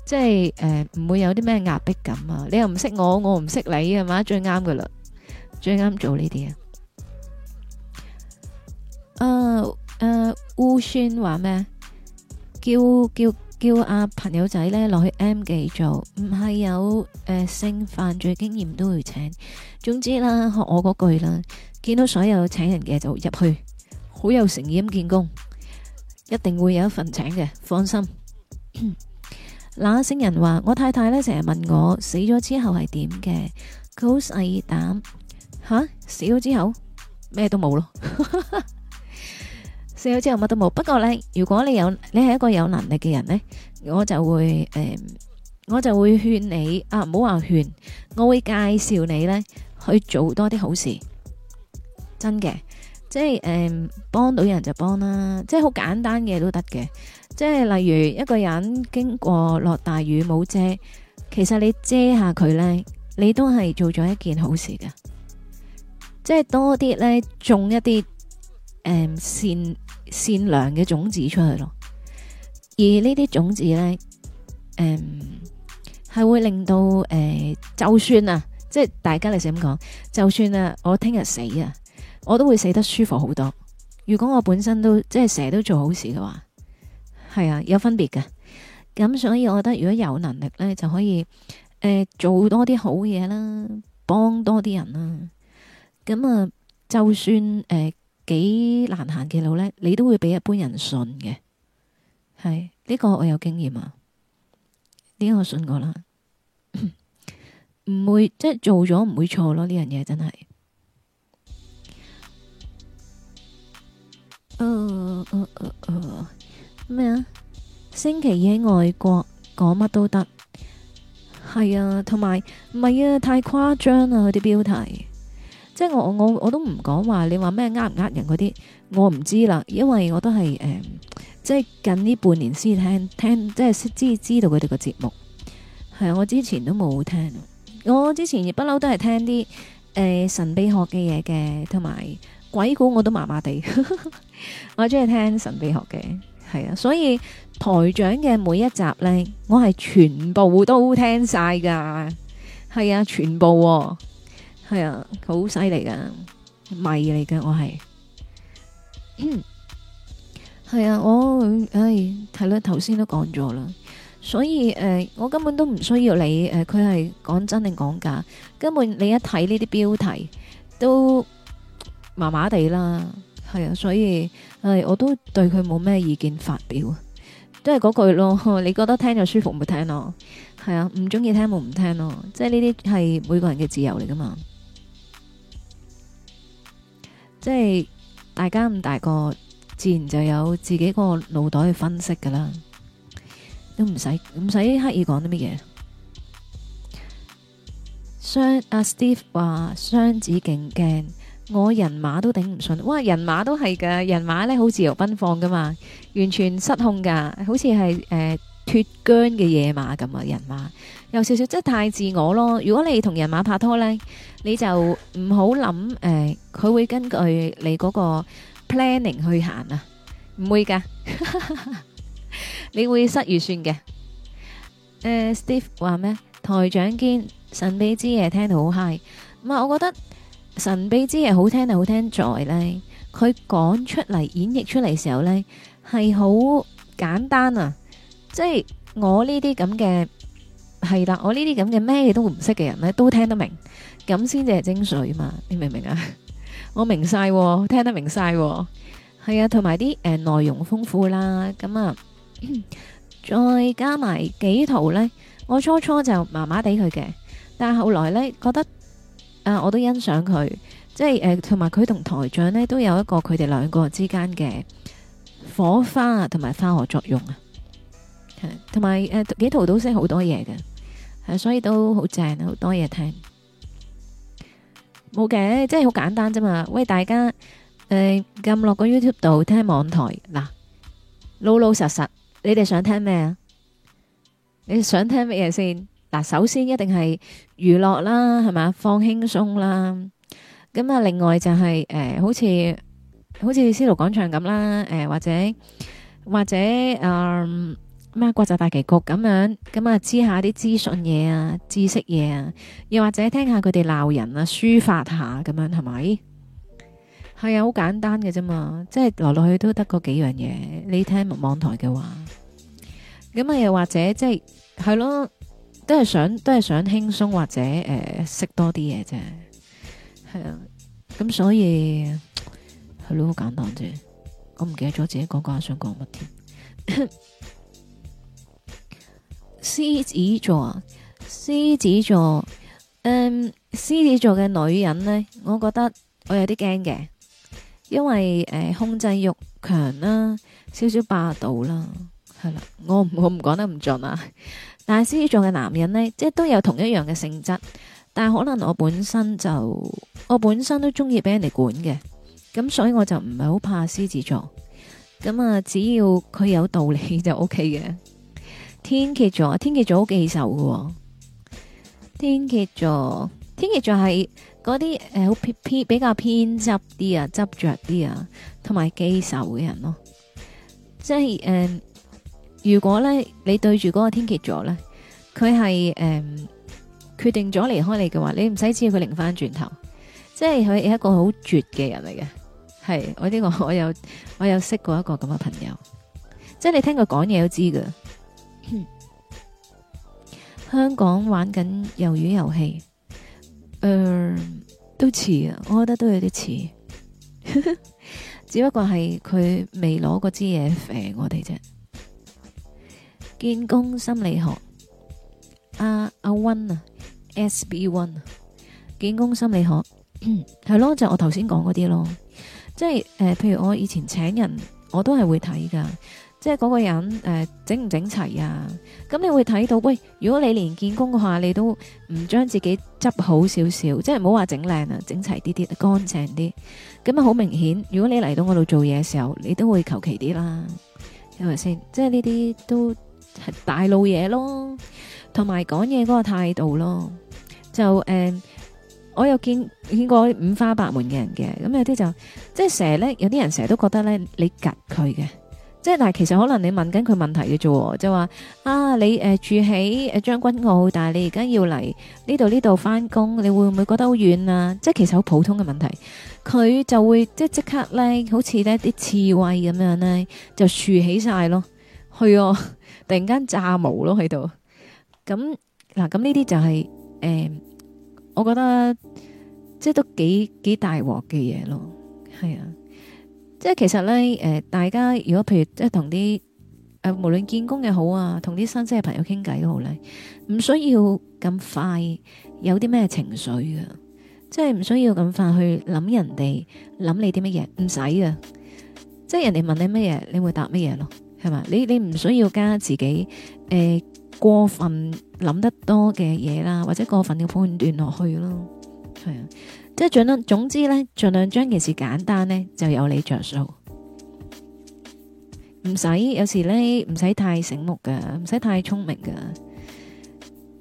即係誒唔會有啲咩壓迫感啊？你又唔識我，我唔識你係嘛，最啱噶啦，最啱做呢啲啊。誒誒、呃，烏宣話咩？叫叫。叫阿、啊、朋友仔呢落去 M 記做，唔係有誒、呃、性犯罪經驗都會請。總之啦，學我嗰句啦，見到所有請人嘅就入去，好有誠意咁見工，一定會有一份請嘅，放心。 那星人話：我太太呢成日問我死咗之後係點嘅，佢好細膽吓，死咗之後咩都冇咯。 死咗之後乜都冇。不過呢，如果你有，你係一個有能力嘅人呢，我就會誒，我就會勸你啊，唔好話勸，我會介紹你呢去做多啲好事。真嘅，即係誒，幫到人就幫啦，即係好簡單嘅都得嘅。即係例如一個人經過落大雨冇遮，其實你遮下佢呢，你都係做咗一件好事嘅。即係多啲呢，種一啲誒善。善良嘅種子出去咯。而呢啲種子呢，誒、嗯，係會令到誒、嗯，就算啊，即係大家嚟成咁講，就算啊，我聽日死啊，我都會死得舒服好多。如果我本身都即係成日都做好事嘅話，係啊，有分別嘅。咁所以我覺得如果有能力呢，就可以誒、嗯、做多啲好嘢啦，幫多啲人啦。咁啊，就算誒。嗯幾難行嘅路咧，你都會畀一般人信嘅，係呢、這個我有經驗、這個 哦哦哦哦、啊，呢個我信過啦，唔會即係做咗唔會錯咯，呢樣嘢真係，咩啊？星期二喺外國講乜都得，係啊，同埋唔係啊，太誇張啦啲標題。即係我我我都唔講話，你話咩呃唔呃人嗰啲，我唔知啦。因為我都係誒、嗯，即係近呢半年先聽聽，即係先知知道佢哋個節目。係啊，我之前都冇聽，我之前亦不嬲都係聽啲誒、呃、神秘學嘅嘢嘅，同埋鬼故我都麻麻地。 我中意聽神秘學嘅，係啊，所以台長嘅每一集咧，我係全部都聽晒噶，係啊，全部，哦。係啊，好犀利噶迷嚟嘅我係，係 啊，我唉，係啦，頭先都講咗啦，所以誒、呃，我根本都唔需要你誒，佢係講真定講假，根本你一睇呢啲標題都麻麻地啦。係啊，所以誒，我都對佢冇咩意見發表，都係嗰句咯。你覺得聽就舒服，咪聽咯。係啊，唔中意聽，咪唔聽咯。即係呢啲係每個人嘅自由嚟噶嘛。即係大家咁大個，自然就有自己個腦袋去分析噶啦，都唔使唔使刻意講啲乜嘢。雙阿、啊、Steve 話雙子勁驚，我人馬都頂唔順。哇，人馬都係嘅人馬咧，好自由奔放噶嘛，完全失控噶，好似係誒脫繮嘅野馬咁啊，人馬。有少少即係太自我咯。如果你同人馬拍拖咧，你就唔好諗誒，佢會根據你嗰個 planning 去行啊，唔會噶，你會失預算嘅。誒，Steve 話咩？台長堅神秘之夜聽到好 high。唔係，我覺得神秘之夜好聽就好聽，在咧佢講出嚟演繹出嚟時候咧係好簡單啊，即係我呢啲咁嘅。係啦，我呢啲咁嘅咩嘢都唔識嘅人咧，都聽得明，咁先至係精髓嘛，你明唔明啊？我明晒，聽得明晒，係啊，同埋啲誒內容豐富啦，咁啊，再加埋幾圖咧，我初初就麻麻地佢嘅，但係後來咧覺得誒、呃、我都欣賞佢，即係誒同埋佢同台長咧都有一個佢哋兩個之間嘅火花同埋化學作用啊，係，同埋誒幾圖都識好多嘢嘅。係，所以都好正，好多嘢聽。冇嘅，即係好簡單啫嘛。喂，大家，誒，撳落個 YouTube 度聽網台嗱，老老實實，你哋想聽咩啊？你哋想聽乜嘢先？嗱，首先一定係娛樂啦，係嘛，放輕鬆啦。咁啊，另外就係誒，好似好似司徒廣場咁啦，誒，或者或者誒。咁啊，國際大棋局咁樣，咁啊，知下啲資訊嘢啊、知識嘢啊，又或者聽下佢哋鬧人啊，抒發下咁樣，係咪？係啊，好簡單嘅啫嘛，即係來來去都得嗰幾樣嘢。你聽網台嘅話，咁啊，又或者即係係咯，都係想都係想輕鬆或者誒、呃、識多啲嘢啫。係啊，咁所以係咯，好簡單啫。我唔記得咗自己講講想講乜添。 獅子座，獅子座，嗯，獅子座嘅女人呢，我覺得我有啲驚嘅，因為誒、呃、控制欲強啦、啊，少少霸道啦、啊，係啦，我我唔講得唔盡啊。但係獅子座嘅男人呢，即係都有同一樣嘅性質，但係可能我本身就我本身都中意俾人哋管嘅，咁所以我就唔係好怕獅子座，咁啊，只要佢有道理就 OK 嘅。天蠍座，天蠍座好記仇噶、哦。天蠍座，天蠍座係嗰啲誒好偏偏比較偏執啲啊，執着啲啊，同埋記仇嘅人咯、哦。即係誒、嗯，如果咧你對住嗰個天蠍座咧，佢係誒決定咗離開你嘅話，你唔使知佢擰翻轉頭，即係佢係一個好絕嘅人嚟嘅。係我呢、個我有我有識過一個咁嘅朋友，即係你聽佢講嘢都知噶。嗯、香港玩緊魷魚遊戲，誒、呃，都似啊，我覺得都有啲似，只不過係佢未攞嗰支嘢肥我哋啫。見工心理學，阿阿溫啊，S B 溫啊，見、啊、工、啊、心理學係咯，就是、我頭先講嗰啲咯，即係、呃、譬如我以前請人，我都係會睇㗎。即係嗰個人誒、呃、整唔整齊啊？咁你會睇到，喂，如果你連見工嘅話，你都唔將自己執好少少，即係唔好話整靚啊，整齊啲啲，乾淨啲，咁啊好明顯。如果你嚟到我度做嘢嘅時候，你都會求其啲啦，係咪先？即係呢啲都係大路嘢咯，同埋講嘢嗰個態度咯，就誒、呃，我有見見過五花八門嘅人嘅，咁有啲就即係成日咧，有啲人成日都覺得咧，你夾佢嘅。即係，但係其實可能你問緊佢問題嘅啫，即係話啊，你誒、呃、住喺將軍澳，但係你而家要嚟呢度呢度返工，你會唔會覺得好遠啊？即係其實好普通嘅問題，佢就會即係即、即刻咧，好似咧啲刺蝟咁樣咧，就豎起晒咯，去哦、啊，突然間炸毛咯喺度。咁嗱，咁呢啲就係、是、誒、呃，我覺得即係都幾幾大鑊嘅嘢咯，係啊。即係其實咧，誒、呃，大家如果譬如即係同啲誒，無論見工嘅好啊，同啲新識嘅朋友傾偈都好咧，唔需要咁快有啲咩情緒嘅，即係唔需要咁快去諗人哋諗你啲乜嘢，唔使啊。即係人哋問你乜嘢，你會答乜嘢咯，係咪？你你唔需要加自己誒、呃、過分諗得多嘅嘢啦，或者過分嘅判斷落去咯，係啊。即係盡量，總之咧，盡量將件事簡單咧，就有你着數。唔使有時咧，唔使太醒目嘅，唔使太聰明嘅。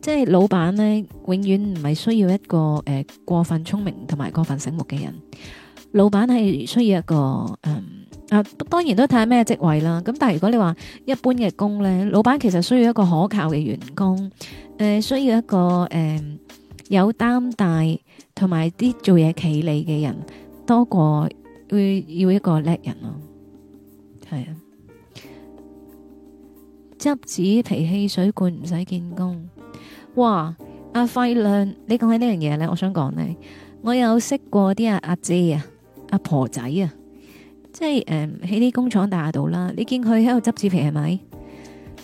即係老闆咧，永遠唔係需要一個誒、呃、過分聰明同埋過分醒目嘅人。老闆係需要一個誒、嗯、啊，當然都睇下咩職位啦。咁但係如果你話一般嘅工咧，老闆其實需要一個可靠嘅員工，誒、呃、需要一個誒、呃、有擔帶。同埋啲做嘢企理嘅人多過，會要一個叻人咯，係啊。執紙皮汽水罐唔使見工，哇！阿、啊、費亮，你講起呢樣嘢咧，我想講咧，我有識過啲阿阿姐啊、阿、啊、婆仔啊，即係誒喺啲工廠大廈度啦，你見佢喺度執紙皮係咪？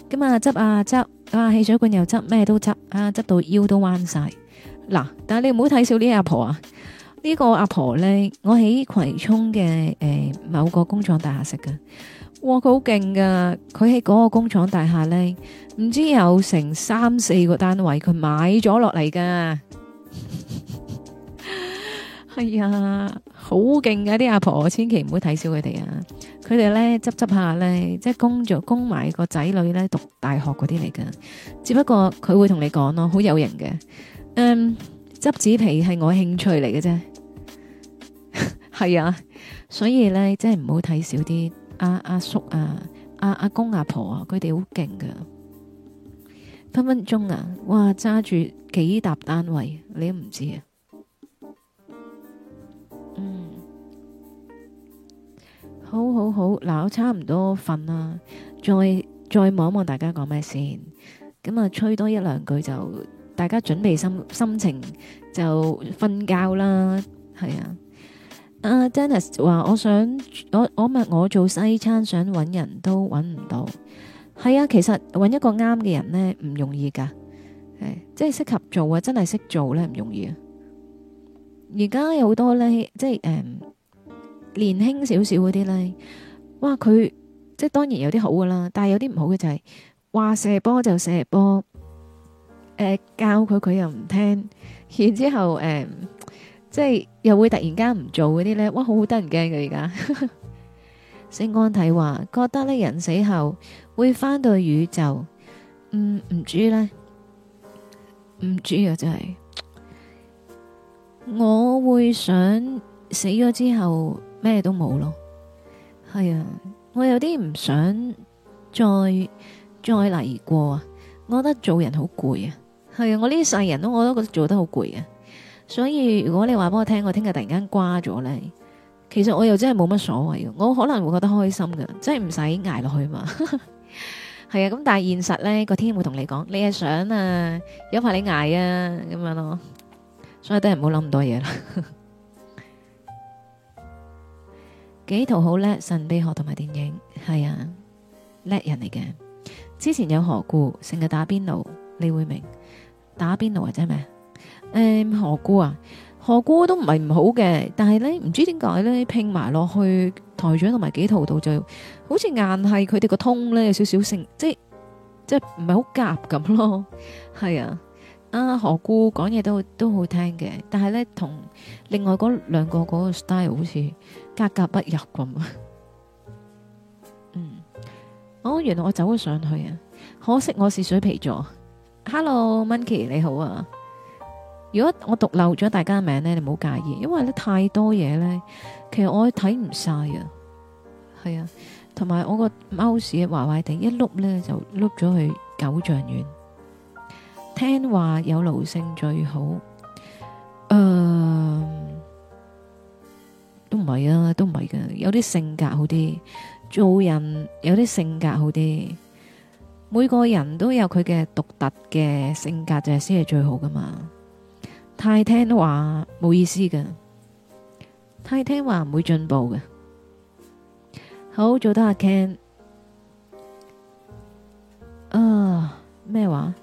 咁啊執啊執。啊！汽水罐又執咩都執，啊執到腰都彎晒。嗱，但係你唔好睇小呢阿婆啊！呢個阿婆呢，我喺葵涌嘅誒某個工廠大廈食噶，嘩，佢好勁噶，佢喺嗰個工廠大廈呢，唔知有成三四個單位佢買咗落嚟噶。 係、哎、啊，好勁嘅啲阿婆，千祈唔好睇小佢哋啊！佢哋咧執執下咧，即係供住供埋個仔女咧讀大學嗰啲嚟噶。只不過佢會同你講咯，好有型嘅。嗯，執紙皮係我興趣嚟嘅啫。係 啊，所以咧，即係唔好睇小啲阿阿叔啊、阿、啊、阿、啊、公阿、啊、婆啊，佢哋好勁噶，分分鐘啊，哇，揸住幾沓單位，你都唔知啊！嗯，好好好，嗱，我差唔多瞓啦，再再望一望大家講咩先，咁啊吹多一兩句就，大家準備心心情就瞓覺啦，係啊，uh，Dennis 話我想我我咪我做西餐想搵人都搵唔到，係啊，其實搵一個啱嘅人呢，唔容易噶，即係適合做啊，真係識做呢，唔容易的而家有好多咧，即係誒、嗯、年輕少少嗰啲咧，哇佢即係當然有啲好噶啦，但係有啲唔好嘅就係、是、話射波就射波，誒、呃、教佢佢又唔聽，然之後誒、嗯、即係又會突然間唔做嗰啲咧，哇好好得人驚噶而家。星光體話覺得呢，人死後會翻到去宇宙，唔唔知咧，唔知啊真係。我會想死咗之後咩都冇咯，係啊，我有啲唔想再再嚟過啊！我覺得做人好攰啊，係啊，我呢世人都我都覺得做得好攰啊，所以如果你話俾我聽，我聽日突然間瓜咗咧，其實我又真係冇乜所謂嘅，我可能會覺得開心噶，真係唔使挨落去嘛。係 啊，咁但係現實咧，個天會同你講，你係想啊，有排你挨啊咁樣咯。所以第日唔好諗咁多嘢啦。幾圖好叻，神秘學同埋電影，係啊，叻人嚟嘅。之前有何故，成日打邊爐，你會明打邊爐或者咩？誒、嗯，何故啊？何故都唔係唔好嘅，但係咧唔知點解咧，拼埋落去台長同埋幾圖度就，好似硬係佢哋個通咧，有少少性，即即唔係好夾咁咯，係啊。啊，何故講嘢都都好聽嘅，但係咧，同另外嗰兩個嗰個 style 好似格格不入咁啊！嗯，好、哦，原來我走咗上去啊！可惜我是水瓶座。Hello，Monkey 你好啊！如果我讀漏咗大家嘅名字呢，你唔好介意，因為咧太多嘢呢，其實我睇唔晒啊！係啊，同埋我個 mouse 滑滑地一碌呢就碌咗去九丈遠。聽話有奴性最好，誒、uh，都唔係啊，都唔係嘅，有啲性格好啲，做人有啲性格好啲，每個人都有佢嘅獨特嘅性格就係先係最好噶嘛，太聽話冇意思嘅，太聽話唔會進步嘅，好做得阿 Ken，啊、咩、uh, 話？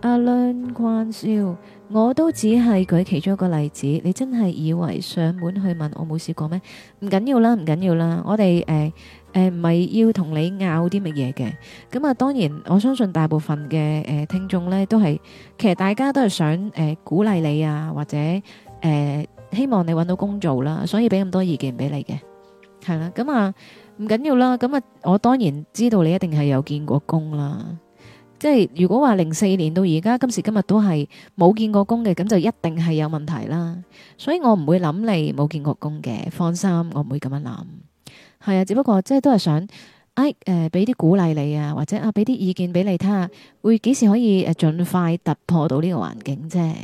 阿亮關笑，我都只係舉其中一個例子。你真係以為上門去問我冇試過咩？唔緊要啦，唔緊要啦。我哋誒誒，咪要同你拗啲乜嘢嘅？咁啊，當然我相信大部分嘅誒聽眾咧，都係其實大家都係想誒鼓勵你啊，或者誒希望你揾到工做啦，所以俾咁多意見俾你嘅，係啦。咁啊，唔緊要啦。咁啊，我當然知道你一定係有見過工啦。即係如果話零四年到而家今時今日都係冇見過工嘅，咁就一定係有問題啦。所以我唔會諗你冇見過工嘅，放心，我唔會咁樣諗。係啊，只不過即係都係想，誒，俾、呃、啲鼓勵你啊，或者啊，俾啲意見俾你睇下，會幾時可以誒盡、呃、快突破到呢個環境啫。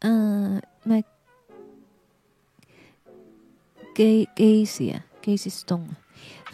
誒咩、uh,？基基士啊，G Stone 啊。G Stone?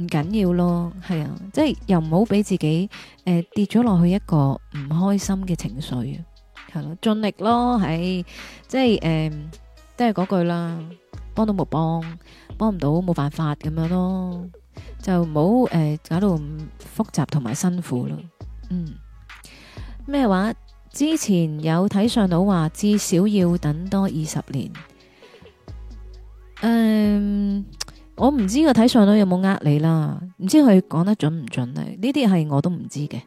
唔緊要咯，係啊，即係又唔好俾自己誒、呃、跌咗落去一個唔開心嘅情緒，係咯，盡力咯，係，即係誒，都係嗰句啦，幫到冇幫，幫唔到冇辦法咁樣咯，就唔好誒搞到咁複雜同埋辛苦咯，嗯，咩話？之前有睇上腦話，至少要等多二十年，嗯、呃。我唔知個睇上女有冇呃你啦，唔知佢講得準唔準咧？呢啲係我都唔知嘅。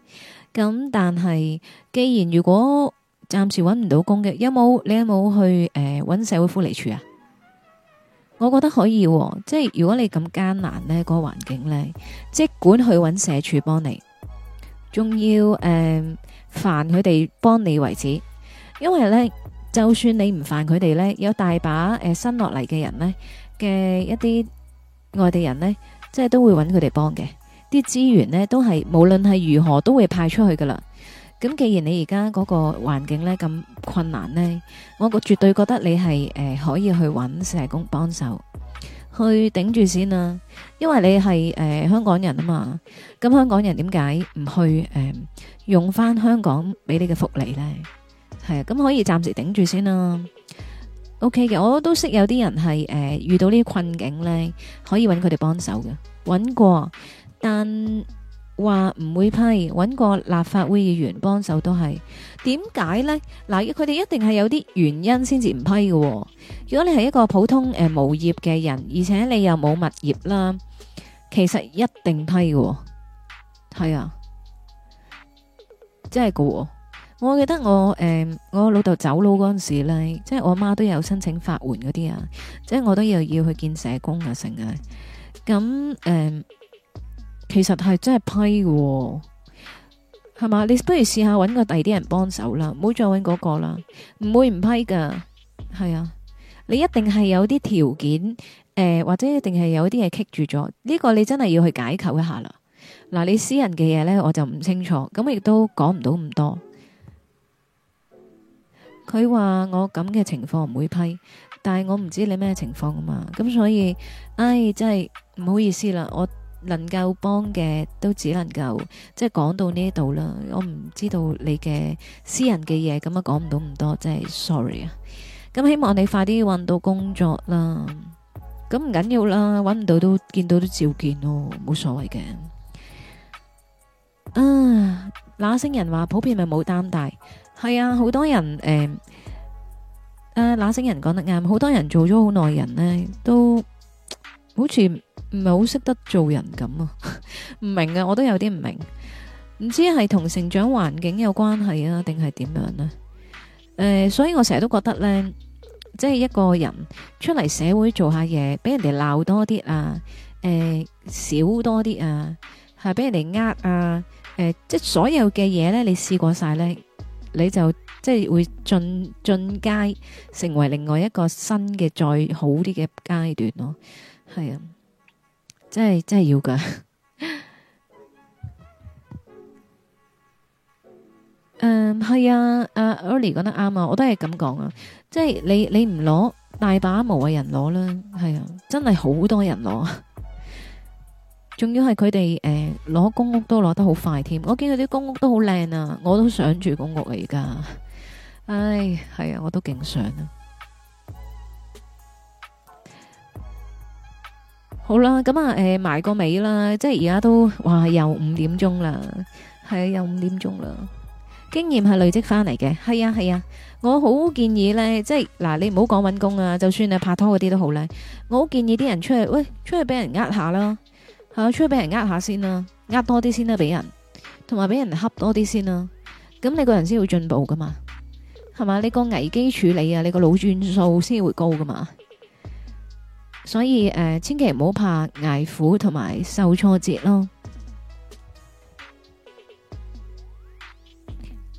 咁但係，既然如果暫時揾唔到工嘅，有冇你有冇去誒、呃、搵社會福利署啊？我覺得可以、啊，即係如果你咁艱難呢、呢個環境呢，即管去搵社署幫你，仲要誒煩佢哋幫你為止。因為呢，就算你唔煩佢哋呢，有大把誒、呃、新落嚟嘅人呢嘅一啲。外地人呢，即係都會揾佢哋幫嘅，啲資源呢，都係無論係如何都會派出去噶啦。咁既然你而家嗰個環境呢咁困難呢，我個絕對覺得你係誒、呃、可以去揾社工幫手去頂住先啦、啊！因為你係誒、呃、香港人啊嘛，咁香港人點解唔去誒、呃、用返香港俾你嘅福利呢？係啊，咁可以暫時頂住先啦、啊。O.K. 嘅，我都識有啲人係誒、呃、遇到呢啲困境呢，可以揾佢哋幫手嘅，搵過，但話唔會批，揾過立法會議員幫手都係，點解呢？嗱，佢哋一定係有啲原因先至唔批嘅、哦。如果你係一個普通誒、呃、無業嘅人，而且你又冇物業啦，其實一定批嘅、哦，係啊，真係噶、哦。我記得我誒、嗯，我老豆走佬嗰陣時咧，即係我阿媽都有申請法援嗰啲啊，即係我都又要，要去見社工啊，成啊。咁誒，其實係真係批嘅，係嘛？你不如試下搵個第二啲人幫手啦，唔好再搵嗰個啦，唔會唔批噶。係啊，你一定係有啲條件誒、呃，或者一定係有啲嘢棘住咗呢、呢個。你真係要去解構一下啦。嗱，你私人嘅嘢咧，我就唔清楚，咁亦都講唔到咁多。佢話我咁嘅情況唔會批，但係我唔知你咩情況啊嘛，咁所以，唉，真係唔好意思啦，我能夠幫嘅都只能夠即係講到呢度啦。我唔知道你嘅私人嘅嘢，咁啊講唔到咁多，真係 sorry 啊。咁希望你快啲揾到工作啦。咁唔緊要啦，揾唔到都見到都照見咯，冇所謂嘅。啊，那星人話普遍咪冇擔待。係啊，好多人誒誒，那星人講得啱。好多人做咗好耐，人呢都好似唔係好識得做人咁啊。唔明啊，我都有啲唔明，唔知係同成長環境有關係啊，定係點樣呢？誒，所以我成日都覺得呢，即係一個人出嚟社會做下嘢，俾人哋鬧多啲啊，誒，少多啲啊，係俾人哋呃啊，誒，即係所有嘅嘢呢，你試過晒呢。你就即係會進進階，成為另外一個新嘅，再好啲嘅階段咯，係啊、， um, 啊，uh, 啊，真係即係要噶，嗯，係啊，阿 Olly 講得啱啊，我都係咁講啊，即係你你唔攞大把無謂人攞啦，係啊，真係好多人攞。仲要係佢哋，誒，攞、呃、公屋都攞得好快添。我見佢啲公屋都好靚啊，我都想住公屋啊。而家，唉，係啊，我都勁想啊。好啦，咁啊，誒，埋個尾啦。即係而家都話又五點鐘啦，係、啊、又五點鐘啦。經驗係累積翻嚟嘅，係啊係啊。我好建議咧，即係嗱，你唔好講揾工啊，就算你拍拖嗰啲都好啦。我好建議啲人出去，喂，出去俾人呃下啦。係啊，出去俾人呃下先啦，呃多啲先啦俾人，同埋俾人恰多啲先啦，啊，咁你個人先會進步噶嘛，係嘛？你個危機處理啊，你個腦轉數先會高噶嘛。所以誒、呃，千祈唔好怕挨苦同埋受挫折咯。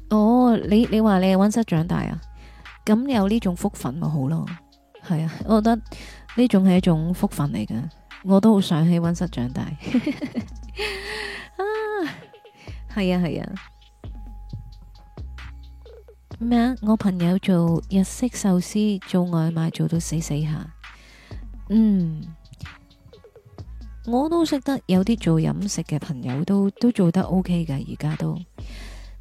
哦，你你話你係溫室長大啊？咁有呢種福分咪好咯？係啊，我覺得呢種係一種福分嚟嘅。我都好想喺溫室長大 啊！係啊係啊！咩、啊、我朋友做日式壽司，做外賣做到死死下。嗯，我都識得有啲做飲食嘅朋友都都做得 OK 嘅，而家都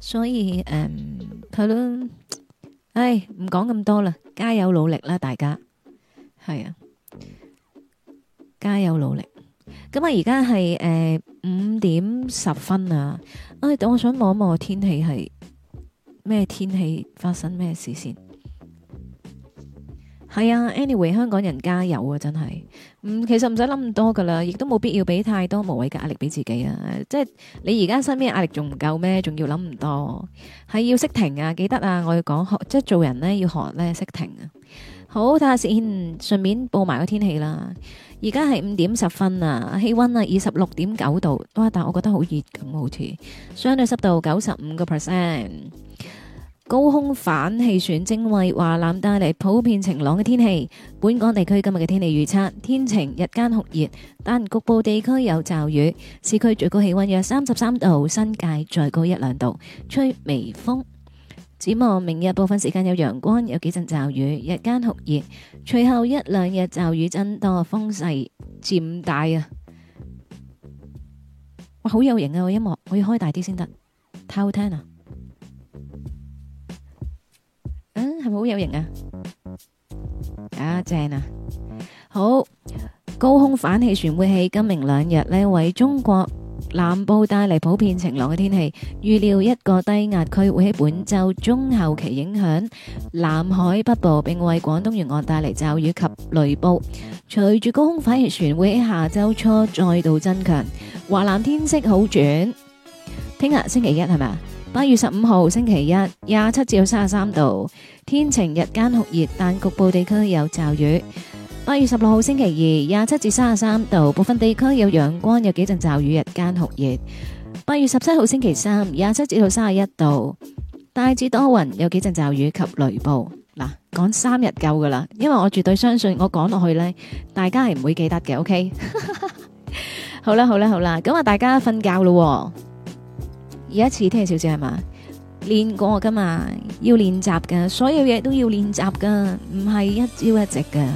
所以誒係咯。唉、嗯，唔講咁多啦，加油努力啦，大家係啊！加油努力！咁啊，而家係誒五點十分啊，哎，我想望一望天氣係咩天氣，發生咩事先？係啊，anyway，香港人加油啊，真係。嗯，其實唔使諗咁多噶啦，亦都冇必要俾太多無謂嘅壓力俾自己啊。即係你而家身邊壓力仲唔夠咩？仲要諗唔多？係要識停啊！記得啊，我要講學，即係做人呢，要學咧識停啊！好睇下先，順便報埋個天氣啦。而家係五點十分啊，氣温啊二十六點九度，哇！但我覺得好熱咁，好似相對濕度九十五個 percent，高空反氣旋正為華南帶嚟普遍晴朗嘅天氣。本港地區今日嘅天氣預測：天晴，日間酷熱，但局部地區有驟雨。市區最高氣温約三十三度，新界再高一兩度，吹微風。展望明日部分時間有陽光，有幾陣驟雨，日間酷熱，隨後一兩日驟雨增多，風勢漸大啊！哇，好有型啊！我音樂我要開大啲先得，太好聽啦！嗯、啊，係咪好有型啊？啊，正啊！好，高空反氣旋會喺今明兩日咧為中國，南部帶嚟普遍晴朗嘅天氣，預料一個低壓區會喺本周中後期影響南海北部，並為廣東沿岸帶嚟驟雨及雷暴。隨住高空反氣旋會喺下周初再度增強，華南天色好轉。聽日星期一係咪？八月十五號星期一，廿七至到三十三度，天晴，日間酷熱，但局部地區有驟雨。八月十六號星期二，廿七至三十三度，部分地區有陽光，有幾陣驟雨，日間酷熱。八月十七號星期三，廿七至到三十一度，大致多雲，有幾陣驟雨及雷暴。嗱，講三日夠噶啦，因為我絕對相信我講落去呢，大家係唔會記得嘅。O K，好啦好啦好啦，咁啊，大家瞓覺咯、哦。有一次天氣小姐係嘛練過噶嘛，要練習㗎，所有嘢都要練習噶，唔係一朝一夕噶。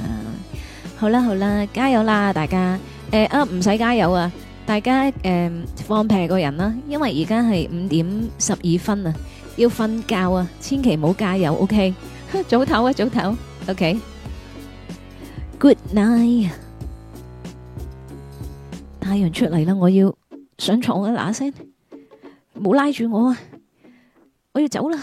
好啦好啦，加油啦大家！誒啊唔使加油啊，大家誒放平個人啦，因為而家係五點十二分啊，要瞓覺啊，千祈唔好加油，OK？早唞啊早唞，OK？Good night！太陽出嚟啦，我要上床啊，嗱聲，唔好拉住我啊，我要走啦。